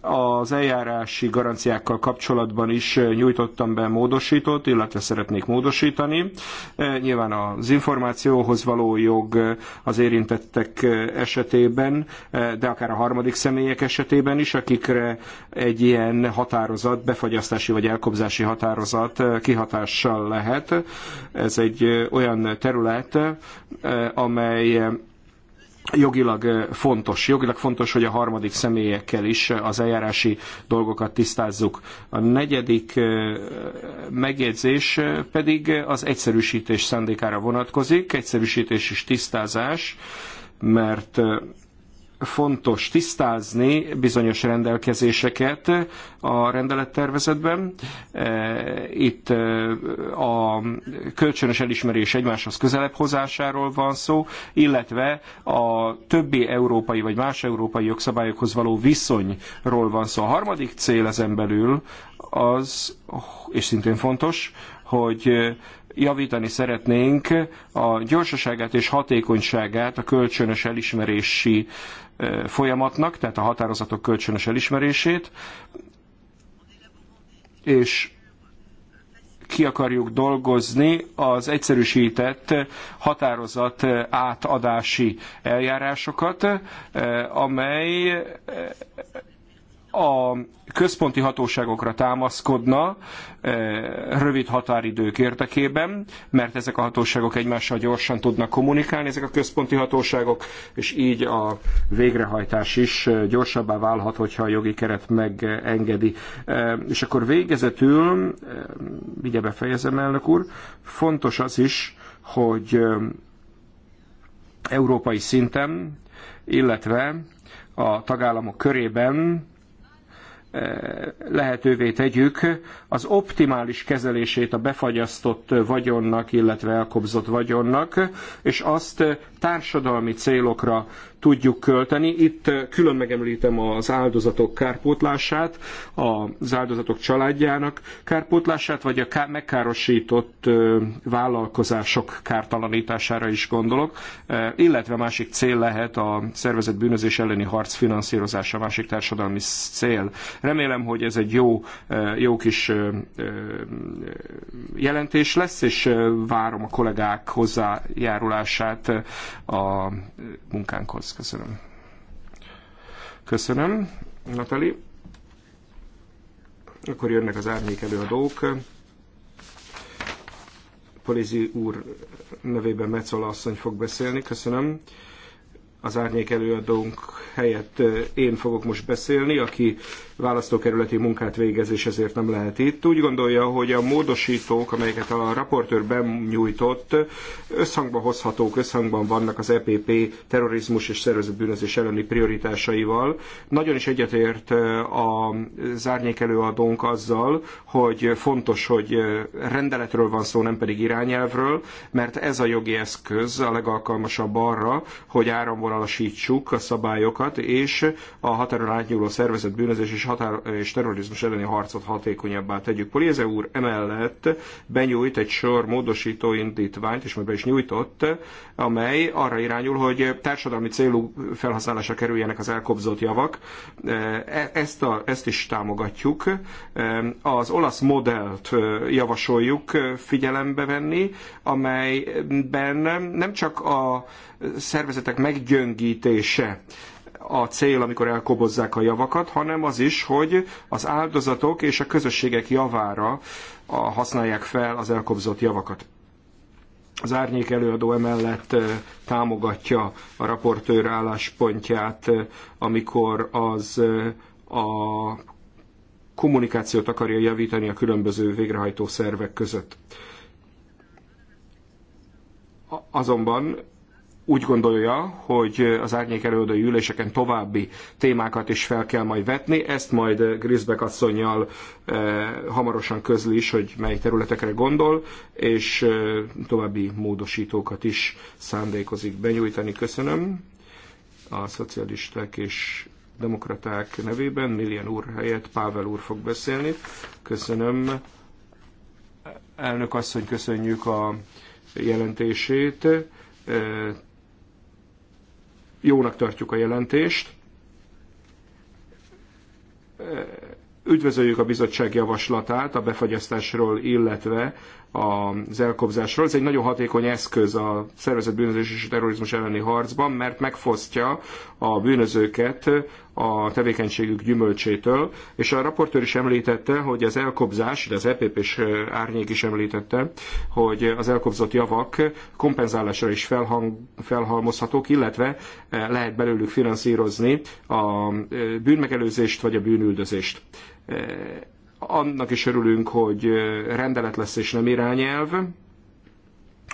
az eljárási garanciákkal kapcsolatban is nyújtottam be módosítót, illetve szeretnék módosítani. Nyilván az információhoz való jog az érintettek esetében, de akár a harmadik személyek esetében is, akikre egy ilyen határozat, befagyasztási vagy elkobzási határozat kihatással lehet. Ez egy olyan terület, amely jogilag eh, fontos. Jogilag fontos, hogy a harmadik személyekkel is eh, az eljárási dolgokat tisztázzuk. A negyedik eh, megjegyzés pedig az egyszerűsítés szándékára vonatkozik, egyszerűsítés és tisztázás, mert fontos tisztázni bizonyos rendelkezéseket a rendelettervezetben. E, itt e, a kölcsönös elismerés egymáshoz közelebb hozásáról van szó, illetve a többi európai vagy más európai jogszabályokhoz való viszonyról van szó. A harmadik cél ezen belül az, és szintén fontos, hogy javítani szeretnénk a gyorsaságát és hatékonyságát a kölcsönös elismerési folyamatnak, tehát a határozatok kölcsönös elismerését, és ki akarjuk dolgozni az egyszerűsített határozat átadási eljárásokat, amely a központi hatóságokra támaszkodna e, rövid határidők érdekében, mert ezek a hatóságok egymással gyorsan tudnak kommunikálni, ezek a központi hatóságok, és így a végrehajtás is gyorsabbá válhat, hogyha a jogi keret megengedi. E, és akkor végezetül, ugye e, befejezem, elnök úr, fontos az is, hogy európai szinten, illetve a tagállamok körében lehetővé tegyük az optimális kezelését a befagyasztott vagyonnak, illetve elkobzott vagyonnak, és azt társadalmi célokra tudjuk költeni. Itt külön megemlítem az áldozatok kárpótlását, az áldozatok családjának kárpótlását, vagy a megkárosított vállalkozások kártalanítására is gondolok, illetve másik cél lehet a szervezett bűnözés elleni harc finanszírozása, másik társadalmi cél. Remélem, hogy ez egy jó, jó kis jelentés lesz, és várom a kollégák hozzájárulását a munkánkhoz. Köszönöm. Köszönöm, Natali. Akkor jönnek az árnyék előadók. Polizi úr nevében Metzola asszony fog beszélni. Köszönöm az árnyék előadónk helyett én fogok most beszélni, aki választókerületi munkát végez, és ezért nem lehet itt. Úgy gondolja, hogy a módosítók, amelyeket a raportőr benyújtott, összhangban hozhatók, összhangban vannak az EPP terrorizmus és szervezett bűnözés elleni prioritásaival. Nagyon is egyetért a árnyék előadónk azzal, hogy fontos, hogy rendeletről van szó, nem pedig irányelvről, mert ez a jogi eszköz a legalkalmasabb arra, hogy áram alasítsuk a szabályokat, és a határon átnyúló szervezet bűnözés és, határ, és terrorizmus elleni harcot hatékonyabbá tegyük. Poliéze úr emellett benyújt egy sor módosító indítványt, és majd be is nyújtott, amely arra irányul, hogy társadalmi célú felhasználásra kerüljenek az elkobzott javak. E, ezt, a, ezt is támogatjuk. E, az olasz modellt e, javasoljuk figyelembe venni, amelyben nem csak a szervezetek meggyöngítése a cél, amikor elkobozzák a javakat, hanem az is, hogy az áldozatok és a közösségek javára használják fel az elkobzott javakat. Az árnyék előadó emellett támogatja a raportőr álláspontját, amikor az a kommunikációt akarja javítani a különböző végrehajtó szervek között. Azonban úgy gondolja, hogy az árnyék előadói üléseken további témákat is fel kell majd vetni. Ezt majd Grisbeck asszonynal eh, hamarosan közli is, hogy mely területekre gondol, és eh, további módosítókat is szándékozik benyújtani. Köszönöm a szocialisták és demokraták nevében. Millian úr helyett Pável úr fog beszélni. Köszönöm. Elnök asszony, köszönjük a jelentését eh, jónak tartjuk a jelentést. Üdvözöljük a bizottság javaslatát a befagyasztásról, illetve az elkobzásról. Ez egy nagyon hatékony eszköz a szervezett bűnözés és a terrorizmus elleni harcban, mert megfosztja a bűnözőket a tevékenységük gyümölcsétől, és a raportőr is említette, hogy az elkobzás, de az epp és árnyék is említette, hogy az elkobzott javak kompenzálásra is felhang, felhalmozhatók, illetve lehet belőlük finanszírozni a bűnmegelőzést vagy a bűnüldözést annak is örülünk, hogy rendelet lesz és nem irányelv,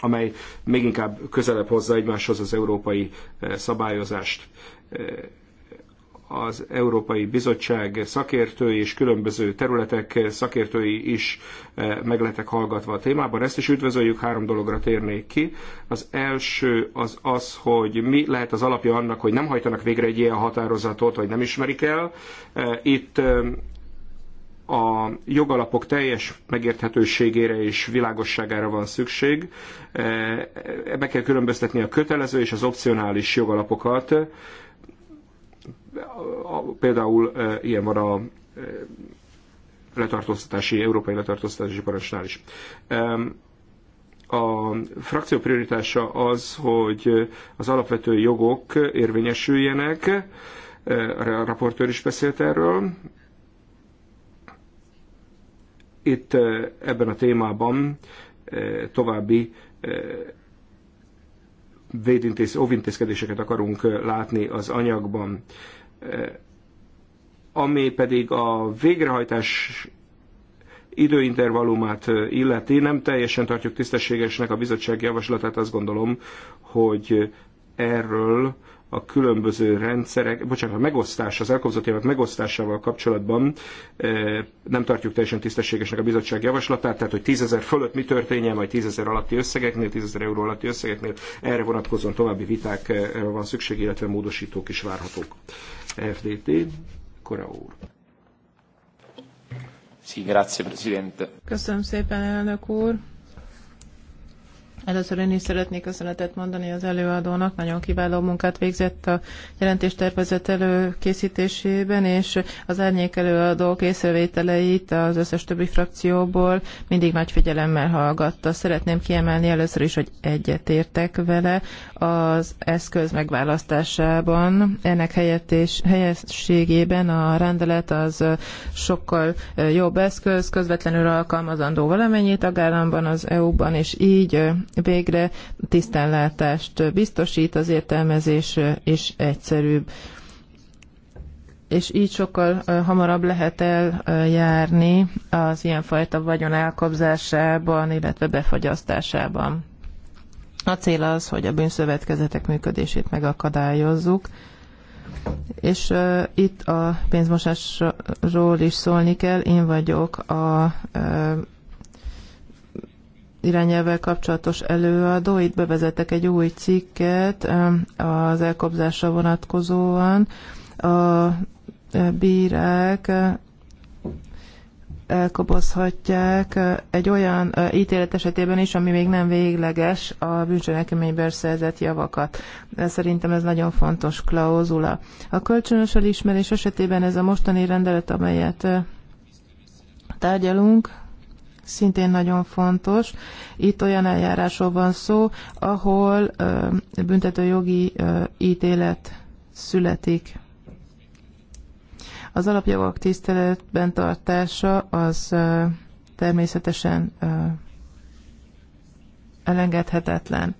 amely még inkább közelebb hozza egymáshoz az európai szabályozást az Európai Bizottság szakértői és különböző területek szakértői is megletek hallgatva a témában. Ezt is üdvözöljük, három dologra térnék ki. Az első az az, hogy mi lehet az alapja annak, hogy nem hajtanak végre egy ilyen határozatot, vagy nem ismerik el. Itt a jogalapok teljes megérthetőségére és világosságára van szükség. E, meg kell különböztetni a kötelező és az opcionális jogalapokat. E, például e, ilyen van a letartóztatási, európai letartóztatási parancsnál is. A frakció prioritása az, hogy az alapvető jogok érvényesüljenek, a raportőr is beszélt erről, itt eh, ebben a témában eh, további eh, védintéz, óvintézkedéseket akarunk látni az anyagban. Ami pedig a végrehajtás időintervallumát illeti, nem teljesen tartjuk tisztességesnek a bizottság javaslatát, azt gondolom, hogy erről a különböző rendszerek, bocsánat, a megosztás, az elkobzott évek megosztásával kapcsolatban eh, nem tartjuk teljesen tisztességesnek a bizottság javaslatát, tehát hogy tízezer fölött mi történjen, majd tízezer alatti összegeknél, 10 euró alatti összegeknél, erre vonatkozóan további vitákra van szükség, illetve módosítók is várhatók. FDT, Kora úr. Köszönöm szépen, elnök úr. Először én is szeretnék köszönetet mondani az előadónak, nagyon kiváló munkát végzett a jelentéstervezet előkészítésében, és az árnyék előadók észrevételeit az összes többi frakcióból mindig nagy figyelemmel hallgatta. Szeretném kiemelni először is, hogy egyetértek vele az eszköz megválasztásában. Ennek helyettés, helyességében a rendelet az sokkal jobb eszköz, közvetlenül alkalmazandó valamennyi tagállamban, az EU-ban, és így végre tisztánlátást biztosít, az értelmezés és egyszerűbb és így sokkal hamarabb lehet eljárni az ilyenfajta vagyon elkobzásában, illetve befagyasztásában. A cél az, hogy a bűnszövetkezetek működését megakadályozzuk, és uh, itt a pénzmosásról is szólni kell. Én vagyok a uh, irányelvvel kapcsolatos előadó. Itt bevezettek egy új cikket az elkobzásra vonatkozóan. A e, bírák e, elkobozhatják e, egy olyan ítélet esetében is, ami még nem végleges a bűncselekményben szerzett javakat. Szerintem ez nagyon fontos klauzula. A kölcsönös elismerés esetében ez a mostani rendelet, amelyet tárgyalunk, szintén nagyon fontos. Itt olyan eljárásról van szó, ahol büntetőjogi ítélet születik. Az alapjogok tiszteletben tartása az természetesen elengedhetetlen.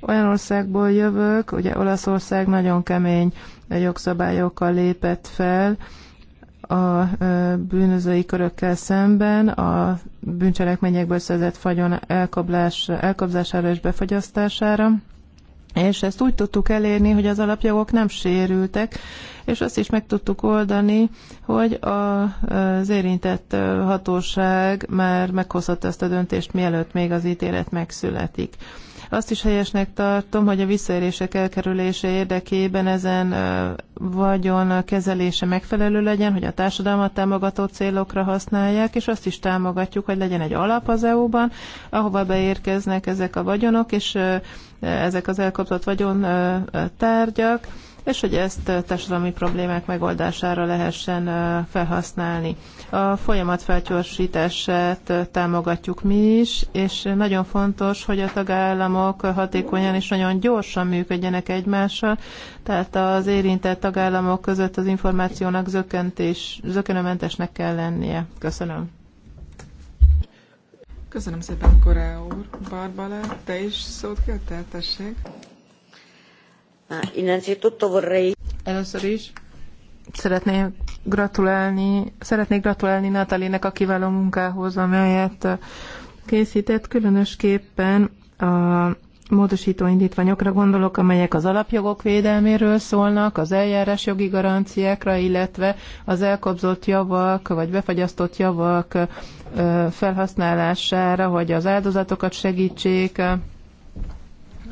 Olyan országból jövök, ugye Olaszország nagyon kemény jogszabályokkal lépett fel, a bűnözői körökkel szemben a bűncselekményekből szerzett fagyon elkablás, elkobzására és befagyasztására. És ezt úgy tudtuk elérni, hogy az alapjogok nem sérültek, és azt is meg tudtuk oldani, hogy az érintett hatóság már meghozhatta ezt a döntést, mielőtt még az ítélet megszületik. Azt is helyesnek tartom, hogy a visszaérések elkerülése érdekében ezen vagyon kezelése megfelelő legyen, hogy a társadalmat támogató célokra használják, és azt is támogatjuk, hogy legyen egy alap az EU-ban, ahova beérkeznek ezek a vagyonok, és ezek az elkapott vagyon tárgyak, és hogy ezt társadalmi problémák megoldására lehessen felhasználni. A folyamat felgyorsítását támogatjuk mi is, és nagyon fontos, hogy a tagállamok hatékonyan és nagyon gyorsan működjenek egymással, tehát az érintett tagállamok között az információnak zökkentés, zökkenőmentesnek kell lennie. Köszönöm. Köszönöm szépen, Korá úr. Barbara, te is szót kell, tessék. Ah, Először is szeretném gratulálni, szeretnék gratulálni Natalinek a kiváló munkához, amelyet eh, készített, különösképpen a módosító indítványokra gondolok, amelyek az alapjogok védelméről szólnak, az eljárás jogi garanciákra, illetve az elkobzott javak vagy befagyasztott javak eh, felhasználására, hogy az áldozatokat segítsék,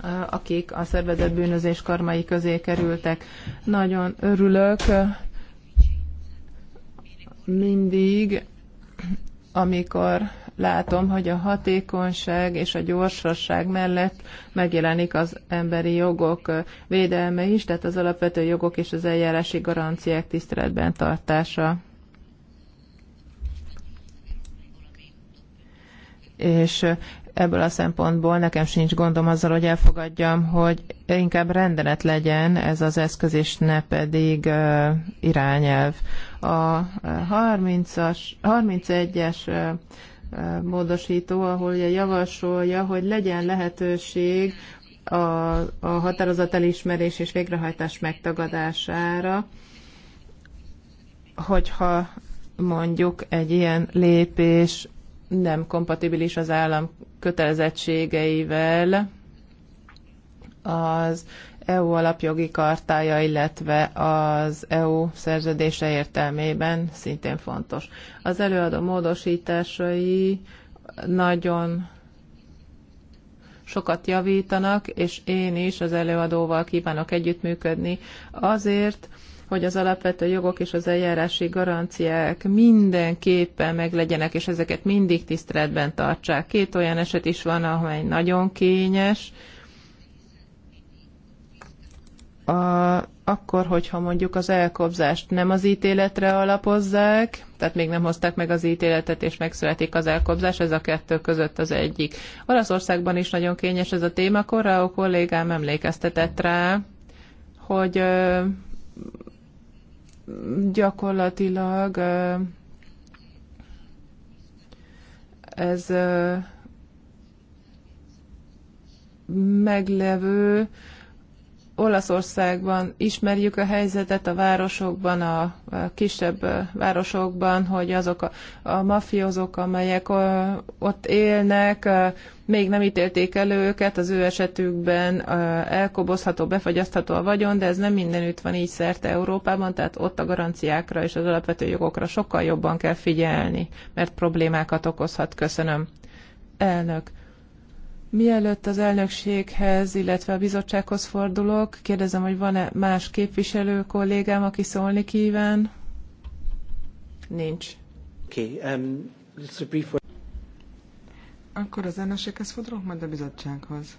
Eh, akik a szervezett bűnözés karmai közé kerültek. Nagyon örülök eh, mindig, amikor látom, hogy a hatékonyság és a gyorsasság mellett megjelenik az emberi jogok eh, védelme is, tehát az alapvető jogok és az eljárási garanciák tiszteletben tartása. És ebből a szempontból nekem sincs gondom azzal, hogy elfogadjam, hogy inkább rendelet legyen ez az eszköz, és ne pedig uh, irányelv. A 30-as, 31-es uh, módosító, ahol ugye javasolja, hogy legyen lehetőség a, a határozat elismerés és végrehajtás megtagadására, hogyha mondjuk egy ilyen lépés nem kompatibilis az állam kötelezettségeivel az EU alapjogi kartája, illetve az EU szerződése értelmében szintén fontos. Az előadó módosításai nagyon sokat javítanak, és én is az előadóval kívánok együttműködni azért, hogy az alapvető jogok és az eljárási garanciák mindenképpen meglegyenek, és ezeket mindig tiszteletben tartsák. Két olyan eset is van, amely nagyon kényes, a, akkor, hogyha mondjuk az elkobzást nem az ítéletre alapozzák, tehát még nem hozták meg az ítéletet, és megszületik az elkobzás, ez a kettő között az egyik. Olaszországban is nagyon kényes ez a téma, a kollégám emlékeztetett rá, hogy gyakorlatilag ez meglevő. Olaszországban ismerjük a helyzetet a városokban, a kisebb városokban, hogy azok a, a mafiózók, amelyek ott élnek, még nem ítélték el őket, az ő esetükben elkobozható, befagyasztható a vagyon, de ez nem mindenütt van így szerte Európában, tehát ott a garanciákra és az alapvető jogokra sokkal jobban kell figyelni, mert problémákat okozhat. Köszönöm. Elnök. Mielőtt az elnökséghez, illetve a bizottsághoz fordulok, kérdezem, hogy van-e más képviselő kollégám, aki szólni kíván? Nincs. Okay, um, akkor az elnökséghez fordulok, majd a bizottsághoz.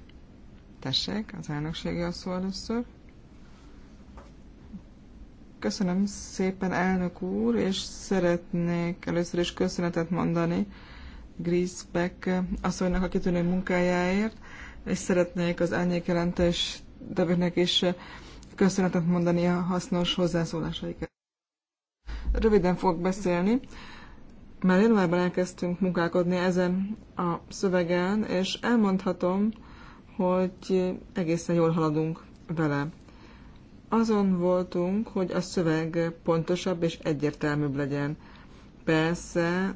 Tessék, az elnökségi a szó először. Köszönöm szépen, elnök úr, és szeretnék először is köszönetet mondani Griesbeck asszonynak a kitűnő munkájáért, és szeretnék az elnyék jelentés tevőknek is köszönetet mondani a hasznos hozzászólásaikat. Röviden fogok beszélni. Már januárban elkezdtünk munkálkodni ezen a szövegen, és elmondhatom, hogy egészen jól haladunk vele. Azon voltunk, hogy a szöveg pontosabb és egyértelműbb legyen. Persze,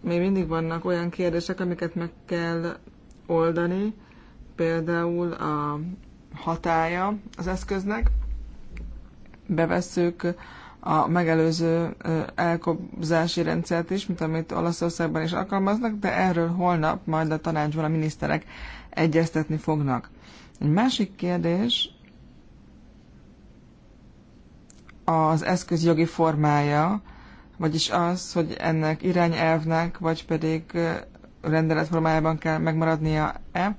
még mindig vannak olyan kérdések, amiket meg kell oldani, például a hatája az eszköznek. Bevesszük a megelőző elkobzási rendszert is, mint amit Olaszországban is alkalmaznak, de erről holnap majd a tanácsban a miniszterek egyeztetni fognak. Egy másik kérdés az eszköz jogi formája, vagyis az, hogy ennek irányelvnek, vagy pedig rendelet formájában kell megmaradnia-e.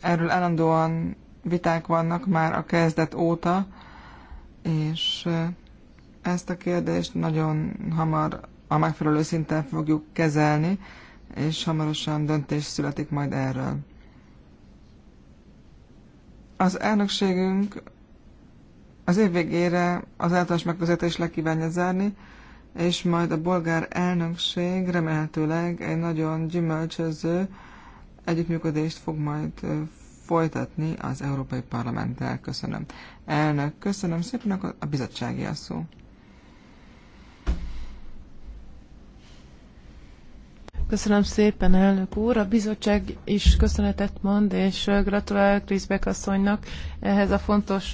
Erről állandóan viták vannak már a kezdet óta, és ezt a kérdést nagyon hamar a megfelelő szinten fogjuk kezelni, és hamarosan döntés születik majd erről. Az elnökségünk az év végére az általános megközelítés le kívánja zárni, és majd a bolgár elnökség remélhetőleg egy nagyon gyümölcsöző együttműködést fog majd folytatni az Európai Parlamenttel. Köszönöm. Elnök, köszönöm szépen, a bizottsági a szó. Köszönöm szépen, elnök úr. A bizottság is köszönetet mond, és gratulálok Kriszbek asszonynak ehhez a fontos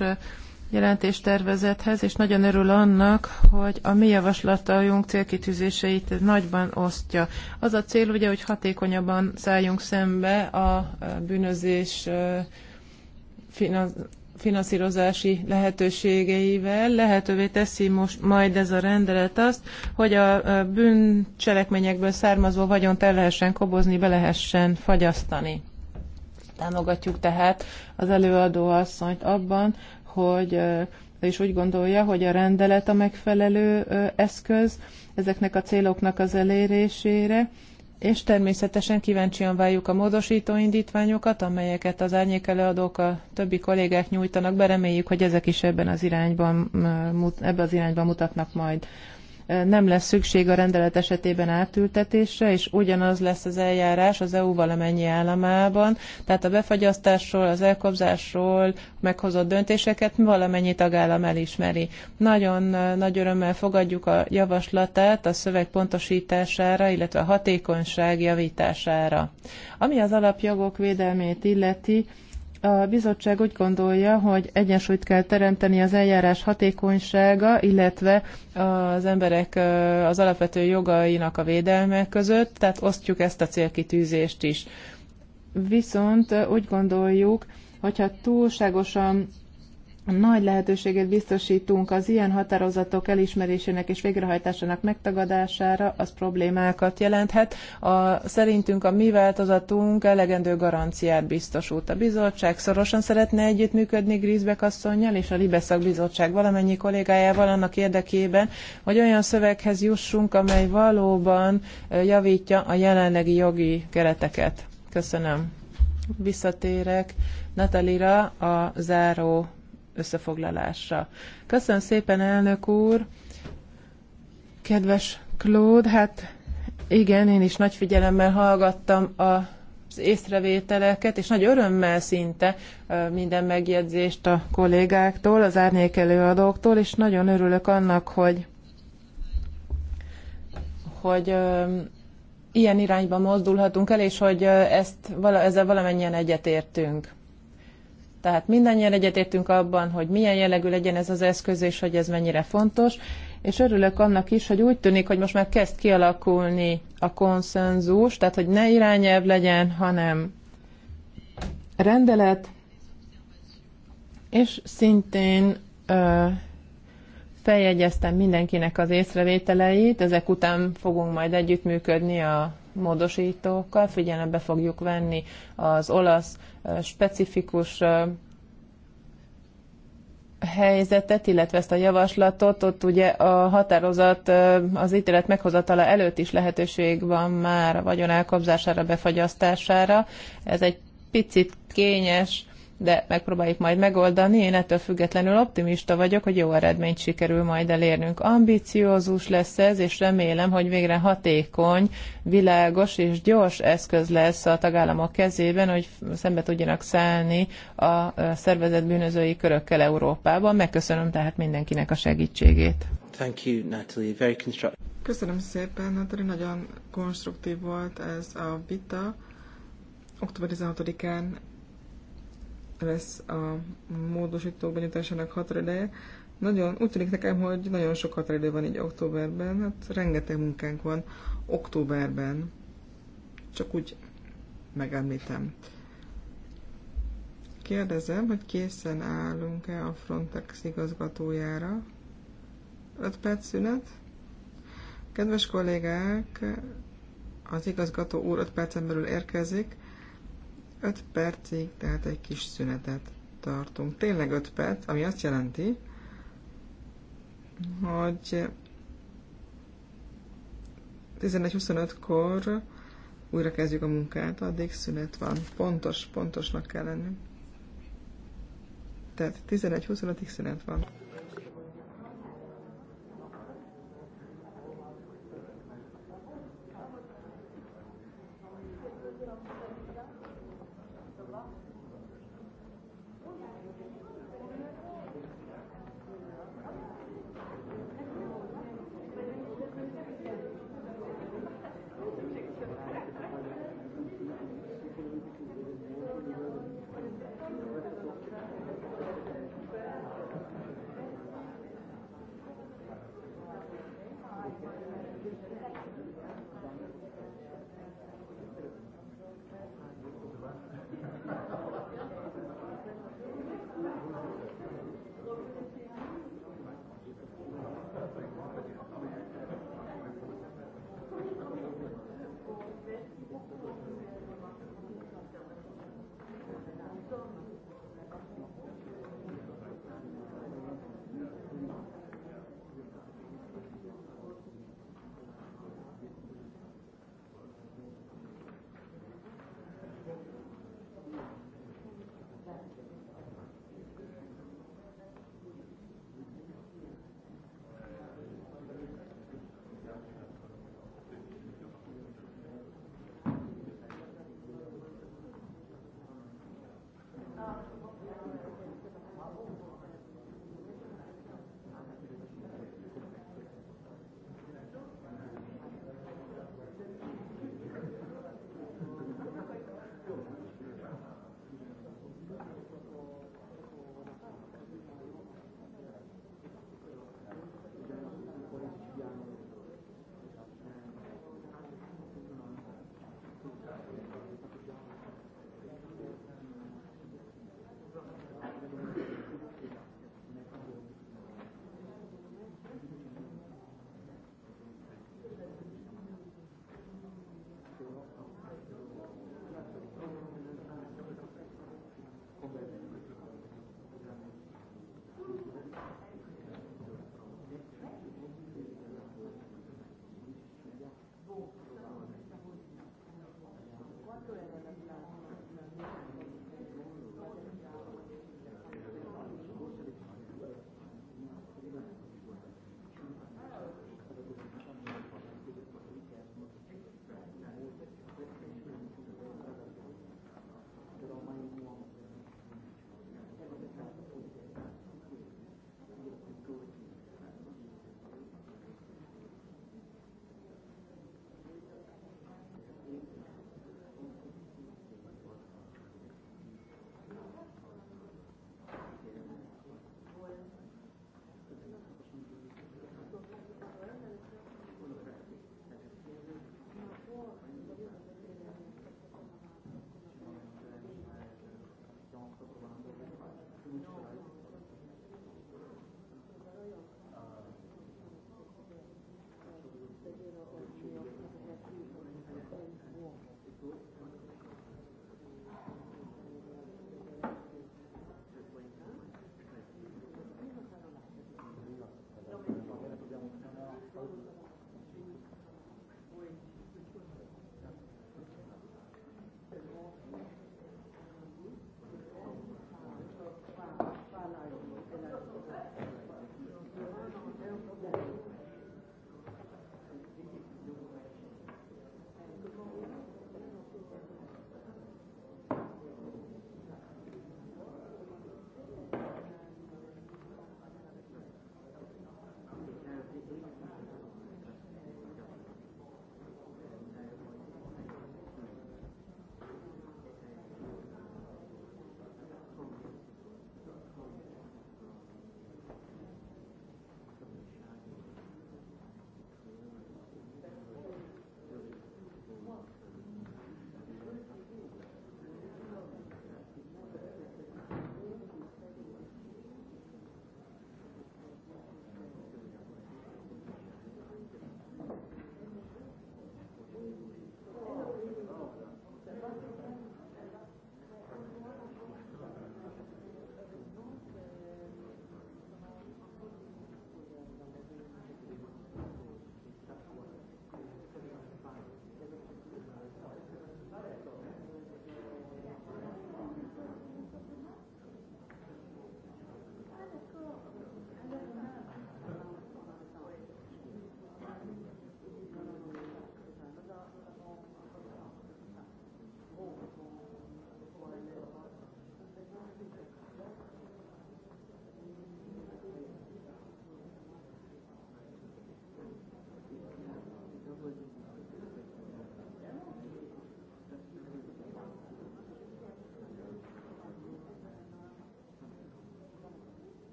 jelentéstervezethez, és nagyon örül annak, hogy a mi javaslatunk célkitűzéseit nagyban osztja. Az a cél ugye, hogy hatékonyabban szálljunk szembe a bűnözés finanszírozási lehetőségeivel lehetővé teszi most majd ez a rendelet azt, hogy a bűncselekményekből származó vagyont el lehessen kobozni, be lehessen fagyasztani. Támogatjuk tehát az előadó asszonyt abban, hogy és úgy gondolja, hogy a rendelet a megfelelő eszköz ezeknek a céloknak az elérésére, és természetesen kíváncsian várjuk a módosító indítványokat, amelyeket az árnyék előadók, a többi kollégák nyújtanak be, reméljük, hogy ezek is ebben az irányban, ebben az irányban mutatnak majd nem lesz szükség a rendelet esetében átültetésre, és ugyanaz lesz az eljárás az EU valamennyi államában, tehát a befagyasztásról, az elkobzásról meghozott döntéseket valamennyi tagállam elismeri. Nagyon nagy örömmel fogadjuk a javaslatát a szöveg pontosítására, illetve a hatékonyság javítására. Ami az alapjogok védelmét illeti, a bizottság úgy gondolja, hogy egyensúlyt kell teremteni az eljárás hatékonysága, illetve az emberek az alapvető jogainak a védelme között, tehát osztjuk ezt a célkitűzést is. Viszont úgy gondoljuk, hogyha túlságosan nagy lehetőséget biztosítunk az ilyen határozatok elismerésének és végrehajtásának megtagadására, az problémákat jelenthet. A, szerintünk a mi változatunk elegendő garanciát biztosult. A bizottság szorosan szeretne együttműködni Grízbek asszonynal és a Libeszak bizottság valamennyi kollégájával annak érdekében, hogy olyan szöveghez jussunk, amely valóban javítja a jelenlegi jogi kereteket. Köszönöm. Visszatérek Natalira a záró összefoglalásra. Köszönöm szépen, elnök úr! Kedves Claude, hát igen, én is nagy figyelemmel hallgattam a az észrevételeket, és nagy örömmel szinte minden megjegyzést a kollégáktól, az árnyékelőadóktól, és nagyon örülök annak, hogy, hogy ilyen irányba mozdulhatunk el, és hogy ezt, ezzel valamennyien egyetértünk. Tehát mindannyian egyetértünk abban, hogy milyen jellegű legyen ez az eszköz, és hogy ez mennyire fontos. És örülök annak is, hogy úgy tűnik, hogy most már kezd kialakulni a konszenzus, tehát hogy ne irányelv legyen, hanem rendelet, és szintén ö, feljegyeztem mindenkinek az észrevételeit, ezek után fogunk majd együttműködni a módosítókkal figyelembe fogjuk venni az olasz specifikus helyzetet, illetve ezt a javaslatot, ott ugye a határozat az ítélet meghozatala előtt is lehetőség van már a vagyon elkobzására, befagyasztására. Ez egy picit kényes de megpróbáljuk majd megoldani. Én ettől függetlenül optimista vagyok, hogy jó eredményt sikerül majd elérnünk. Ambiciózus lesz ez, és remélem, hogy végre hatékony, világos és gyors eszköz lesz a tagállamok kezében, hogy szembe tudjanak szállni a szervezet bűnözői körökkel Európában. Megköszönöm tehát mindenkinek a segítségét. Thank you, Natalie. Very constructive. Köszönöm szépen, Natalie. Nagyon konstruktív volt ez a vita. Október 16-án lesz a módosítók benyújtásának határideje. Nagyon, úgy tűnik nekem, hogy nagyon sok határidő van így októberben, hát rengeteg munkánk van októberben. Csak úgy megemlítem. Kérdezem, hogy készen állunk-e a Frontex igazgatójára? 5 perc szünet? Kedves kollégák, az igazgató úr 5 percen belül érkezik. 5 percig, tehát egy kis szünetet tartunk. Tényleg 5 perc, ami azt jelenti, hogy 11.25-kor újra kezdjük a munkát, addig szünet van. Pontos, pontosnak kell lenni. Tehát 11.25-ig szünet van.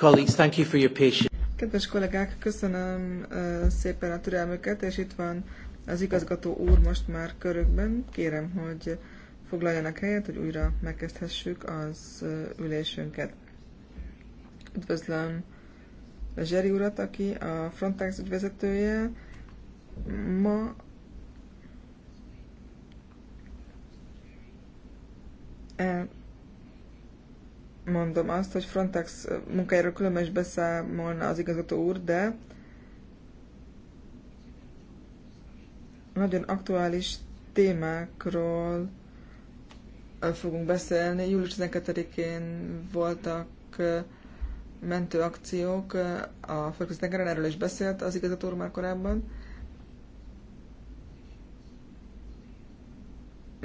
Colleagues, thank you for your patience. Kedves kollégák, köszönöm szépen a türelmüket, és itt van az igazgató úr most már körökben. Kérem, hogy foglaljanak helyet, hogy újra megkezdhessük az ülésünket. Üdvözlöm Zseri urat, aki a Frontex ügyvezetője. Ma mondom azt, hogy Frontex munkájáról különben is beszámolna az igazgató úr, de nagyon aktuális témákról fogunk beszélni. Július 12-én voltak mentőakciók a földközi erről is beszélt az igazgató úr már korábban.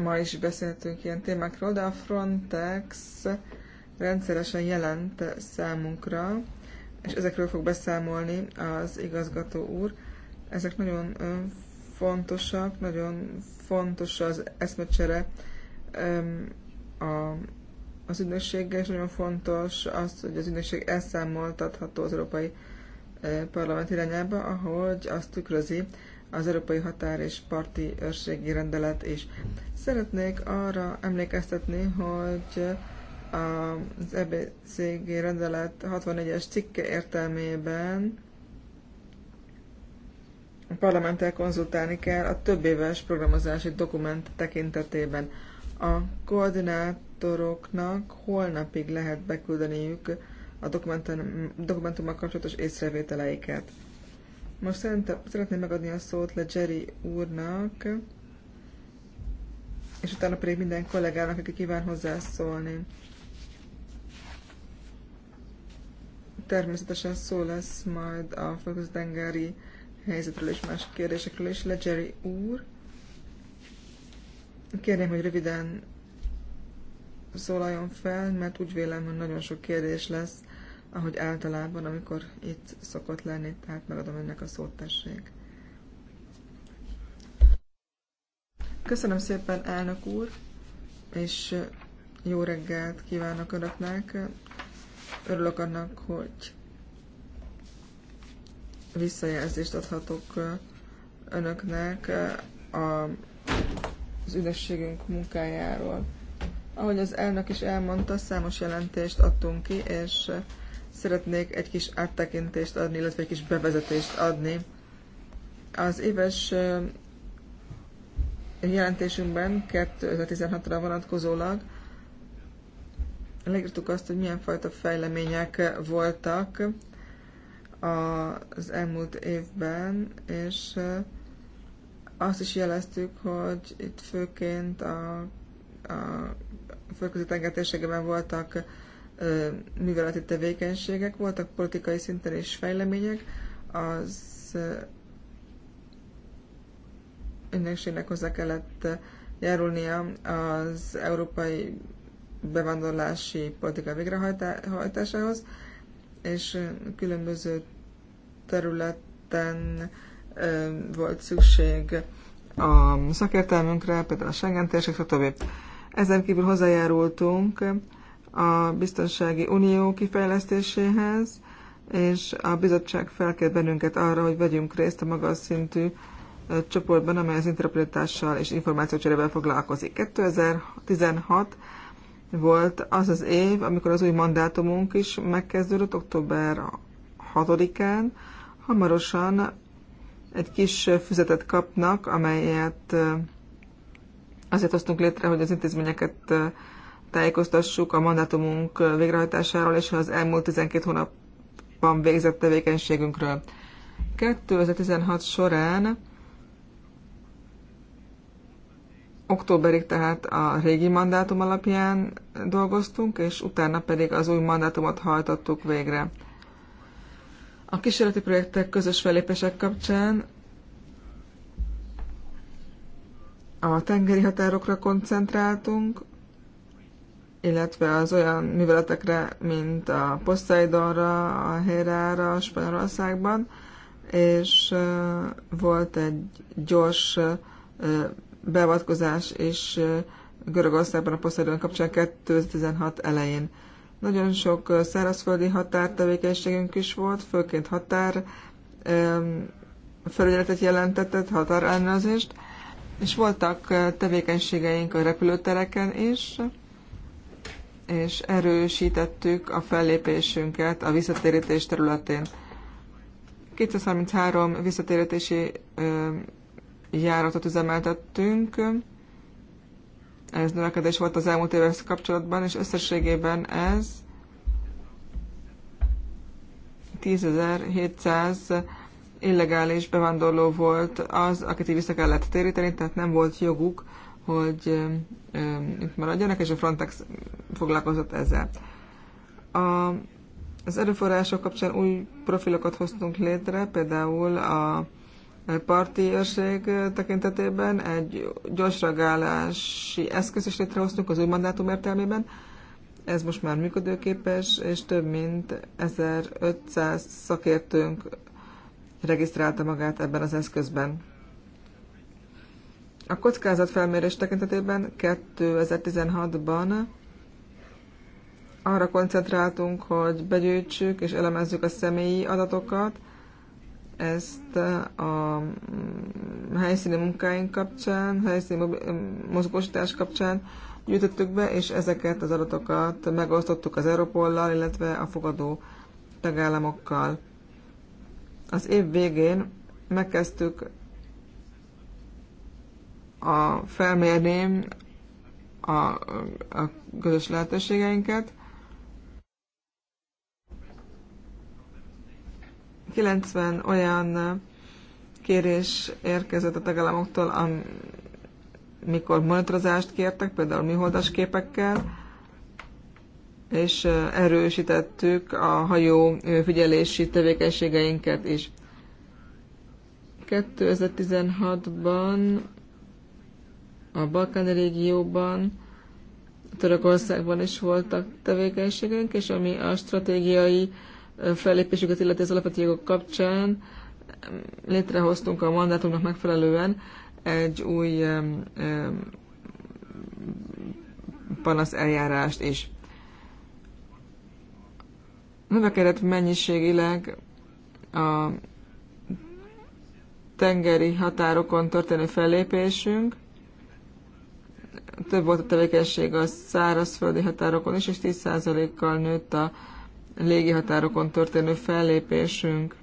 Ma is beszéltünk ilyen témákról, de a Frontex rendszeresen jelent számunkra, és ezekről fog beszámolni az igazgató úr. Ezek nagyon fontosak, nagyon fontos az eszmecsere a, az ügynökséggel, és nagyon fontos az, hogy az ügynökség elszámoltatható az Európai Parlament irányába, ahogy azt tükrözi az Európai Határ és Parti Őrségi Rendelet is. Szeretnék arra emlékeztetni, hogy az EBCG rendelet 64-es cikke értelmében a parlamenttel konzultálni kell a több éves programozási dokument tekintetében. A koordinátoroknak holnapig lehet beküldeniük a dokumentummal kapcsolatos észrevételeiket. Most szerintem, szeretném megadni a szót le Jerry úrnak, és utána pedig minden kollégának, aki kíván hozzászólni. természetesen szó lesz majd a fokusz tengeri helyzetről és más kérdésekről is. Legeri úr, kérném, hogy röviden szólaljon fel, mert úgy vélem, hogy nagyon sok kérdés lesz, ahogy általában, amikor itt szokott lenni, tehát megadom önnek a szót, tessék. Köszönöm szépen, elnök úr, és jó reggelt kívánok önöknek. Örülök annak, hogy visszajelzést adhatok önöknek a, az ügynökségünk munkájáról. Ahogy az elnök is elmondta, számos jelentést adtunk ki, és szeretnék egy kis áttekintést adni, illetve egy kis bevezetést adni. Az éves jelentésünkben 2016-ra vonatkozólag leírtuk azt, hogy milyen fajta fejlemények voltak az elmúlt évben, és eh, azt is jeleztük, hogy itt főként a, a földközi voltak eh, műveleti tevékenységek, voltak politikai szinten is fejlemények, az eh, ügynökségnek hozzá kellett járulnia az európai bevándorlási politika végrehajtásához, és különböző területen volt szükség a szakértelmünkre, például a Schengen térség, stb. Ezen kívül hozzájárultunk a biztonsági unió kifejlesztéséhez, és a bizottság felkért bennünket arra, hogy vegyünk részt a magas szintű csoportban, amely az interpretással és információcserével foglalkozik. 2016 volt az az év, amikor az új mandátumunk is megkezdődött október 6-án. Hamarosan egy kis füzetet kapnak, amelyet azért hoztunk létre, hogy az intézményeket tájékoztassuk a mandátumunk végrehajtásáról és az elmúlt 12 hónapban végzett tevékenységünkről. 2016 során Októberig tehát a régi mandátum alapján dolgoztunk, és utána pedig az új mandátumot hajtottuk végre. A kísérleti projektek közös felépések kapcsán a tengeri határokra koncentráltunk, illetve az olyan műveletekre, mint a Poseidonra, a Hérára, a Spanyolországban, és volt egy gyors beavatkozás és Görögországban a Poseidon kapcsán 2016 elején. Nagyon sok szárazföldi határtevékenységünk is volt, főként határ felügyeletet jelentetett, ellenőrzést, és voltak tevékenységeink a repülőtereken is, és erősítettük a fellépésünket a visszatérítés területén. 233 visszatérítési járatot üzemeltettünk. Ez növekedés volt az elmúlt évekhez kapcsolatban, és összességében ez 10.700 illegális bevándorló volt az, akit így vissza kellett téríteni, tehát nem volt joguk, hogy itt maradjanak, és a Frontex foglalkozott ezzel. A, az erőforrások kapcsán új profilokat hoztunk létre, például a parti érség tekintetében egy gyorsragálási eszköz is létrehoztunk az új mandátum értelmében. Ez most már működőképes, és több mint 1500 szakértőnk regisztrálta magát ebben az eszközben. A kockázatfelmérés tekintetében 2016-ban arra koncentráltunk, hogy begyűjtsük és elemezzük a személyi adatokat, ezt a helyszíni munkáink kapcsán, helyszíni mozgósítás kapcsán gyűjtöttük be, és ezeket az adatokat megosztottuk az Europollal, illetve a fogadó tagállamokkal. Az év végén megkezdtük a felmérni a, a közös lehetőségeinket, 90 olyan kérés érkezett a tagállamoktól, amikor monitorozást kértek, például műholdas képekkel, és erősítettük a hajó figyelési tevékenységeinket is. 2016-ban a Balkáni régióban, Törökországban is voltak tevékenységünk, és ami a stratégiai fellépésüket illeti az alapvető jogok kapcsán. Létrehoztunk a mandátumnak megfelelően egy új panasz eljárást is. Növekedett mennyiségileg a tengeri határokon történő fellépésünk, több volt a tevékenység a szárazföldi határokon is, és 10%-kal nőtt a légi határokon történő fellépésünk.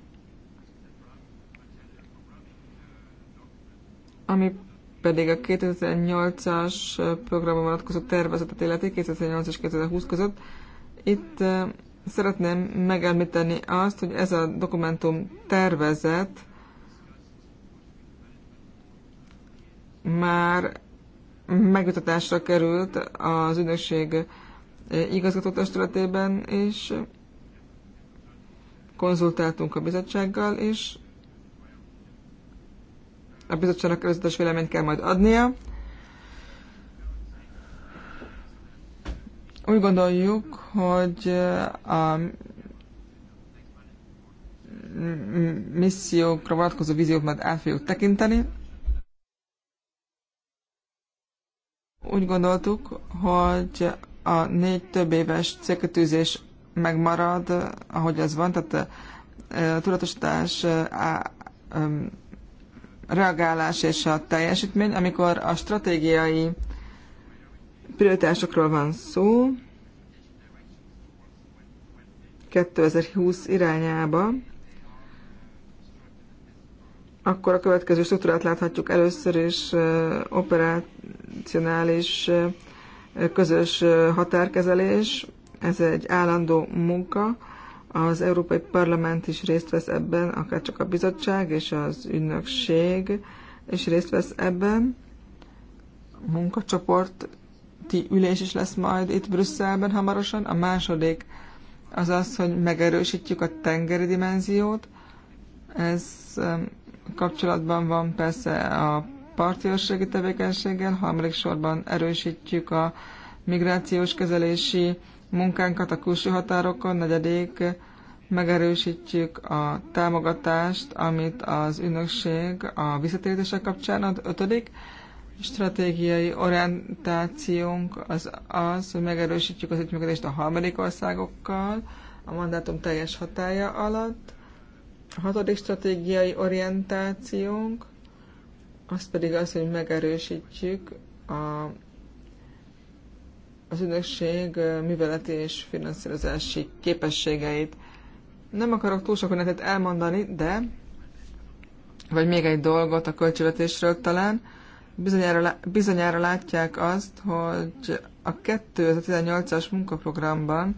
Ami pedig a 2008-as programon vonatkozó tervezetet illeti 2008 és 2020 között. Itt szeretném megemlíteni azt, hogy ez a dokumentum tervezet már megütetésre került az ügynökség igazgatótestületében, és konzultáltunk a bizottsággal, és a bizottságnak előzetes véleményt kell majd adnia. Úgy gondoljuk, hogy a missziókra vonatkozó víziót majd át fogjuk tekinteni. Úgy gondoltuk, hogy a négy több éves célkötőzés megmarad, ahogy az van, tehát a tudatosítás, a reagálás és a teljesítmény, amikor a stratégiai prioritásokról van szó, 2020 irányába, akkor a következő struktúrát láthatjuk először is operacionális közös határkezelés, ez egy állandó munka, az Európai Parlament is részt vesz ebben, akár csak a bizottság és az ügynökség is részt vesz ebben. Munkacsoporti ülés is lesz majd itt Brüsszelben hamarosan. A második az az, hogy megerősítjük a tengeri dimenziót. Ez kapcsolatban van persze a partiőrségi tevékenységgel, harmadik sorban erősítjük a migrációs kezelési munkánkat a külső határokon, negyedik megerősítjük a támogatást, amit az ügynökség a visszatérítések kapcsán ad, ötödik stratégiai orientációnk az az, hogy megerősítjük az együttműködést a harmadik országokkal a mandátum teljes hatája alatt. A hatodik stratégiai orientációnk az pedig az, hogy megerősítjük a az ügynökség műveleti és finanszírozási képességeit. Nem akarok túl sok netet elmondani, de vagy még egy dolgot a költségvetésről talán. Bizonyára, bizonyára látják azt, hogy a 2018-as munkaprogramban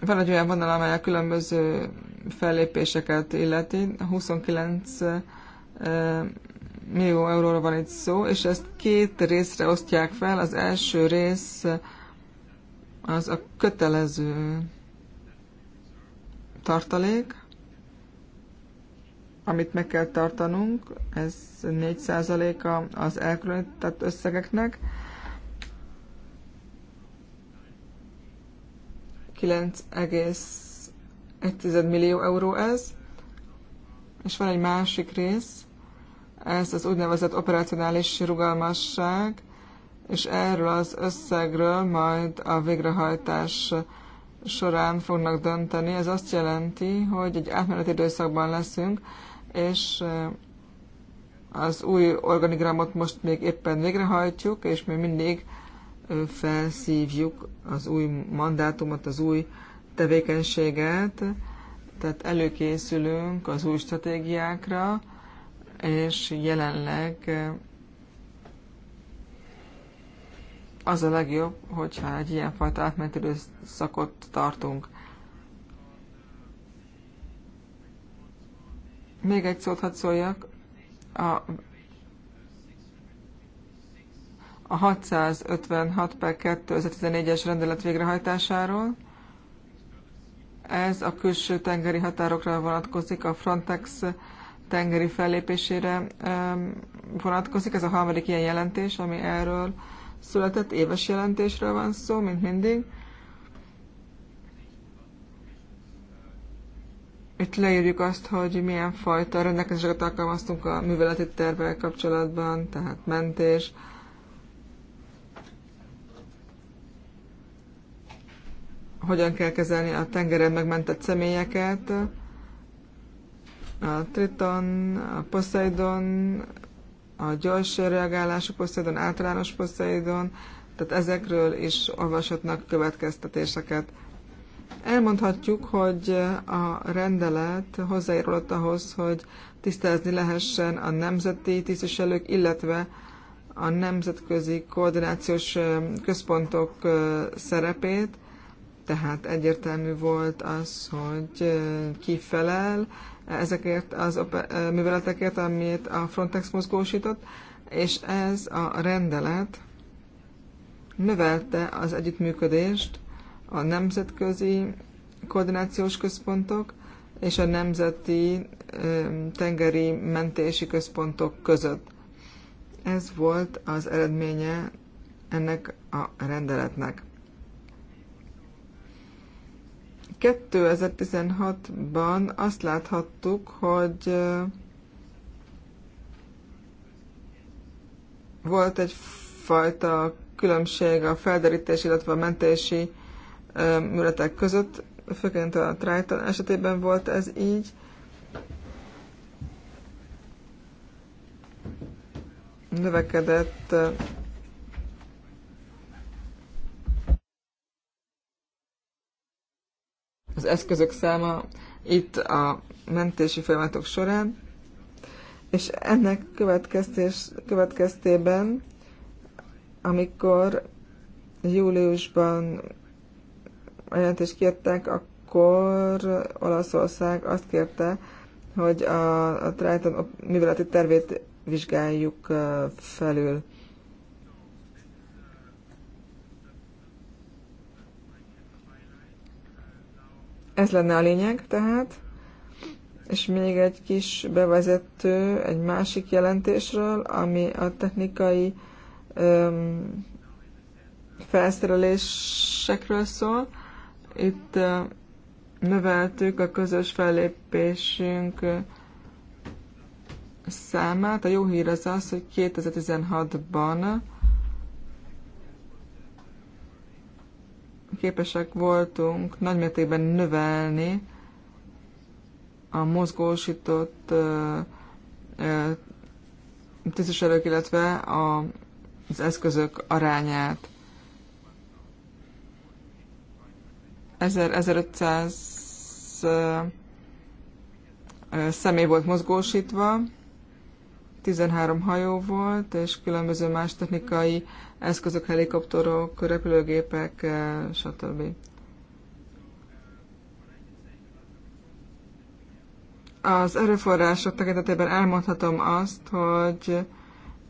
van egy olyan vonal, amely a különböző fellépéseket illeti. 29 millió euróról van itt szó, és ezt két részre osztják fel. Az első rész az a kötelező tartalék, amit meg kell tartanunk, ez 4%-a az elkülönített összegeknek. 9,1 millió euró ez. És van egy másik rész, ez az úgynevezett operacionális rugalmasság, és erről az összegről majd a végrehajtás során fognak dönteni. Ez azt jelenti, hogy egy átmeneti időszakban leszünk, és eh, az új organigramot most még éppen végrehajtjuk, és mi mindig eh, felszívjuk az új mandátumot, az új tevékenységet, tehát előkészülünk az új stratégiákra, és jelenleg eh, az a legjobb, hogyha egy ilyenfajta átmeneti időszakot tartunk. Még egy szót hadd szóljak. A, a 656 per 2014-es rendelet végrehajtásáról. Ez a külső tengeri határokra vonatkozik, a Frontex tengeri fellépésére vonatkozik. Ez a harmadik ilyen jelentés, ami erről született. Éves jelentésről van szó, mint mindig. Itt leírjuk azt, hogy milyen fajta rendelkezéseket alkalmaztunk a műveleti tervvel kapcsolatban, tehát mentés, hogyan kell kezelni a tengeren megmentett személyeket, a Triton, a Poseidon, a gyors reagálású Poseidon, általános Poseidon, tehát ezekről is olvashatnak következtetéseket. Elmondhatjuk, hogy a rendelet hozzájárulott ahhoz, hogy tisztázni lehessen a nemzeti tisztviselők, illetve a nemzetközi koordinációs központok szerepét, tehát egyértelmű volt az, hogy ki felel ezekért az műveletekért, amit a Frontex mozgósított, és ez a rendelet növelte az együttműködést a nemzetközi koordinációs központok és a nemzeti tengeri mentési központok között. Ez volt az eredménye ennek a rendeletnek. 2016-ban azt láthattuk, hogy volt egyfajta különbség a felderítés, illetve a mentési műletek között, főként a Triton esetében volt ez így. Növekedett az eszközök száma itt a mentési folyamatok során, és ennek következtés, következtében, amikor júliusban a jelentést kértek, akkor Olaszország azt kérte, hogy a, a Triton műveleti tervét vizsgáljuk felül. Ez lenne a lényeg tehát. És még egy kis bevezető egy másik jelentésről, ami a technikai öm, felszerelésekről szól. Itt ö, növeltük a közös fellépésünk ö, számát. A jó hír az az, hogy 2016-ban képesek voltunk nagymértékben növelni a mozgósított tisztviselők, illetve a, az eszközök arányát. 1500 személy volt mozgósítva, 13 hajó volt, és különböző más technikai eszközök, helikopterok, repülőgépek, eh, stb. Az erőforrások tekintetében elmondhatom azt, hogy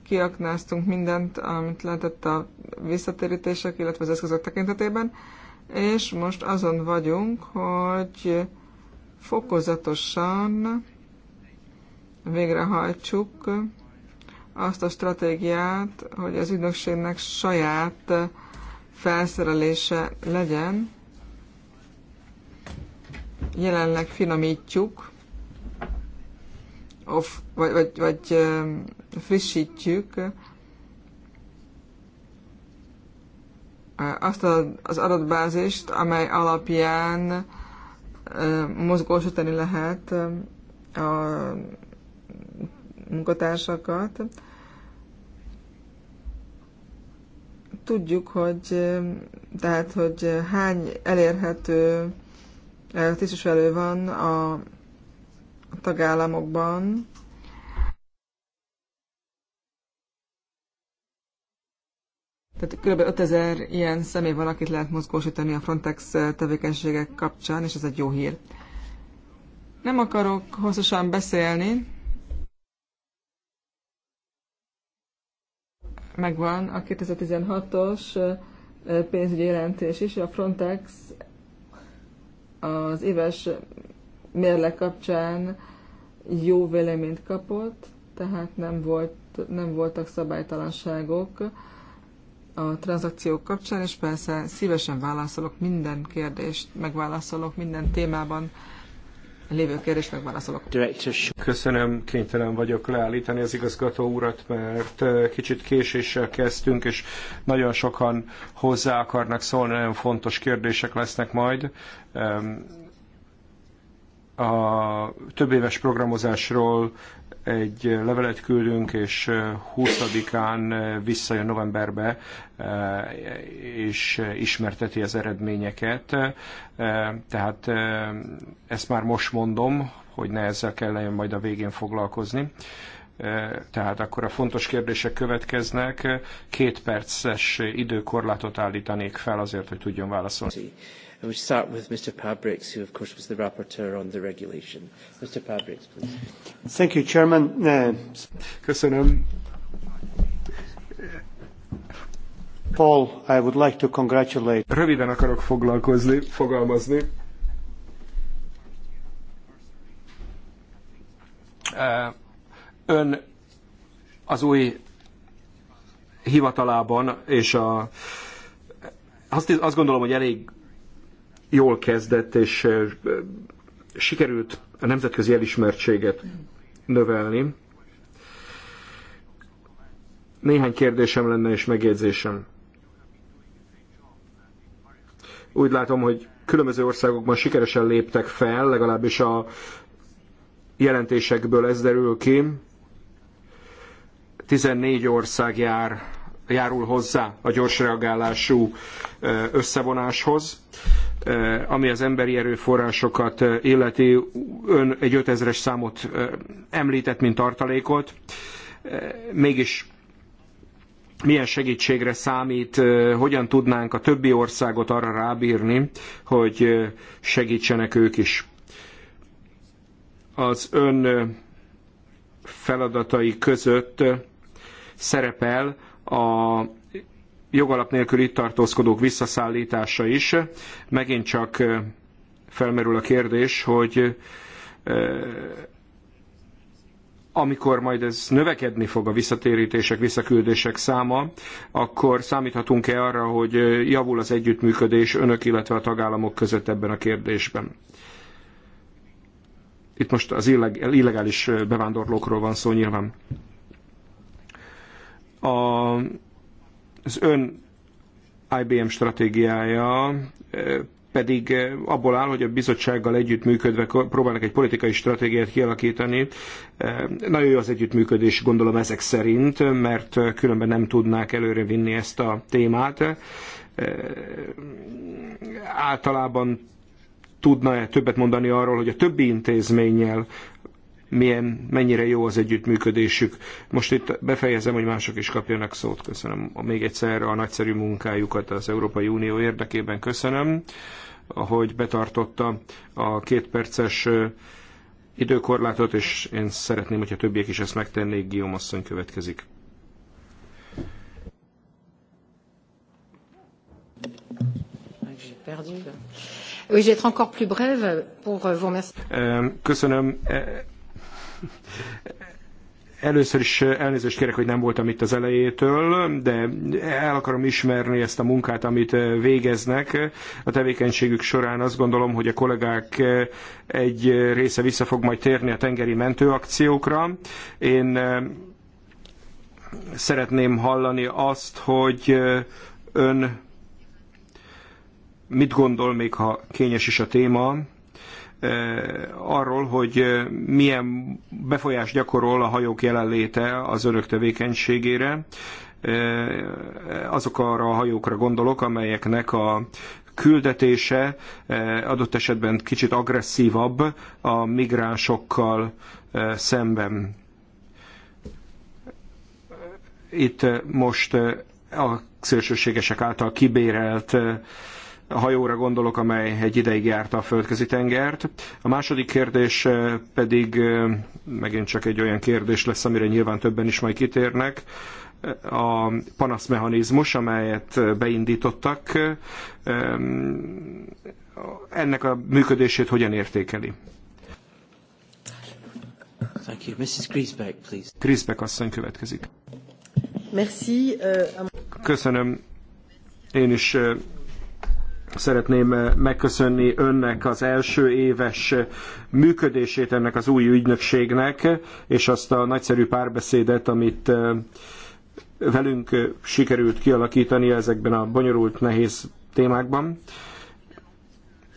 kiaknáztunk mindent, amit lehetett a visszatérítések, illetve az eszközök tekintetében, és most azon vagyunk, hogy fokozatosan végrehajtsuk azt a stratégiát, hogy az ügynökségnek saját felszerelése legyen. Jelenleg finomítjuk, off, vagy, vagy, vagy frissítjük azt az adatbázist, amely alapján mozgósítani lehet a munkatársakat. Tudjuk, hogy tehát, hogy hány elérhető eh, tisztviselő van a tagállamokban, Tehát kb. 5000 ilyen személy van, akit lehet mozgósítani a Frontex eh, tevékenységek kapcsán, és ez egy jó hír. Nem akarok hosszasan beszélni, megvan a 2016-os pénzügyi jelentés is, a Frontex az éves mérleg kapcsán jó véleményt kapott, tehát nem, volt, nem voltak szabálytalanságok a tranzakciók kapcsán, és persze szívesen válaszolok minden kérdést, megválaszolok minden témában, lévő kérdést megválaszolok. Köszönöm, kénytelen vagyok leállítani az igazgató urat, mert kicsit késéssel kezdtünk, és nagyon sokan hozzá akarnak szólni, nagyon fontos kérdések lesznek majd. A több éves programozásról egy levelet küldünk, és 20-án visszajön novemberbe, és ismerteti az eredményeket. Tehát ezt már most mondom, hogy ne ezzel kellene majd a végén foglalkozni tehát akkor a fontos kérdések következnek. Két perces időkorlátot állítanék fel azért, hogy tudjon válaszolni. And we start with Mr. Pabriks, who, of course, was the rapporteur on the regulation. Mr. Pabriks, please. Thank you, Chairman. Uh, Köszönöm. Paul, I would like to congratulate. Röviden akarok foglalkozni, fogalmazni. Uh, ön az új hivatalában, és a, azt, azt gondolom, hogy elég jól kezdett, és sikerült a nemzetközi elismertséget növelni. Néhány kérdésem lenne és megjegyzésem. Úgy látom, hogy különböző országokban sikeresen léptek fel, legalábbis a jelentésekből ez derül ki. 14 ország jár járul hozzá a gyors reagálású összevonáshoz. Ami az emberi erőforrásokat illeti, ön egy 5000-es számot említett, mint tartalékot. Mégis milyen segítségre számít, hogyan tudnánk a többi országot arra rábírni, hogy segítsenek ők is. Az ön feladatai között szerepel a jogalap nélkül itt tartózkodók visszaszállítása is. Megint csak felmerül a kérdés, hogy amikor majd ez növekedni fog a visszatérítések, visszaküldések száma, akkor számíthatunk-e arra, hogy javul az együttműködés önök, illetve a tagállamok között ebben a kérdésben? Itt most az illegális bevándorlókról van szó nyilván. A, az ön IBM stratégiája eh, pedig eh, abból áll, hogy a bizottsággal együttműködve próbálnak egy politikai stratégiát kialakítani. Eh, nagyon jó az együttműködés, gondolom ezek szerint, mert különben nem tudnák előre vinni ezt a témát. Általában tudna-e többet mondani arról, hogy a többi intézménnyel milyen, mennyire jó az együttműködésük. Most itt befejezem, hogy mások is kapjanak szót. Köszönöm még egyszer a nagyszerű munkájukat az Európai Unió érdekében. Köszönöm, hogy betartotta a kétperces időkorlátot, és én szeretném, hogyha többiek is ezt megtennék. Guillaume asszony következik. Euh, köszönöm. E, Először is eh, elnézést kérek, hogy nem voltam itt az elejétől, de el akarom ismerni ezt a munkát, amit eh, végeznek. A tevékenységük során azt gondolom, hogy a kollégák eh, egy része vissza fog majd térni a tengeri mentőakciókra. Én szeretném hallani azt, hogy ön mit gondol, még ha kényes is a téma, arról, hogy milyen befolyás gyakorol a hajók jelenléte az örök tevékenységére. Azokra a hajókra gondolok, amelyeknek a küldetése adott esetben kicsit agresszívabb a migránsokkal szemben. Itt most a szélsőségesek által kibérelt a hajóra gondolok, amely egy ideig járta a földközi tengert. A második kérdés eh, pedig eh, megint csak egy olyan kérdés lesz, amire nyilván többen is majd kitérnek, eh, a panaszmechanizmus, amelyet beindítottak, ennek a működését hogyan értékeli? Thank you. Mrs. Griesbeck, please. Griesbeck asszony következik. Merci. Euh, Köszönöm. Én is Szeretném eh, megköszönni önnek az első éves eh, működését ennek az új ügynökségnek, és azt a nagyszerű párbeszédet, amit eh, velünk sikerült kialakítani ezekben a bonyolult, nehéz témákban.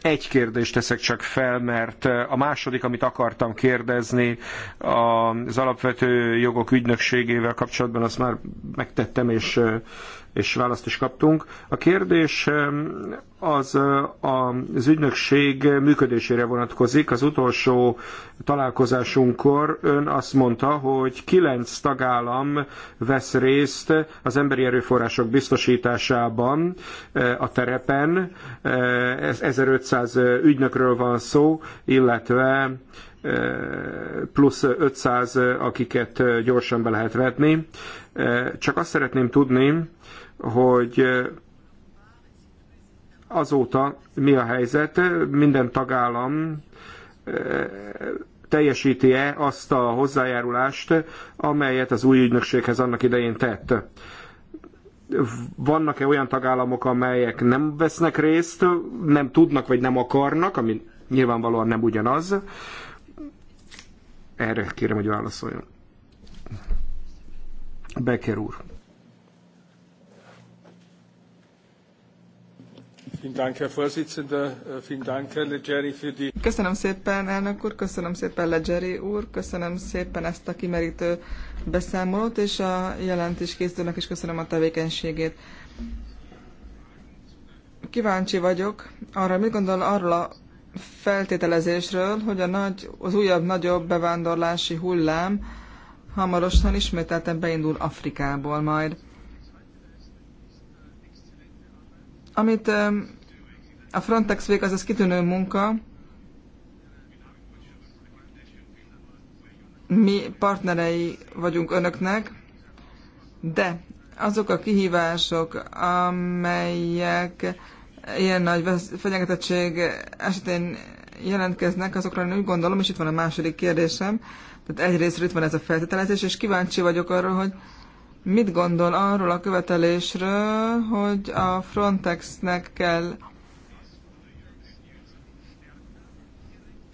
Egy kérdést teszek csak fel, mert a második, amit akartam kérdezni, az alapvető jogok ügynökségével kapcsolatban azt már megtettem, és és választ is kaptunk. A kérdés az az ügynökség működésére vonatkozik. Az utolsó találkozásunkkor ön azt mondta, hogy kilenc tagállam vesz részt az emberi erőforrások biztosításában a terepen. Ez 1500 ügynökről van szó, illetve plusz 500, akiket gyorsan be lehet vetni. Csak azt szeretném tudni, hogy azóta mi a helyzet, minden tagállam teljesíti-e azt a hozzájárulást, amelyet az új ügynökséghez annak idején tett. Vannak-e olyan tagállamok, amelyek nem vesznek részt, nem tudnak vagy nem akarnak, ami nyilvánvalóan nem ugyanaz? Erre kérem, hogy válaszoljon. Becker úr. Äh, köszönöm szépen, elnök úr, köszönöm szépen, Legeri úr, köszönöm szépen ezt a kimerítő beszámolót, és a jelentés készülnek is köszönöm a tevékenységét. Kíváncsi vagyok arra, mit gondol arról a feltételezésről, hogy a nagy, az újabb, nagyobb bevándorlási hullám hamarosan ismételten beindul Afrikából majd. Amit a Frontex végez, az kitűnő munka. Mi partnerei vagyunk önöknek, de azok a kihívások, amelyek ilyen nagy fenyegetettség esetén jelentkeznek, azokra én úgy gondolom, és itt van a második kérdésem, tehát egyrészt itt van ez a feltételezés, és kíváncsi vagyok arról, hogy mit gondol arról a követelésről, hogy a Frontexnek kell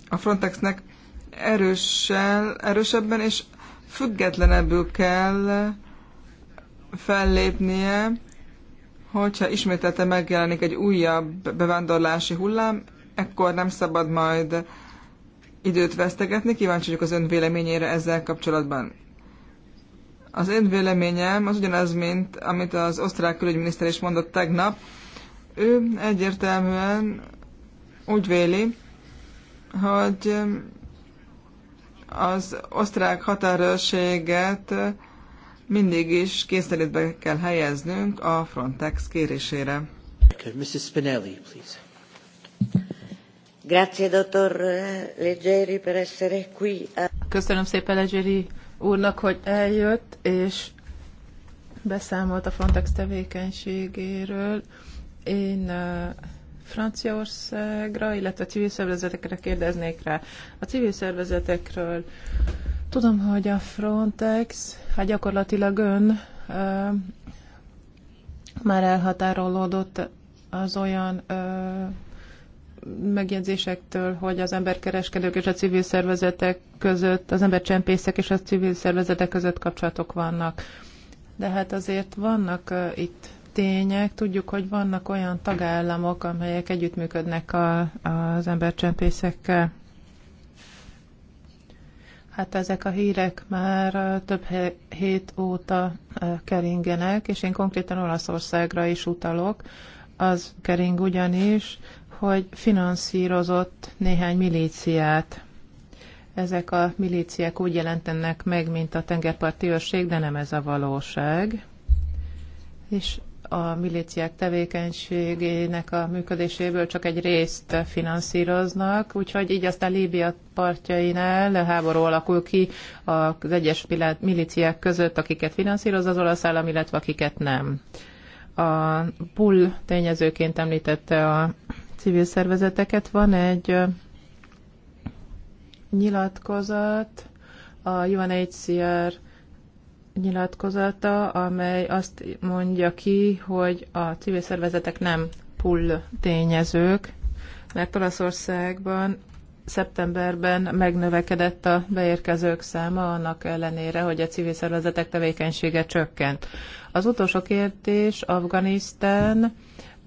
a Frontexnek erőssel, erősebben és függetlenebbül kell fellépnie, hogyha ismételte megjelenik egy újabb bevándorlási hullám, ekkor nem szabad majd időt vesztegetni. Kíváncsi vagyok az ön véleményére ezzel kapcsolatban. Az én véleményem az ugyanaz, mint amit az osztrák külügyminiszter is mondott tegnap. Ő egyértelműen úgy véli, hogy az osztrák határőrséget mindig is kényszerítbe kell helyeznünk a Frontex kérésére. Mrs. Spinelli, please. Grazie, dottor Leggeri, per essere qui. Köszönöm szépen, Leggeri úrnak, hogy eljött, és beszámolt a Frontex tevékenységéről. Én Franciaországra, illetve a civil szervezetekre kérdeznék rá. A civil szervezetekről tudom, hogy a Frontex, hát gyakorlatilag ön ö, már elhatárolódott az olyan ö, megjegyzésektől, hogy az emberkereskedők és a civil szervezetek között, az embercsempészek és a civil szervezetek között kapcsolatok vannak. De hát azért vannak itt tények, tudjuk, hogy vannak olyan tagállamok, amelyek együttműködnek a, az embercsempészekkel. Hát ezek a hírek már több hét óta keringenek, és én konkrétan Olaszországra is utalok. Az kering ugyanis, hogy finanszírozott néhány milíciát. Ezek a milíciák úgy jelentenek meg, mint a tengerparti őrség, de nem ez a valóság. És a milíciák tevékenységének a működéséből csak egy részt finanszíroznak, úgyhogy így aztán Líbia partjainál háború alakul ki az egyes milíciák között, akiket finanszíroz az olasz állam, illetve akiket nem. A bull tényezőként említette a civil szervezeteket. Van egy nyilatkozat, a UNHCR nyilatkozata, amely azt mondja ki, hogy a civil szervezetek nem pull tényezők, mert Olaszországban szeptemberben megnövekedett a beérkezők száma, annak ellenére, hogy a civil szervezetek tevékenysége csökkent. Az utolsó kérdés, Afganisztán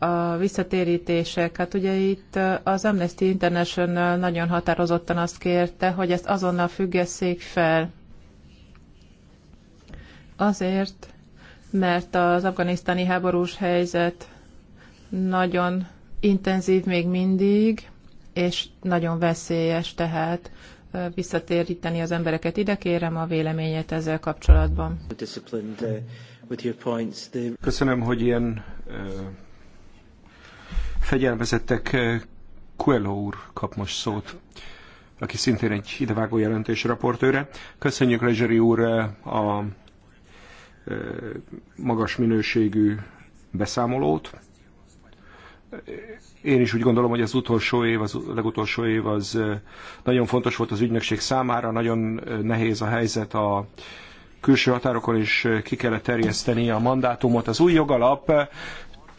a visszatérítéseket. Hát ugye itt az Amnesty International nagyon határozottan azt kérte, hogy ezt azonnal függesszék fel. Azért, mert az afganisztáni háborús helyzet nagyon intenzív még mindig, és nagyon veszélyes, tehát visszatéríteni az embereket ide. Kérem a véleményet ezzel kapcsolatban. Uh, Köszönöm, hogy ilyen fegyelmezettek. Eh, Coelho úr kap most szót, aki szintén egy idevágó jelentés raportőre. Köszönjük Lezseri úr eh, a eh, magas minőségű beszámolót. Én is úgy gondolom, hogy az utolsó év, az legutolsó év az nagyon fontos volt az ügynökség számára, nagyon nehéz a helyzet a külső határokon is ki kellett terjeszteni a mandátumot. Az új jogalap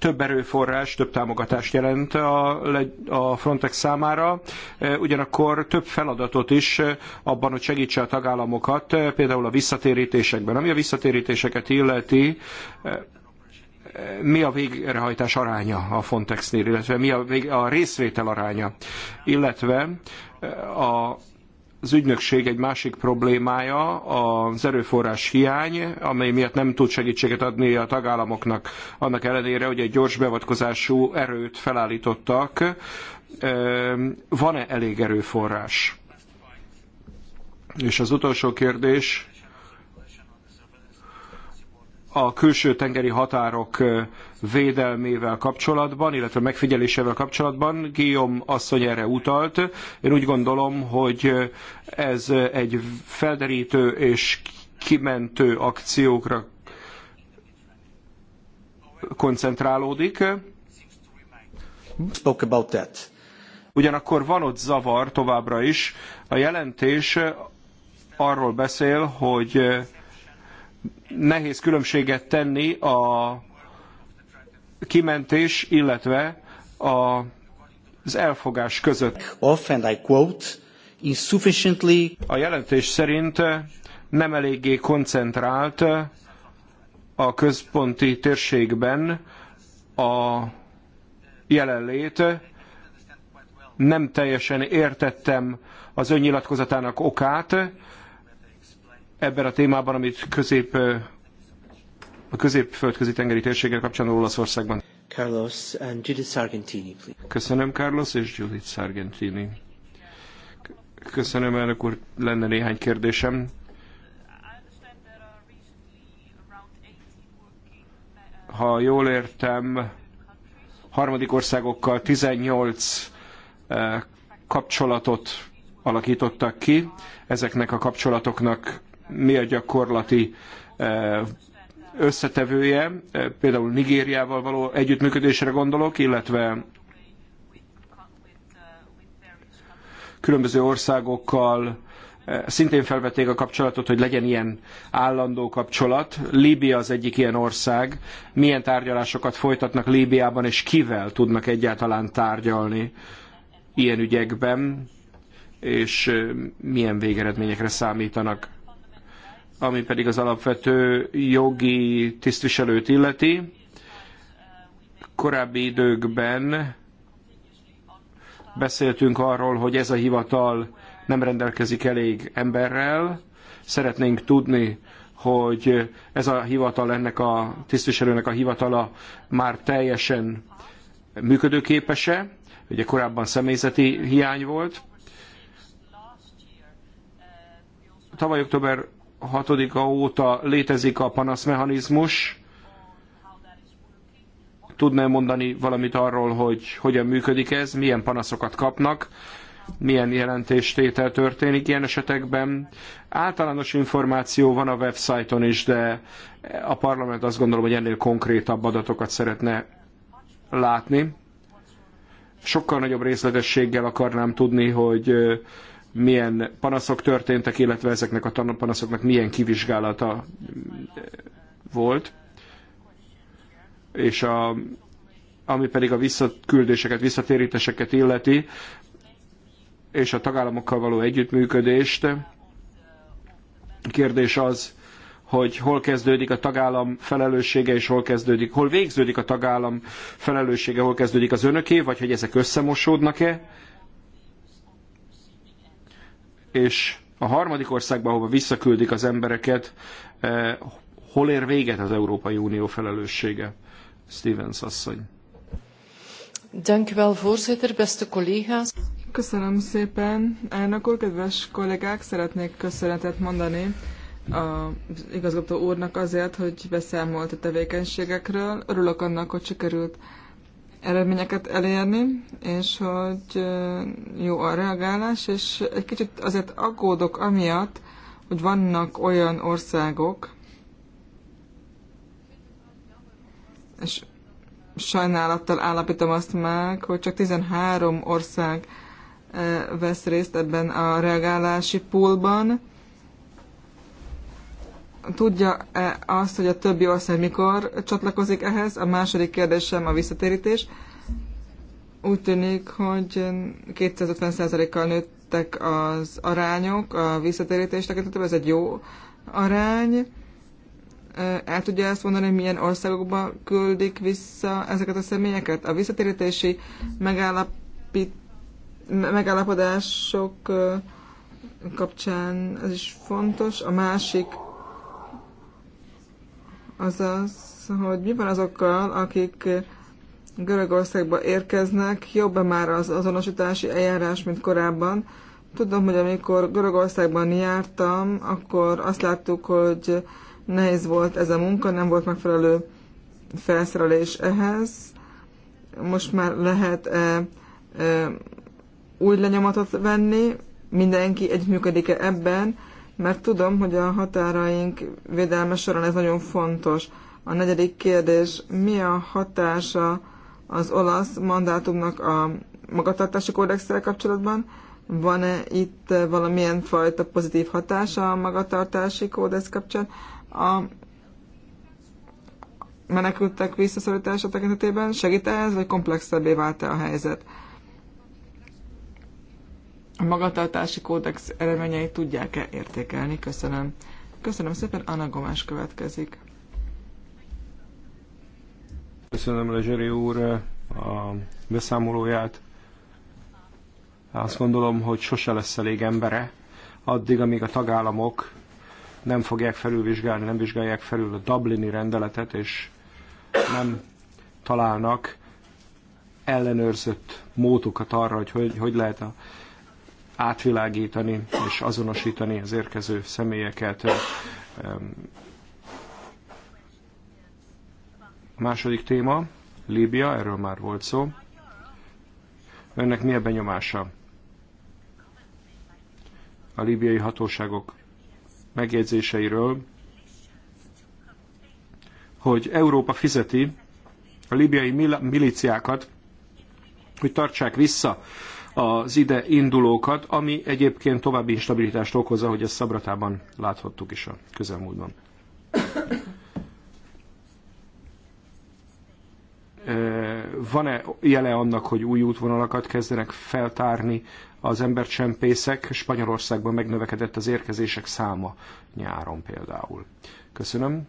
több erőforrás, több támogatást jelent a, a Frontex számára, e, ugyanakkor több feladatot is e, abban, hogy segítse a tagállamokat, e, például a visszatérítésekben. Ami a visszatérítéseket illeti, mi a végrehajtás aránya a Frontexnél, illetve mi a, vég, a részvétel aránya, illetve a az ügynökség egy másik problémája az erőforrás hiány, amely miatt nem tud segítséget adni a tagállamoknak, annak ellenére, hogy egy gyors beavatkozású erőt felállítottak. Van-e elég erőforrás? És az utolsó kérdés, a külső tengeri határok védelmével kapcsolatban, illetve megfigyelésével kapcsolatban. Guillaume asszony erre utalt. Én úgy gondolom, hogy ez egy felderítő és kimentő akciókra koncentrálódik. Spoke about that. Ugyanakkor van ott zavar továbbra is. A jelentés arról beszél, hogy nehéz különbséget tenni a kimentés, illetve a, az elfogás között. Often I quote, insufficiently... A jelentés szerint nem eléggé koncentrált a központi térségben a jelenlét. Nem teljesen értettem az önnyilatkozatának okát, ebben a témában, amit közép, a középföldközi tengeri térséggel kapcsolatban Olaszországban. Carlos and Judith Sargentini, please. Köszönöm, Carlos és Judith Sargentini. Köszönöm, elnök úr, lenne néhány kérdésem. Ha jól értem, harmadik országokkal 18 eh, kapcsolatot alakítottak ki. Ezeknek a kapcsolatoknak mi a gyakorlati eh, összetevője, eh, például Nigériával való együttműködésre gondolok, illetve különböző országokkal eh, szintén felvették a kapcsolatot, hogy legyen ilyen állandó kapcsolat. Líbia az egyik ilyen ország. Milyen tárgyalásokat folytatnak Líbiában, és kivel tudnak egyáltalán tárgyalni ilyen ügyekben, és milyen végeredményekre számítanak ami pedig az alapvető jogi tisztviselőt illeti. Korábbi időkben beszéltünk arról, hogy ez a hivatal nem rendelkezik elég emberrel. Szeretnénk tudni, hogy ez a hivatal, ennek a tisztviselőnek a hivatala már teljesen működőképes-e. Ugye korábban személyzeti hiány volt. Tavaly október 6-a óta létezik a panaszmechanizmus. Tudná mondani valamit arról, hogy hogyan működik ez, milyen panaszokat kapnak, milyen jelentéstétel történik ilyen esetekben. Általános információ van a websájton is, de a parlament azt gondolom, hogy ennél konkrétabb adatokat szeretne látni. Sokkal nagyobb részletességgel akarnám tudni, hogy milyen panaszok történtek, illetve ezeknek a panaszoknak milyen kivizsgálata mm, volt. És a, ami pedig a visszaküldéseket, visszatérítéseket illeti, és a tagállamokkal való együttműködést, kérdés az, hogy hol kezdődik a tagállam felelőssége, és hol kezdődik, hol végződik a tagállam felelőssége, hol kezdődik az önöké, vagy hogy ezek összemosódnak-e és a harmadik országba, ahova visszaküldik az embereket, eh, hol ér véget az Európai Unió felelőssége? Stevens asszony. Dank voorzitter, beste collega's. Köszönöm szépen. Elnök úr, kedves kollégák, szeretnék köszönetet mondani az igazgató úrnak azért, hogy beszámolt a tevékenységekről. Örülök annak, hogy sikerült eredményeket elérni, és hogy jó a reagálás, és egy kicsit azért aggódok amiatt, hogy vannak olyan országok, és sajnálattal állapítom azt meg, hogy csak 13 ország vesz részt ebben a reagálási poolban, tudja -e azt, hogy a többi ország mikor csatlakozik ehhez? A második kérdésem a visszatérítés. Úgy tűnik, hogy 250%-kal nőttek az arányok a visszatérítés tekintetében, ez egy jó arány. El tudja ezt mondani, hogy milyen országokba küldik vissza ezeket a személyeket? A visszatérítési megállapít, megállapodások kapcsán ez is fontos. A másik azaz, hogy mi van azokkal, akik Görögországba érkeznek, jobb -e már az azonosítási eljárás, mint korábban. Tudom, hogy amikor Görögországban jártam, akkor azt láttuk, hogy nehéz volt ez a munka, nem volt megfelelő felszerelés ehhez. Most már lehet -e, e, új lenyomatot venni, mindenki együttműködik-e ebben, mert tudom, hogy a határaink védelme során ez nagyon fontos. A negyedik kérdés, mi a hatása az olasz mandátumnak a magatartási kódexsel kapcsolatban? Van-e itt valamilyen fajta pozitív hatása a magatartási kódex kapcsán? A menekültek visszaszorítása tekintetében segít ez, vagy komplexebbé vált -e a helyzet? a magatartási kódex eredményeit tudják-e értékelni? Köszönöm. Köszönöm szépen, Anna Gomás következik. Köszönöm Lezseri úr a beszámolóját. Azt gondolom, hogy sose lesz elég embere, addig, amíg a tagállamok nem fogják felülvizsgálni, nem vizsgálják felül a Dublini rendeletet, és nem találnak ellenőrzött módokat arra, hogy hogy, hogy lehet a átvilágítani és azonosítani az érkező személyeket. A második téma, Líbia, erről már volt szó. Önnek mi a benyomása? A líbiai hatóságok megjegyzéseiről, hogy Európa fizeti a líbiai miliciákat, hogy tartsák vissza az ide indulókat, ami egyébként további instabilitást okoz, ahogy ezt Szabratában láthattuk is a közelmúltban. Van-e jele annak, hogy új útvonalakat kezdenek feltárni az embercsempészek? Spanyolországban megnövekedett az érkezések száma nyáron például. Köszönöm.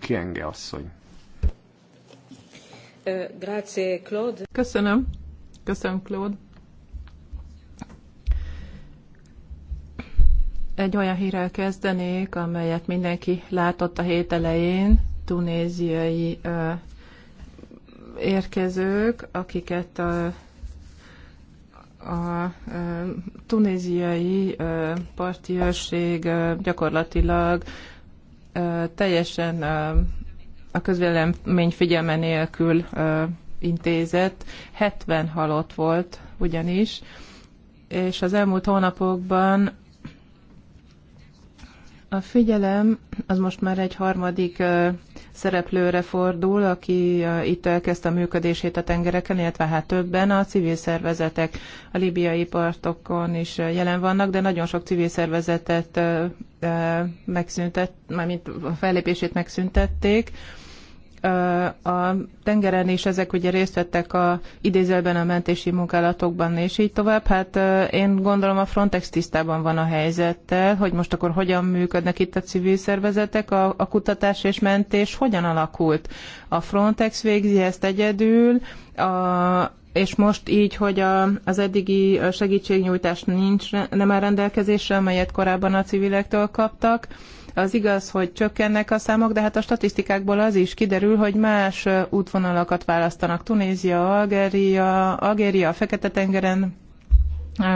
Kienge asszony. Grazie, Claude. Köszönöm. Köszönöm, Claude. Egy olyan hírrel kezdenék, amelyet mindenki látott a hét elején, tunéziai ö, érkezők, akiket a, a a tunéziai ö, parti őrség ö, gyakorlatilag ö, teljesen ö, a közvélemény figyelme nélkül ö, intézett. 70 halott volt ugyanis, és az elmúlt hónapokban a figyelem az most már egy harmadik szereplőre fordul, aki itt elkezdte a működését a tengereken, illetve hát többen a civil szervezetek a libiai partokon is jelen vannak, de nagyon sok civil szervezetet megszüntett, mármint a fellépését megszüntették a tengeren is ezek ugye részt vettek a idézőben a mentési munkálatokban, és így tovább. Hát én gondolom a Frontex tisztában van a helyzettel, hogy most akkor hogyan működnek itt a civil szervezetek, a, a kutatás és mentés hogyan alakult. A Frontex végzi ezt egyedül, a, és most így, hogy a, az eddigi segítségnyújtás nincs, nem áll rendelkezésre, amelyet korábban a civilektől kaptak, az igaz, hogy csökkennek a számok, de hát a statisztikákból az is kiderül, hogy más útvonalakat választanak. Tunézia, Algeria, Algeria, Fekete-tengeren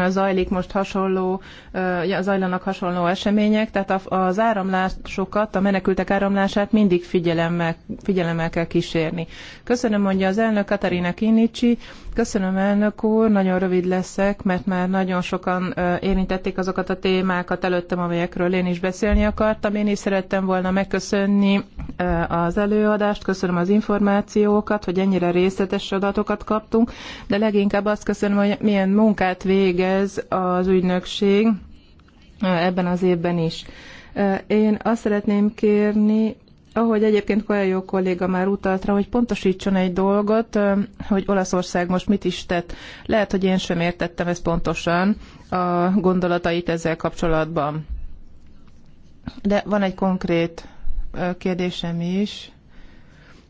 zajlik most hasonló, zajlanak hasonló események, tehát az áramlásokat, a menekültek áramlását mindig figyelemmel, figyelemmel kell kísérni. Köszönöm, mondja az elnök Katarina Kinnicsi, Köszönöm, elnök úr, nagyon rövid leszek, mert már nagyon sokan érintették azokat a témákat előttem, amelyekről én is beszélni akartam. Én is szerettem volna megköszönni az előadást, köszönöm az információkat, hogy ennyire részletes adatokat kaptunk, de leginkább azt köszönöm, hogy milyen munkát végez az ügynökség ebben az évben is. Én azt szeretném kérni, ahogy egyébként jó kolléga már utalt rá, hogy pontosítson egy dolgot, hogy Olaszország most mit is tett. Lehet, hogy én sem értettem ezt pontosan, a gondolatait ezzel kapcsolatban. De van egy konkrét kérdésem is.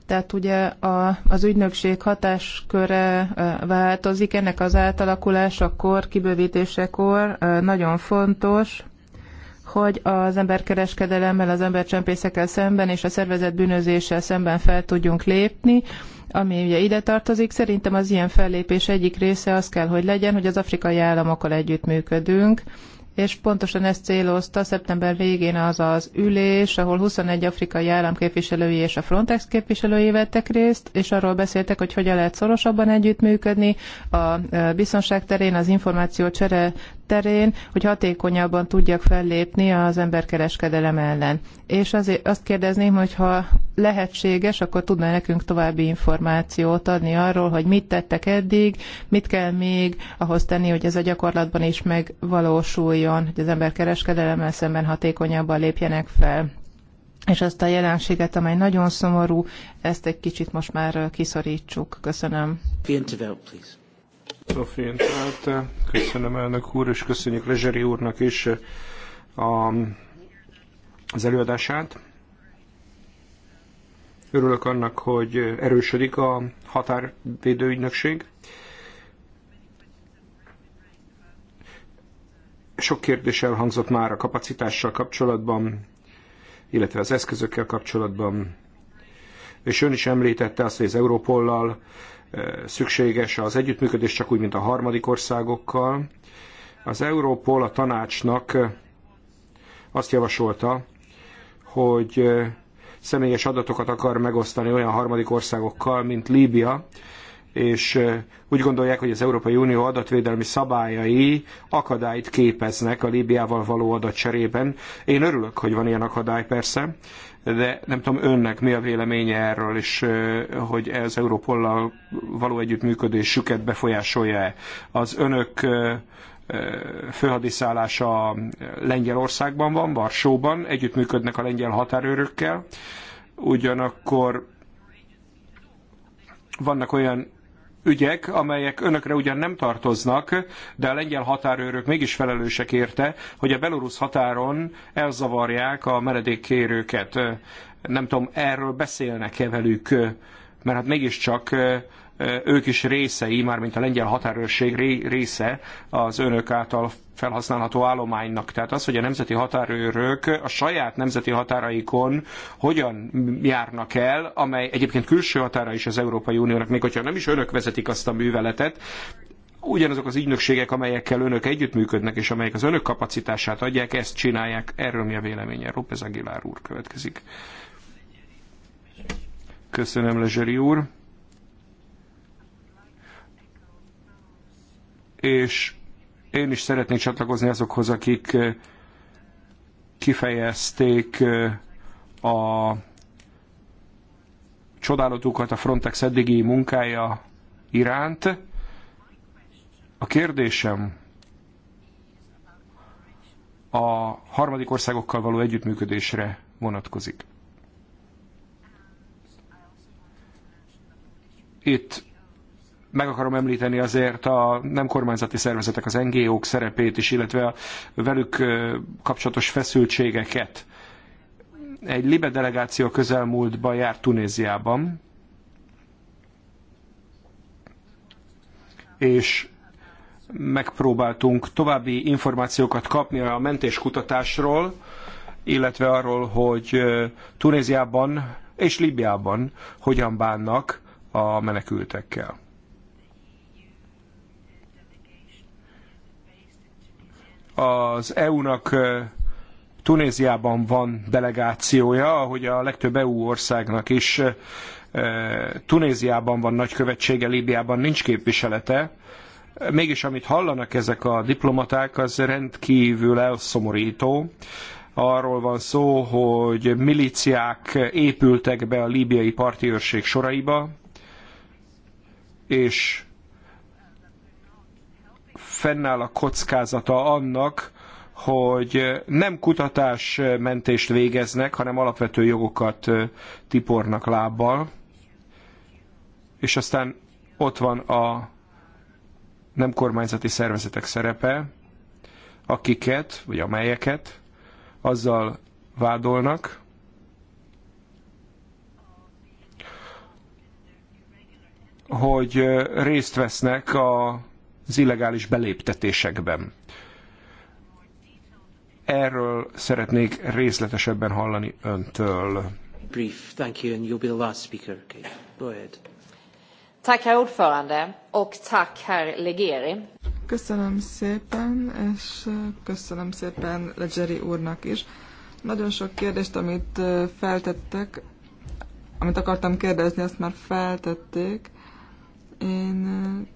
Tehát ugye a, az ügynökség hatásköre változik, ennek az átalakulásakor, kibővítésekor nagyon fontos, hogy az emberkereskedelemmel, az embercsempészekkel szemben és a szervezett bűnözéssel szemben fel tudjunk lépni, ami ugye ide tartozik. Szerintem az ilyen fellépés egyik része az kell, hogy legyen, hogy az afrikai államokkal együttműködünk, és pontosan ezt célozta szeptember végén az az ülés, ahol 21 afrikai állam képviselői és a Frontex képviselői vettek részt, és arról beszéltek, hogy hogyan lehet szorosabban együttműködni a e, biztonság terén, az információ csere terén, hogy hatékonyabban tudjak fellépni az emberkereskedelem ellen. És azért azt kérdezném, hogy ha lehetséges, akkor tudna nekünk további információt adni arról, hogy mit tettek eddig, mit kell még ahhoz tenni, hogy ez a gyakorlatban is megvalósuljon, hogy az emberkereskedelemmel szemben hatékonyabban lépjenek fel és azt a jelenséget, amely nagyon szomorú, ezt egy kicsit most már kiszorítsuk. Köszönöm. Be please. Sofient állt. Köszönöm elnök úr, és köszönjük Lezseri úrnak is a, az előadását. Örülök annak, hogy erősödik a határvédő ügynökség. Sok kérdés elhangzott már a kapacitással kapcsolatban, illetve az eszközökkel kapcsolatban, és ön is említette azt, hogy az Európollal szükséges az együttműködés csak úgy, mint a harmadik országokkal. Az Európol a tanácsnak azt javasolta, hogy személyes adatokat akar megosztani olyan harmadik országokkal, mint Líbia, és úgy gondolják, hogy az Európai Unió adatvédelmi szabályai akadályt képeznek a Líbiával való adatcserében. Én örülök, hogy van ilyen akadály persze, de nem tudom önnek mi a véleménye erről, és hogy ez Európollal való együttműködésüket befolyásolja-e. Az önök főhadiszállása Lengyelországban van, Varsóban, együttműködnek a lengyel határőrökkel, ugyanakkor vannak olyan ügyek, amelyek önökre ugyan nem tartoznak, de a lengyel határőrök mégis felelősek érte, hogy a belorusz határon elzavarják a meredékkérőket. Nem tudom, erről beszélnek-e velük, mert hát mégiscsak ők is részei, mármint a lengyel határőrség része az önök által felhasználható állománynak. Tehát az, hogy a nemzeti határőrök a saját nemzeti határaikon hogyan járnak el, amely egyébként külső határa is az Európai Uniónak, még hogyha nem is önök vezetik azt a műveletet, ugyanazok az ügynökségek, amelyekkel önök együttműködnek, és amelyek az önök kapacitását adják, ezt csinálják. Erről mi a véleménye? Rópez Aguilar úr következik. Köszönöm, Lezseri úr. és én is szeretnék csatlakozni azokhoz, akik eh, kifejezték eh, a csodálatukat a Frontex eddigi munkája iránt. A kérdésem a harmadik országokkal való együttműködésre vonatkozik. Itt meg akarom említeni azért a nem kormányzati szervezetek, az NGO-k szerepét is, illetve a velük kapcsolatos feszültségeket. Egy Libe delegáció közelmúltban járt Tunéziában, és megpróbáltunk további információkat kapni a mentéskutatásról, illetve arról, hogy Tunéziában és Libiában hogyan bánnak a menekültekkel. Az EU-nak Tunéziában van delegációja, ahogy a legtöbb EU országnak is Tunéziában van nagykövetsége, Líbiában nincs képviselete. Mégis amit hallanak ezek a diplomaták, az rendkívül elszomorító. Arról van szó, hogy milíciák épültek be a líbiai parti őrség soraiba, és fennáll a kockázata annak, hogy nem kutatásmentést végeznek, hanem alapvető jogokat tipornak lábbal, és aztán ott van a nem kormányzati szervezetek szerepe, akiket, vagy amelyeket azzal vádolnak, hogy részt vesznek a az illegális beléptetésekben. Erről szeretnék részletesebben hallani öntől. Brief, thank you, and you'll be the last speaker. Okay, go ahead. Tack, herr ordförande, och tack, herr Legeri. Köszönöm szépen, és köszönöm szépen Legeri úrnak is. Nagyon sok kérdést, amit feltettek, amit akartam kérdezni, azt már feltették. Én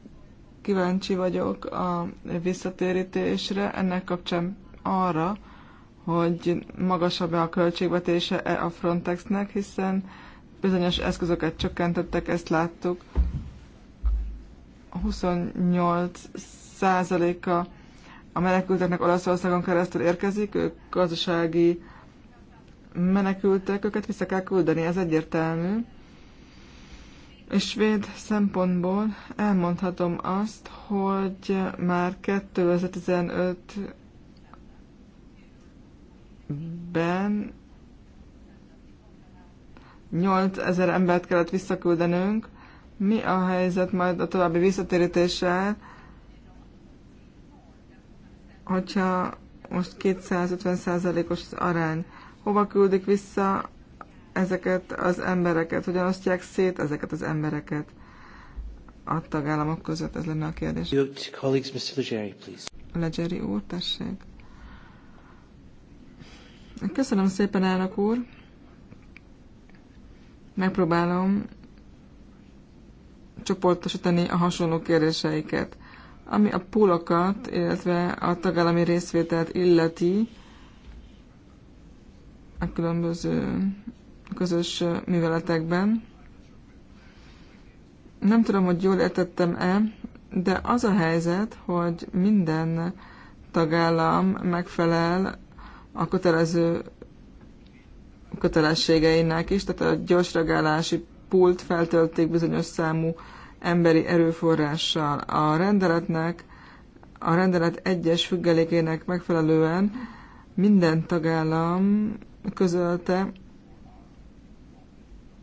kíváncsi vagyok a visszatérítésre, ennek kapcsán arra, hogy magasabb-e a költségvetése -e a Frontexnek, hiszen bizonyos eszközöket csökkentettek, ezt láttuk. 28 százaléka a menekülteknek Olaszországon keresztül érkezik, ők gazdasági menekültek, őket vissza kell küldeni, ez egyértelmű és svéd szempontból elmondhatom azt, hogy már 2015-ben 8000 embert kellett visszaküldenünk. Mi a helyzet majd a további visszatérítéssel, hogyha most 250%-os az arány? Hova küldik vissza ezeket az embereket, hogyan osztják szét ezeket az embereket a tagállamok között, ez lenne a kérdés. Legeri úr, tessék. Köszönöm szépen, elnök úr. Megpróbálom csoportosítani a hasonló kérdéseiket. Ami a pólokat, illetve a tagállami részvételt illeti, a különböző közös műveletekben. Nem tudom, hogy jól értettem-e, de az a helyzet, hogy minden tagállam megfelel a kötelező kötelességeinek is, tehát a gyors reagálási pult feltölték bizonyos számú emberi erőforrással. A rendeletnek, a rendelet egyes függelékének megfelelően minden tagállam közölte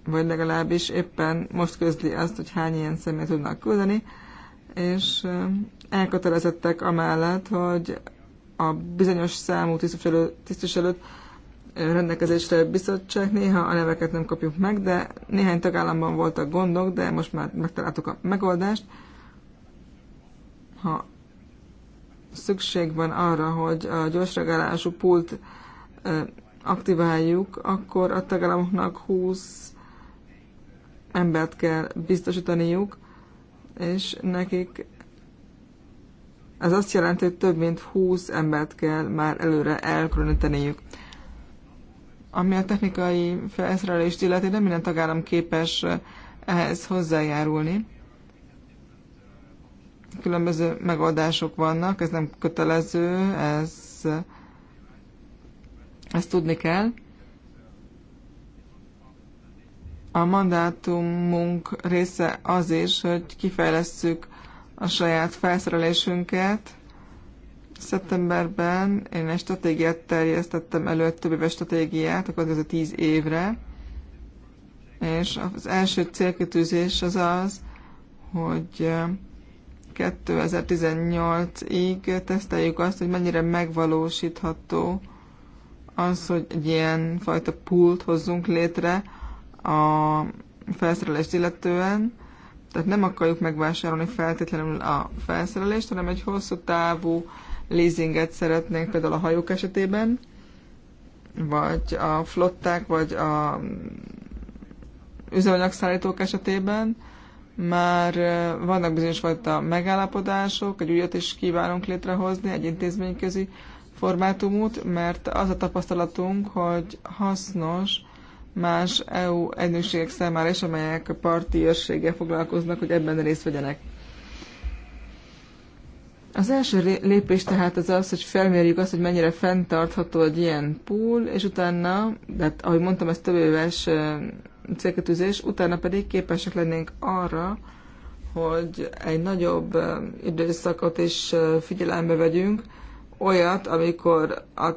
vagy legalábbis éppen most közli azt, hogy hány ilyen személyt tudnak küldeni, és eh, elkötelezettek amellett, hogy a bizonyos számú tisztviselő, tisztviselőt eh, rendelkezésre bizottság, néha a neveket nem kapjuk meg, de néhány tagállamban voltak gondok, de most már megtaláltuk a megoldást. Ha szükség van arra, hogy a gyorsregálású pult eh, aktiváljuk, akkor a tagállamoknak 20 embert kell biztosítaniuk, és nekik ez azt jelenti, hogy több mint 20 embert kell már előre elkülöníteniük. Ami a technikai felszerelést illeti, nem minden tagállam képes ehhez hozzájárulni. Különböző megoldások vannak, ez nem kötelező, ez ezt tudni kell. a mandátumunk része az is, hogy kifejlesszük a saját felszerelésünket. Szeptemberben én egy stratégiát terjesztettem elő, több éves stratégiát a tíz évre, és az első célkitűzés az az, hogy 2018-ig teszteljük azt, hogy mennyire megvalósítható az, hogy egy ilyen fajta pult hozzunk létre, a felszerelést illetően, tehát nem akarjuk megvásárolni feltétlenül a felszerelést, hanem egy hosszú távú leasinget szeretnénk például a hajók esetében, vagy a flották, vagy a üzemanyagszállítók esetében már vannak bizonyos fajta megállapodások, egy újat is kívánunk létrehozni, egy intézményközi formátumút, mert az a tapasztalatunk, hogy hasznos más EU egynökségek számára is, amelyek parti őrséggel foglalkoznak, hogy ebben részt vegyenek. Az első lépés tehát az az, hogy felmérjük azt, hogy mennyire fenntartható egy ilyen pool, és utána, de hát, ahogy mondtam, ez több éves célkötőzés, utána pedig képesek lennénk arra, hogy egy nagyobb időszakot is figyelembe vegyünk, olyat, amikor a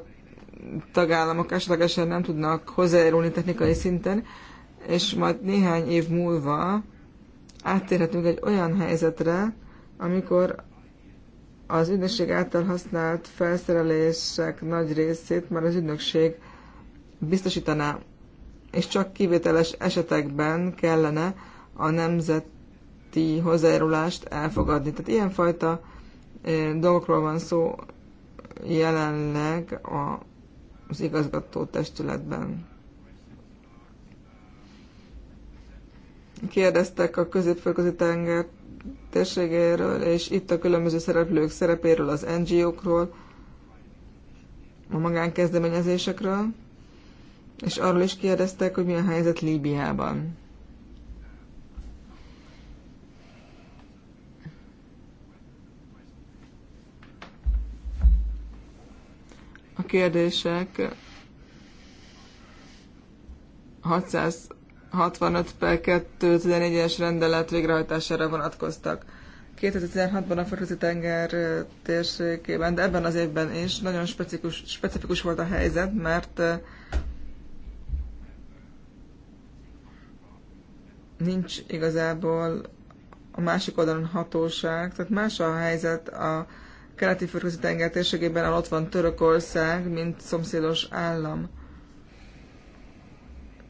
tagállamok esetlegesen nem tudnak hozzájárulni technikai szinten, és majd néhány év múlva áttérhetünk egy olyan helyzetre, amikor az ügynökség által használt felszerelések nagy részét már az ügynökség biztosítaná, és csak kivételes esetekben kellene a nemzeti hozzájárulást elfogadni. Tehát ilyenfajta eh, dolgokról van szó jelenleg a az igazgató testületben. Kérdeztek a közép tenger térségéről, és itt a különböző szereplők szerepéről, az NGO-król, a magánkezdeményezésekről, és arról is kérdeztek, hogy milyen helyzet Líbiában. a kérdések 665 per 2014 es rendelet végrehajtására vonatkoztak. 2016-ban a földközi tenger térségében, de ebben az évben is nagyon specifikus, specifikus volt a helyzet, mert nincs igazából a másik oldalon hatóság, tehát más a helyzet a keleti földközi tenger térségében, ahol ott van Törökország, mint szomszédos állam.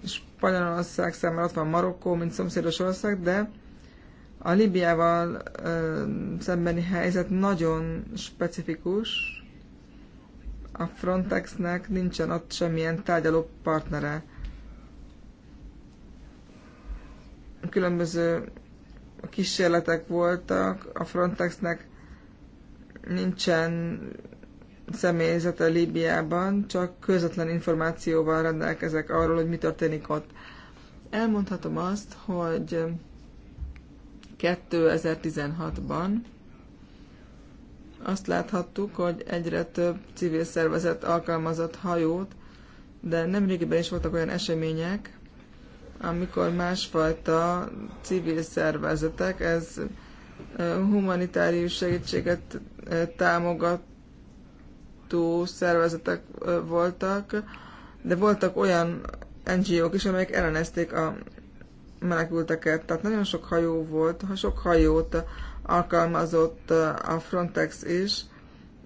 Spanyolország számára ott van Marokkó, mint szomszédos ország, de a Libiával ö, szembeni helyzet nagyon specifikus. A Frontexnek nincsen ott semmilyen tárgyaló partnere. Különböző kísérletek voltak a Frontexnek nincsen személyzet a Líbiában, csak közvetlen információval rendelkezek arról, hogy mi történik ott. Elmondhatom azt, hogy 2016-ban azt láthattuk, hogy egyre több civil szervezet alkalmazott hajót, de nemrégiben is voltak olyan események, amikor másfajta civil szervezetek, ez humanitárius segítséget támogató szervezetek voltak, de voltak olyan NGO-k is, amelyek ellenezték a menekülteket. Tehát nagyon sok hajó volt, ha sok hajót alkalmazott a Frontex is.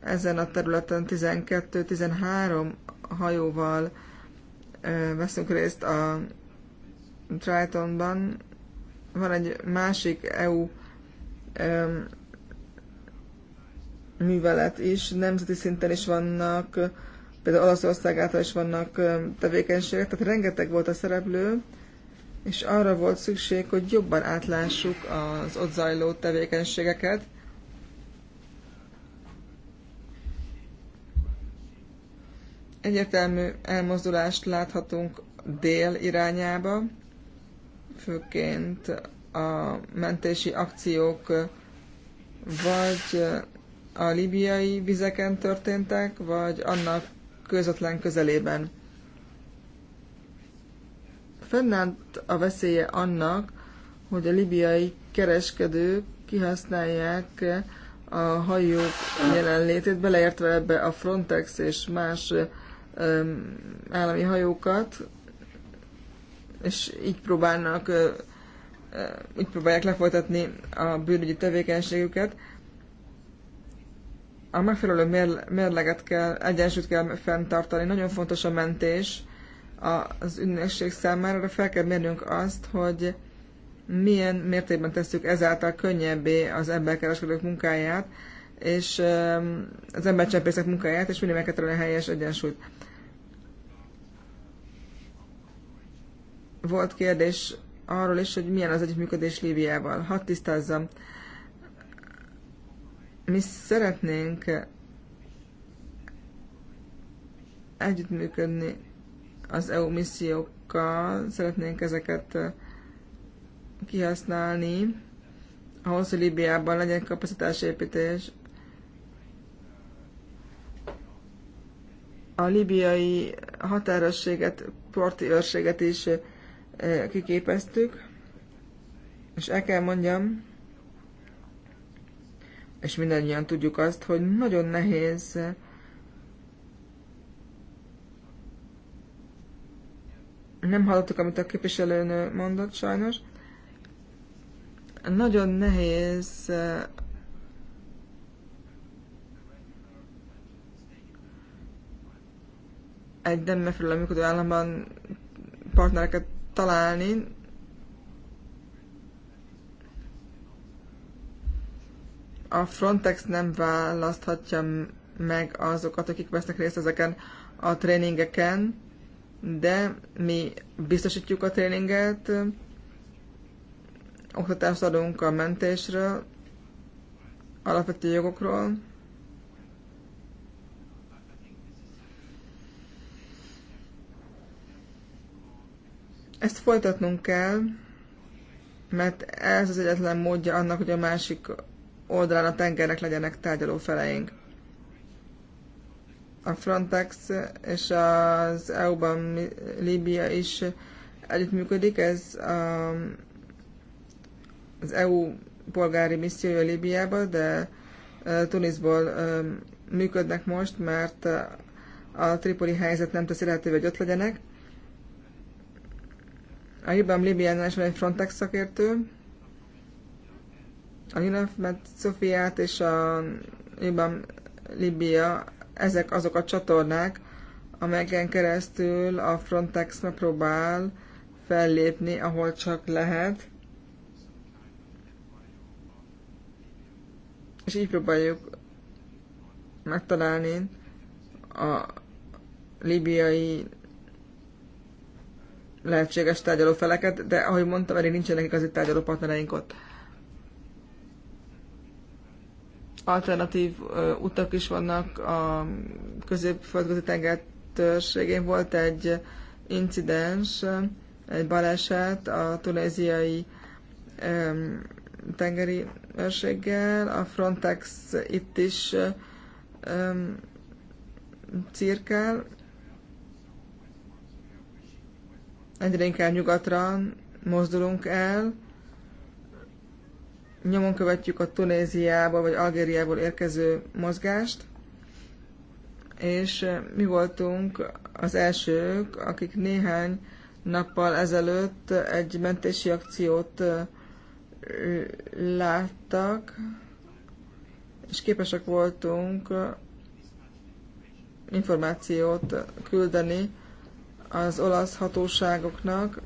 Ezen a területen 12-13 hajóval veszünk részt a Tritonban. Van egy másik EU művelet is. Nemzeti szinten is vannak, például Olaszország által is vannak tevékenységek, tehát rengeteg volt a szereplő, és arra volt szükség, hogy jobban átlássuk az ott zajló tevékenységeket. Egyértelmű elmozdulást láthatunk dél irányába, főként a mentési akciók vagy a libiai vizeken történtek, vagy annak közvetlen közelében. Fennállt a veszélye annak, hogy a libiai kereskedők kihasználják a hajók jelenlétét, beleértve ebbe a Frontex és más állami hajókat, és így próbálnak úgy próbálják lefolytatni a bűnügyi tevékenységüket. A megfelelő mérleget kell, egyensúlyt kell fenntartani. Nagyon fontos a mentés az ünnepség számára, de fel kell mérnünk azt, hogy milyen mértékben tesszük ezáltal könnyebbé az emberkereskedők munkáját, és az embercsempészek munkáját, és minél kell a helyes egyensúlyt. Volt kérdés arról is, hogy milyen az együttműködés Líbiával. Hadd tisztázzam. Mi szeretnénk együttműködni az EU missziókkal, szeretnénk ezeket kihasználni, ahhoz, hogy Líbiában legyen kapacitásépítés. A libiai határosséget, porti őrséget is kiképeztük, és el kell mondjam, és mindannyian tudjuk azt, hogy nagyon nehéz nem hallottuk, amit a képviselőnő mondott, sajnos. Nagyon nehéz egy nem megfelelő működő államban partnereket találni. A Frontex nem választhatja meg azokat, akik vesznek részt ezeken a tréningeken, de mi biztosítjuk a tréninget, oktatást adunk a mentésről, alapvető jogokról, Ezt folytatnunk kell, mert ez az egyetlen módja annak, hogy a másik oldalán a tengernek legyenek tárgyaló feleink. A Frontex és az EU-ban Líbia is együttműködik, ez a, az EU polgári missziója Líbiába, de Tunisból működnek most, mert a tripoli helyzet nem teszi lehetővé, hogy ott legyenek. A Libam Libyen is van egy Frontex szakértő. A Liban Sofiát és a Libam Libya ezek azok a csatornák, amelyeken keresztül a Frontex megpróbál fellépni, ahol csak lehet. És így próbáljuk megtalálni a libiai lehetséges feleket, de ahogy mondtam, elég nincsenek igazi tárgyaló partnereink ott. Alternatív ö, utak is vannak a középföldközi tenger térségén. Volt egy incidens, egy baleset a tunéziai ö, tengeri őrséggel. A Frontex itt is ö, cirkel, egyre inkább nyugatra mozdulunk el, nyomon követjük a Tunéziából vagy Algériából érkező mozgást, és eh, mi voltunk az elsők, akik néhány nappal ezelőtt egy mentési akciót eh, láttak, és képesek voltunk eh, információt küldeni az olasz hatóságoknak,